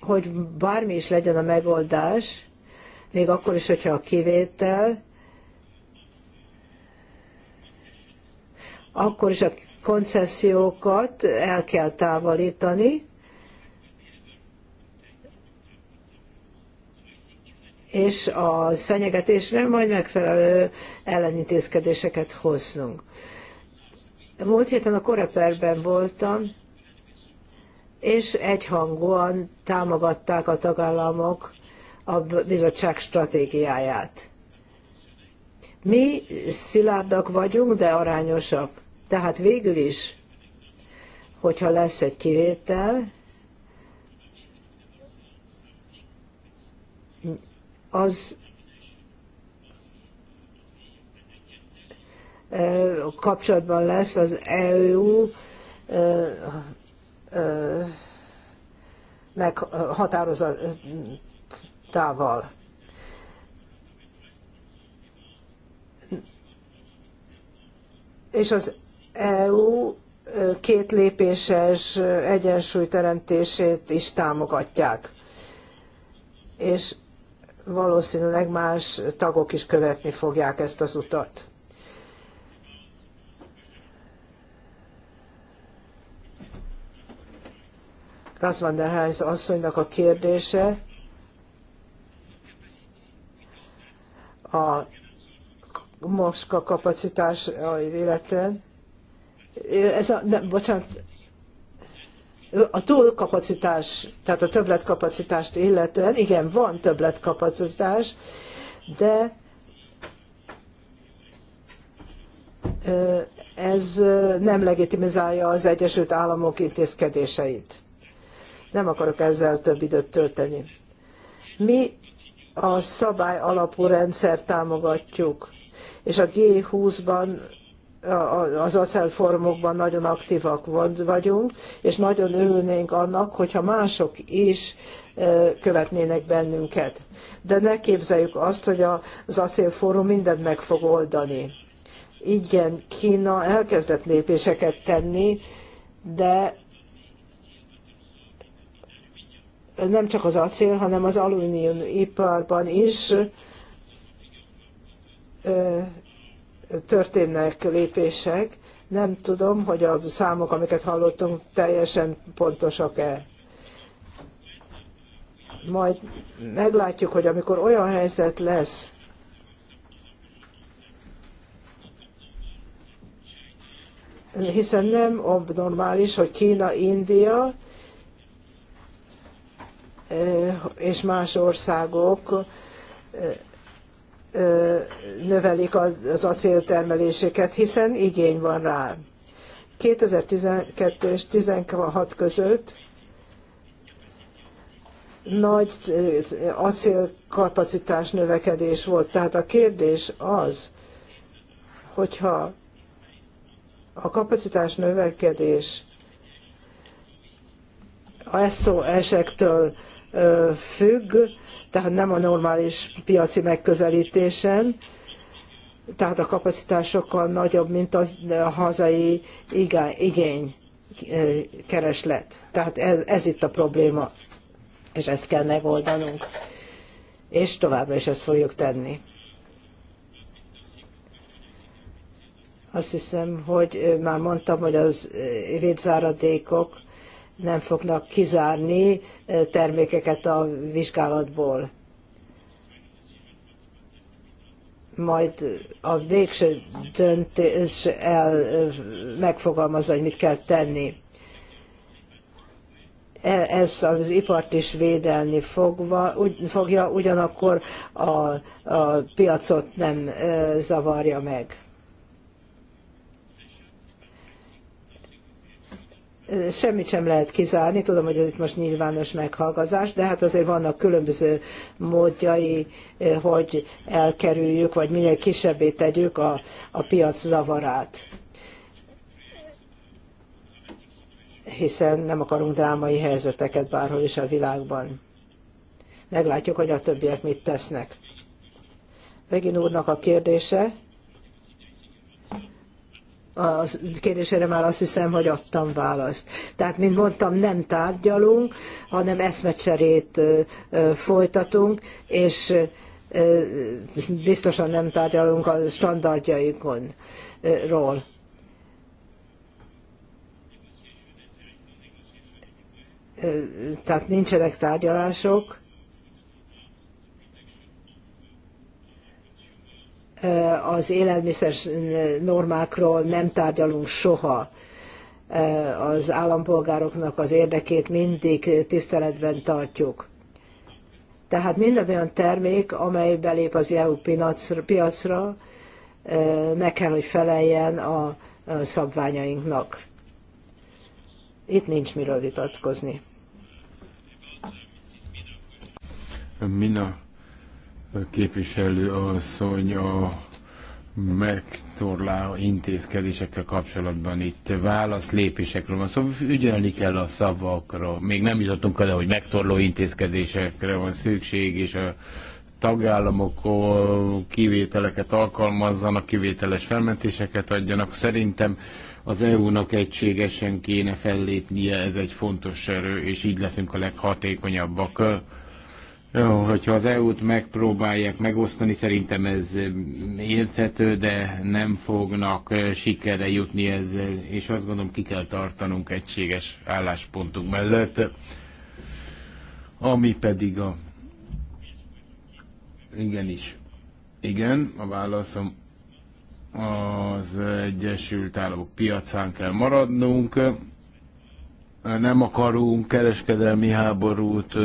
hogy bármi is legyen a megoldás, még akkor is, hogyha a kivétel, akkor is a koncesziókat el kell távolítani, és a fenyegetésre majd megfelelő ellenintézkedéseket hozzunk. Múlt héten a Koreperben voltam, és egyhangúan támogatták a tagállamok a bizottság stratégiáját. Mi szilárdak vagyunk, de arányosak. Tehát végül is, hogyha lesz egy kivétel, az kapcsolatban lesz az EU meghatározatával. És az EU két lépéses egyensúlyteremtését is támogatják. És valószínűleg más tagok is követni fogják ezt az utat. Grass van der Heijs asszonynak a kérdése a moska kapacitás illetően. Ez a, nem, bocsánat, a túlkapacitás, tehát a többletkapacitást illetően, igen, van többletkapacitás, de ez nem legitimizálja az Egyesült Államok intézkedéseit. Nem akarok ezzel több időt tölteni. Mi a szabály alapú rendszer támogatjuk, és a G20-ban az acélformokban nagyon aktívak vagyunk, és nagyon örülnénk annak, hogyha mások is e, követnének bennünket. De ne képzeljük azt, hogy az acélforum mindent meg fog oldani. Igen, Kína elkezdett lépéseket tenni, de nem csak az acél, hanem az alumínium iparban is e, történnek lépések. Nem tudom, hogy a számok, amiket hallottunk, teljesen pontosak-e. Majd meglátjuk, hogy amikor olyan helyzet lesz, hiszen nem abnormális, hogy Kína, India eh, és más országok eh, növelik az acéltermeléséket, hiszen igény van rá. 2012 és 2016 között nagy acélkapacitás növekedés volt. Tehát a kérdés az, hogyha a kapacitás növekedés a SZO ektől függ, tehát nem a normális piaci megközelítésen, tehát a kapacitásokkal nagyobb, mint az a hazai igény, kereslet. Tehát ez, ez itt a probléma, és ezt kell megoldanunk. És továbbra is ezt fogjuk tenni. Azt hiszem, hogy már mondtam, hogy az védzáradékok nem fognak kizárni termékeket a vizsgálatból. Majd a végső döntés el megfogalmazza, hogy mit kell tenni. E, ez az ipart is védelni fogva, ugy, fogja, ugyanakkor a, a piacot nem zavarja meg semmit sem lehet kizárni, tudom, hogy ez itt most nyilvános meghallgatás, de hát azért vannak különböző módjai, eh, hogy elkerüljük, vagy minél kisebbé tegyük a, a piac zavarát. Hiszen nem akarunk drámai helyzeteket bárhol is a világban. Meglátjuk, hogy a többiek mit tesznek. Regin úrnak a kérdése a kérdésére már azt hiszem, hogy adtam választ. Tehát, mint mondtam, nem tárgyalunk, hanem eszmecserét folytatunk, és biztosan nem tárgyalunk a ról. Tehát nincsenek tárgyalások, Eh, az élelmiszer normákról nem tárgyalunk soha. Eh, az állampolgároknak az érdekét mindig tiszteletben tartjuk. Tehát minden olyan termék, amely belép az EU piacra, eh, meg kell, hogy feleljen a szabványainknak. Itt nincs miről vitatkozni.
Mina képviselő asszony a megtorlá intézkedésekkel kapcsolatban itt válasz lépésekről van szó, szóval ügyelni kell a szavakra. Még nem jutottunk oda, hogy megtorló intézkedésekre van szükség, és a tagállamok kivételeket alkalmazzanak, kivételes felmentéseket adjanak. Szerintem az EU-nak egységesen kéne fellépnie, ez egy fontos erő, és így leszünk a leghatékonyabbak hogyha az EU-t megpróbálják megosztani, szerintem ez mm, érthető, de nem fognak sikere jutni ezzel, és azt gondolom ki kell tartanunk egységes álláspontunk mellett, ami pedig a... Igenis. Igen, a válaszom az Egyesült Államok piacán kell maradnunk, nem akarunk kereskedelmi háborút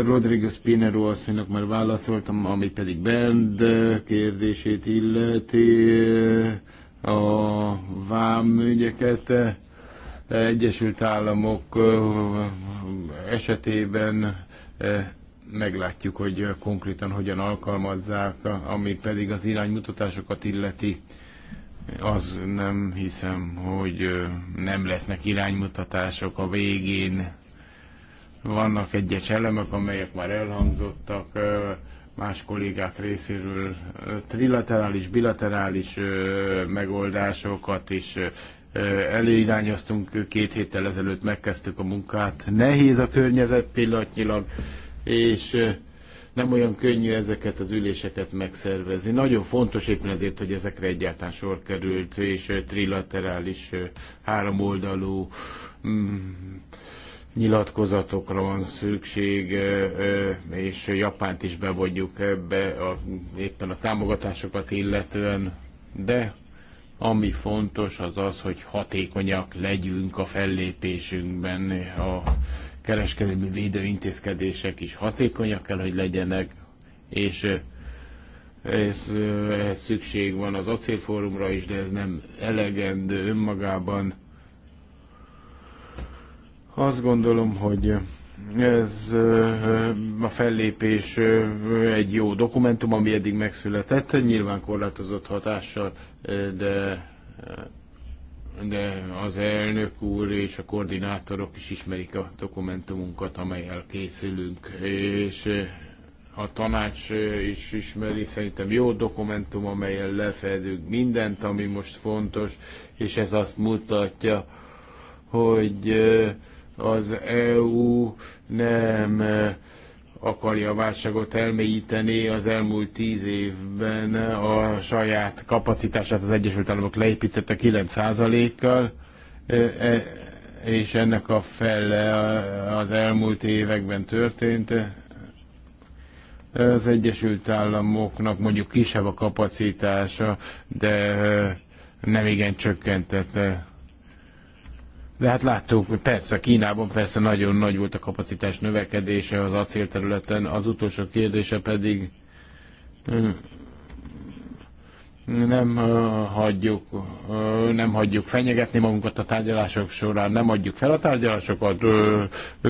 Rodriguez Pinero asszonynak már válaszoltam, ami pedig Bend kérdését illeti a vámügyeket. Egyesült Államok esetében meglátjuk, hogy konkrétan hogyan alkalmazzák, ami pedig az iránymutatásokat illeti. Az nem hiszem, hogy nem lesznek iránymutatások a végén vannak egyes elemek, amelyek már elhangzottak más kollégák részéről, trilaterális, bilaterális megoldásokat is előirányoztunk, két héttel ezelőtt megkezdtük a munkát. Nehéz a környezet pillanatnyilag, és nem olyan könnyű ezeket az üléseket megszervezni. Nagyon fontos éppen ezért, hogy ezekre egyáltalán sor került, és trilaterális, háromoldalú mm, nyilatkozatokra van szükség, és Japánt is bevonjuk ebbe a, éppen a támogatásokat illetően, de ami fontos az az, hogy hatékonyak legyünk a fellépésünkben, a kereskedelmi védőintézkedések is hatékonyak kell, hogy legyenek, és ez, ez szükség van az acélfórumra is, de ez nem elegendő önmagában azt gondolom, hogy ez a fellépés egy jó dokumentum, ami eddig megszületett, nyilván korlátozott hatással, de, de az elnök úr és a koordinátorok is ismerik a dokumentumunkat, amelyel készülünk, és a tanács is ismeri, szerintem jó dokumentum, amelyel lefedünk mindent, ami most fontos, és ez azt mutatja, hogy az EU nem eh, akarja a válságot elmélyíteni az elmúlt tíz évben a saját kapacitását az Egyesült Államok leépítette 9%-kal, eh, eh, és ennek a felle az elmúlt években történt. Az Egyesült Államoknak mondjuk kisebb a kapacitása, de nem igen csökkentette de hát láttuk, persze Kínában persze nagyon nagy volt a kapacitás növekedése az acélterületen. Az utolsó kérdése pedig hm, nem hagyjuk, nem hagyjuk fenyegetni magunkat a tárgyalások során, nem adjuk fel a tárgyalásokat,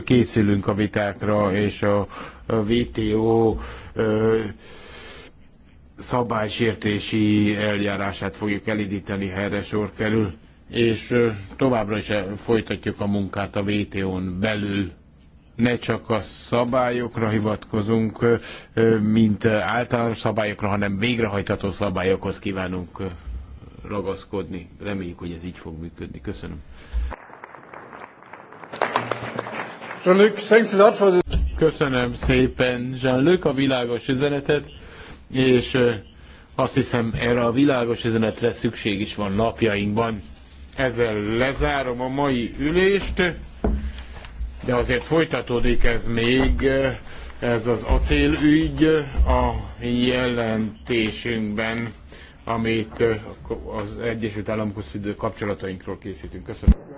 készülünk a vitákra, és a VTO szabálysértési eljárását fogjuk elindítani, ha erre sor kerül és továbbra is folytatjuk a munkát a vto n belül. Ne csak a szabályokra hivatkozunk, mint általános szabályokra, hanem végrehajtható szabályokhoz kívánunk ragaszkodni. Reméljük, hogy ez így fog működni. Köszönöm. Köszönöm szépen, Jean-Luc, a világos üzenetet, és azt hiszem erre a világos üzenetre szükség is van napjainkban. Ezzel lezárom a mai ülést, de azért folytatódik ez még, ez az acélügy a jelentésünkben, amit az Egyesült Államokhoz kapcsolatainkról készítünk. Köszönöm.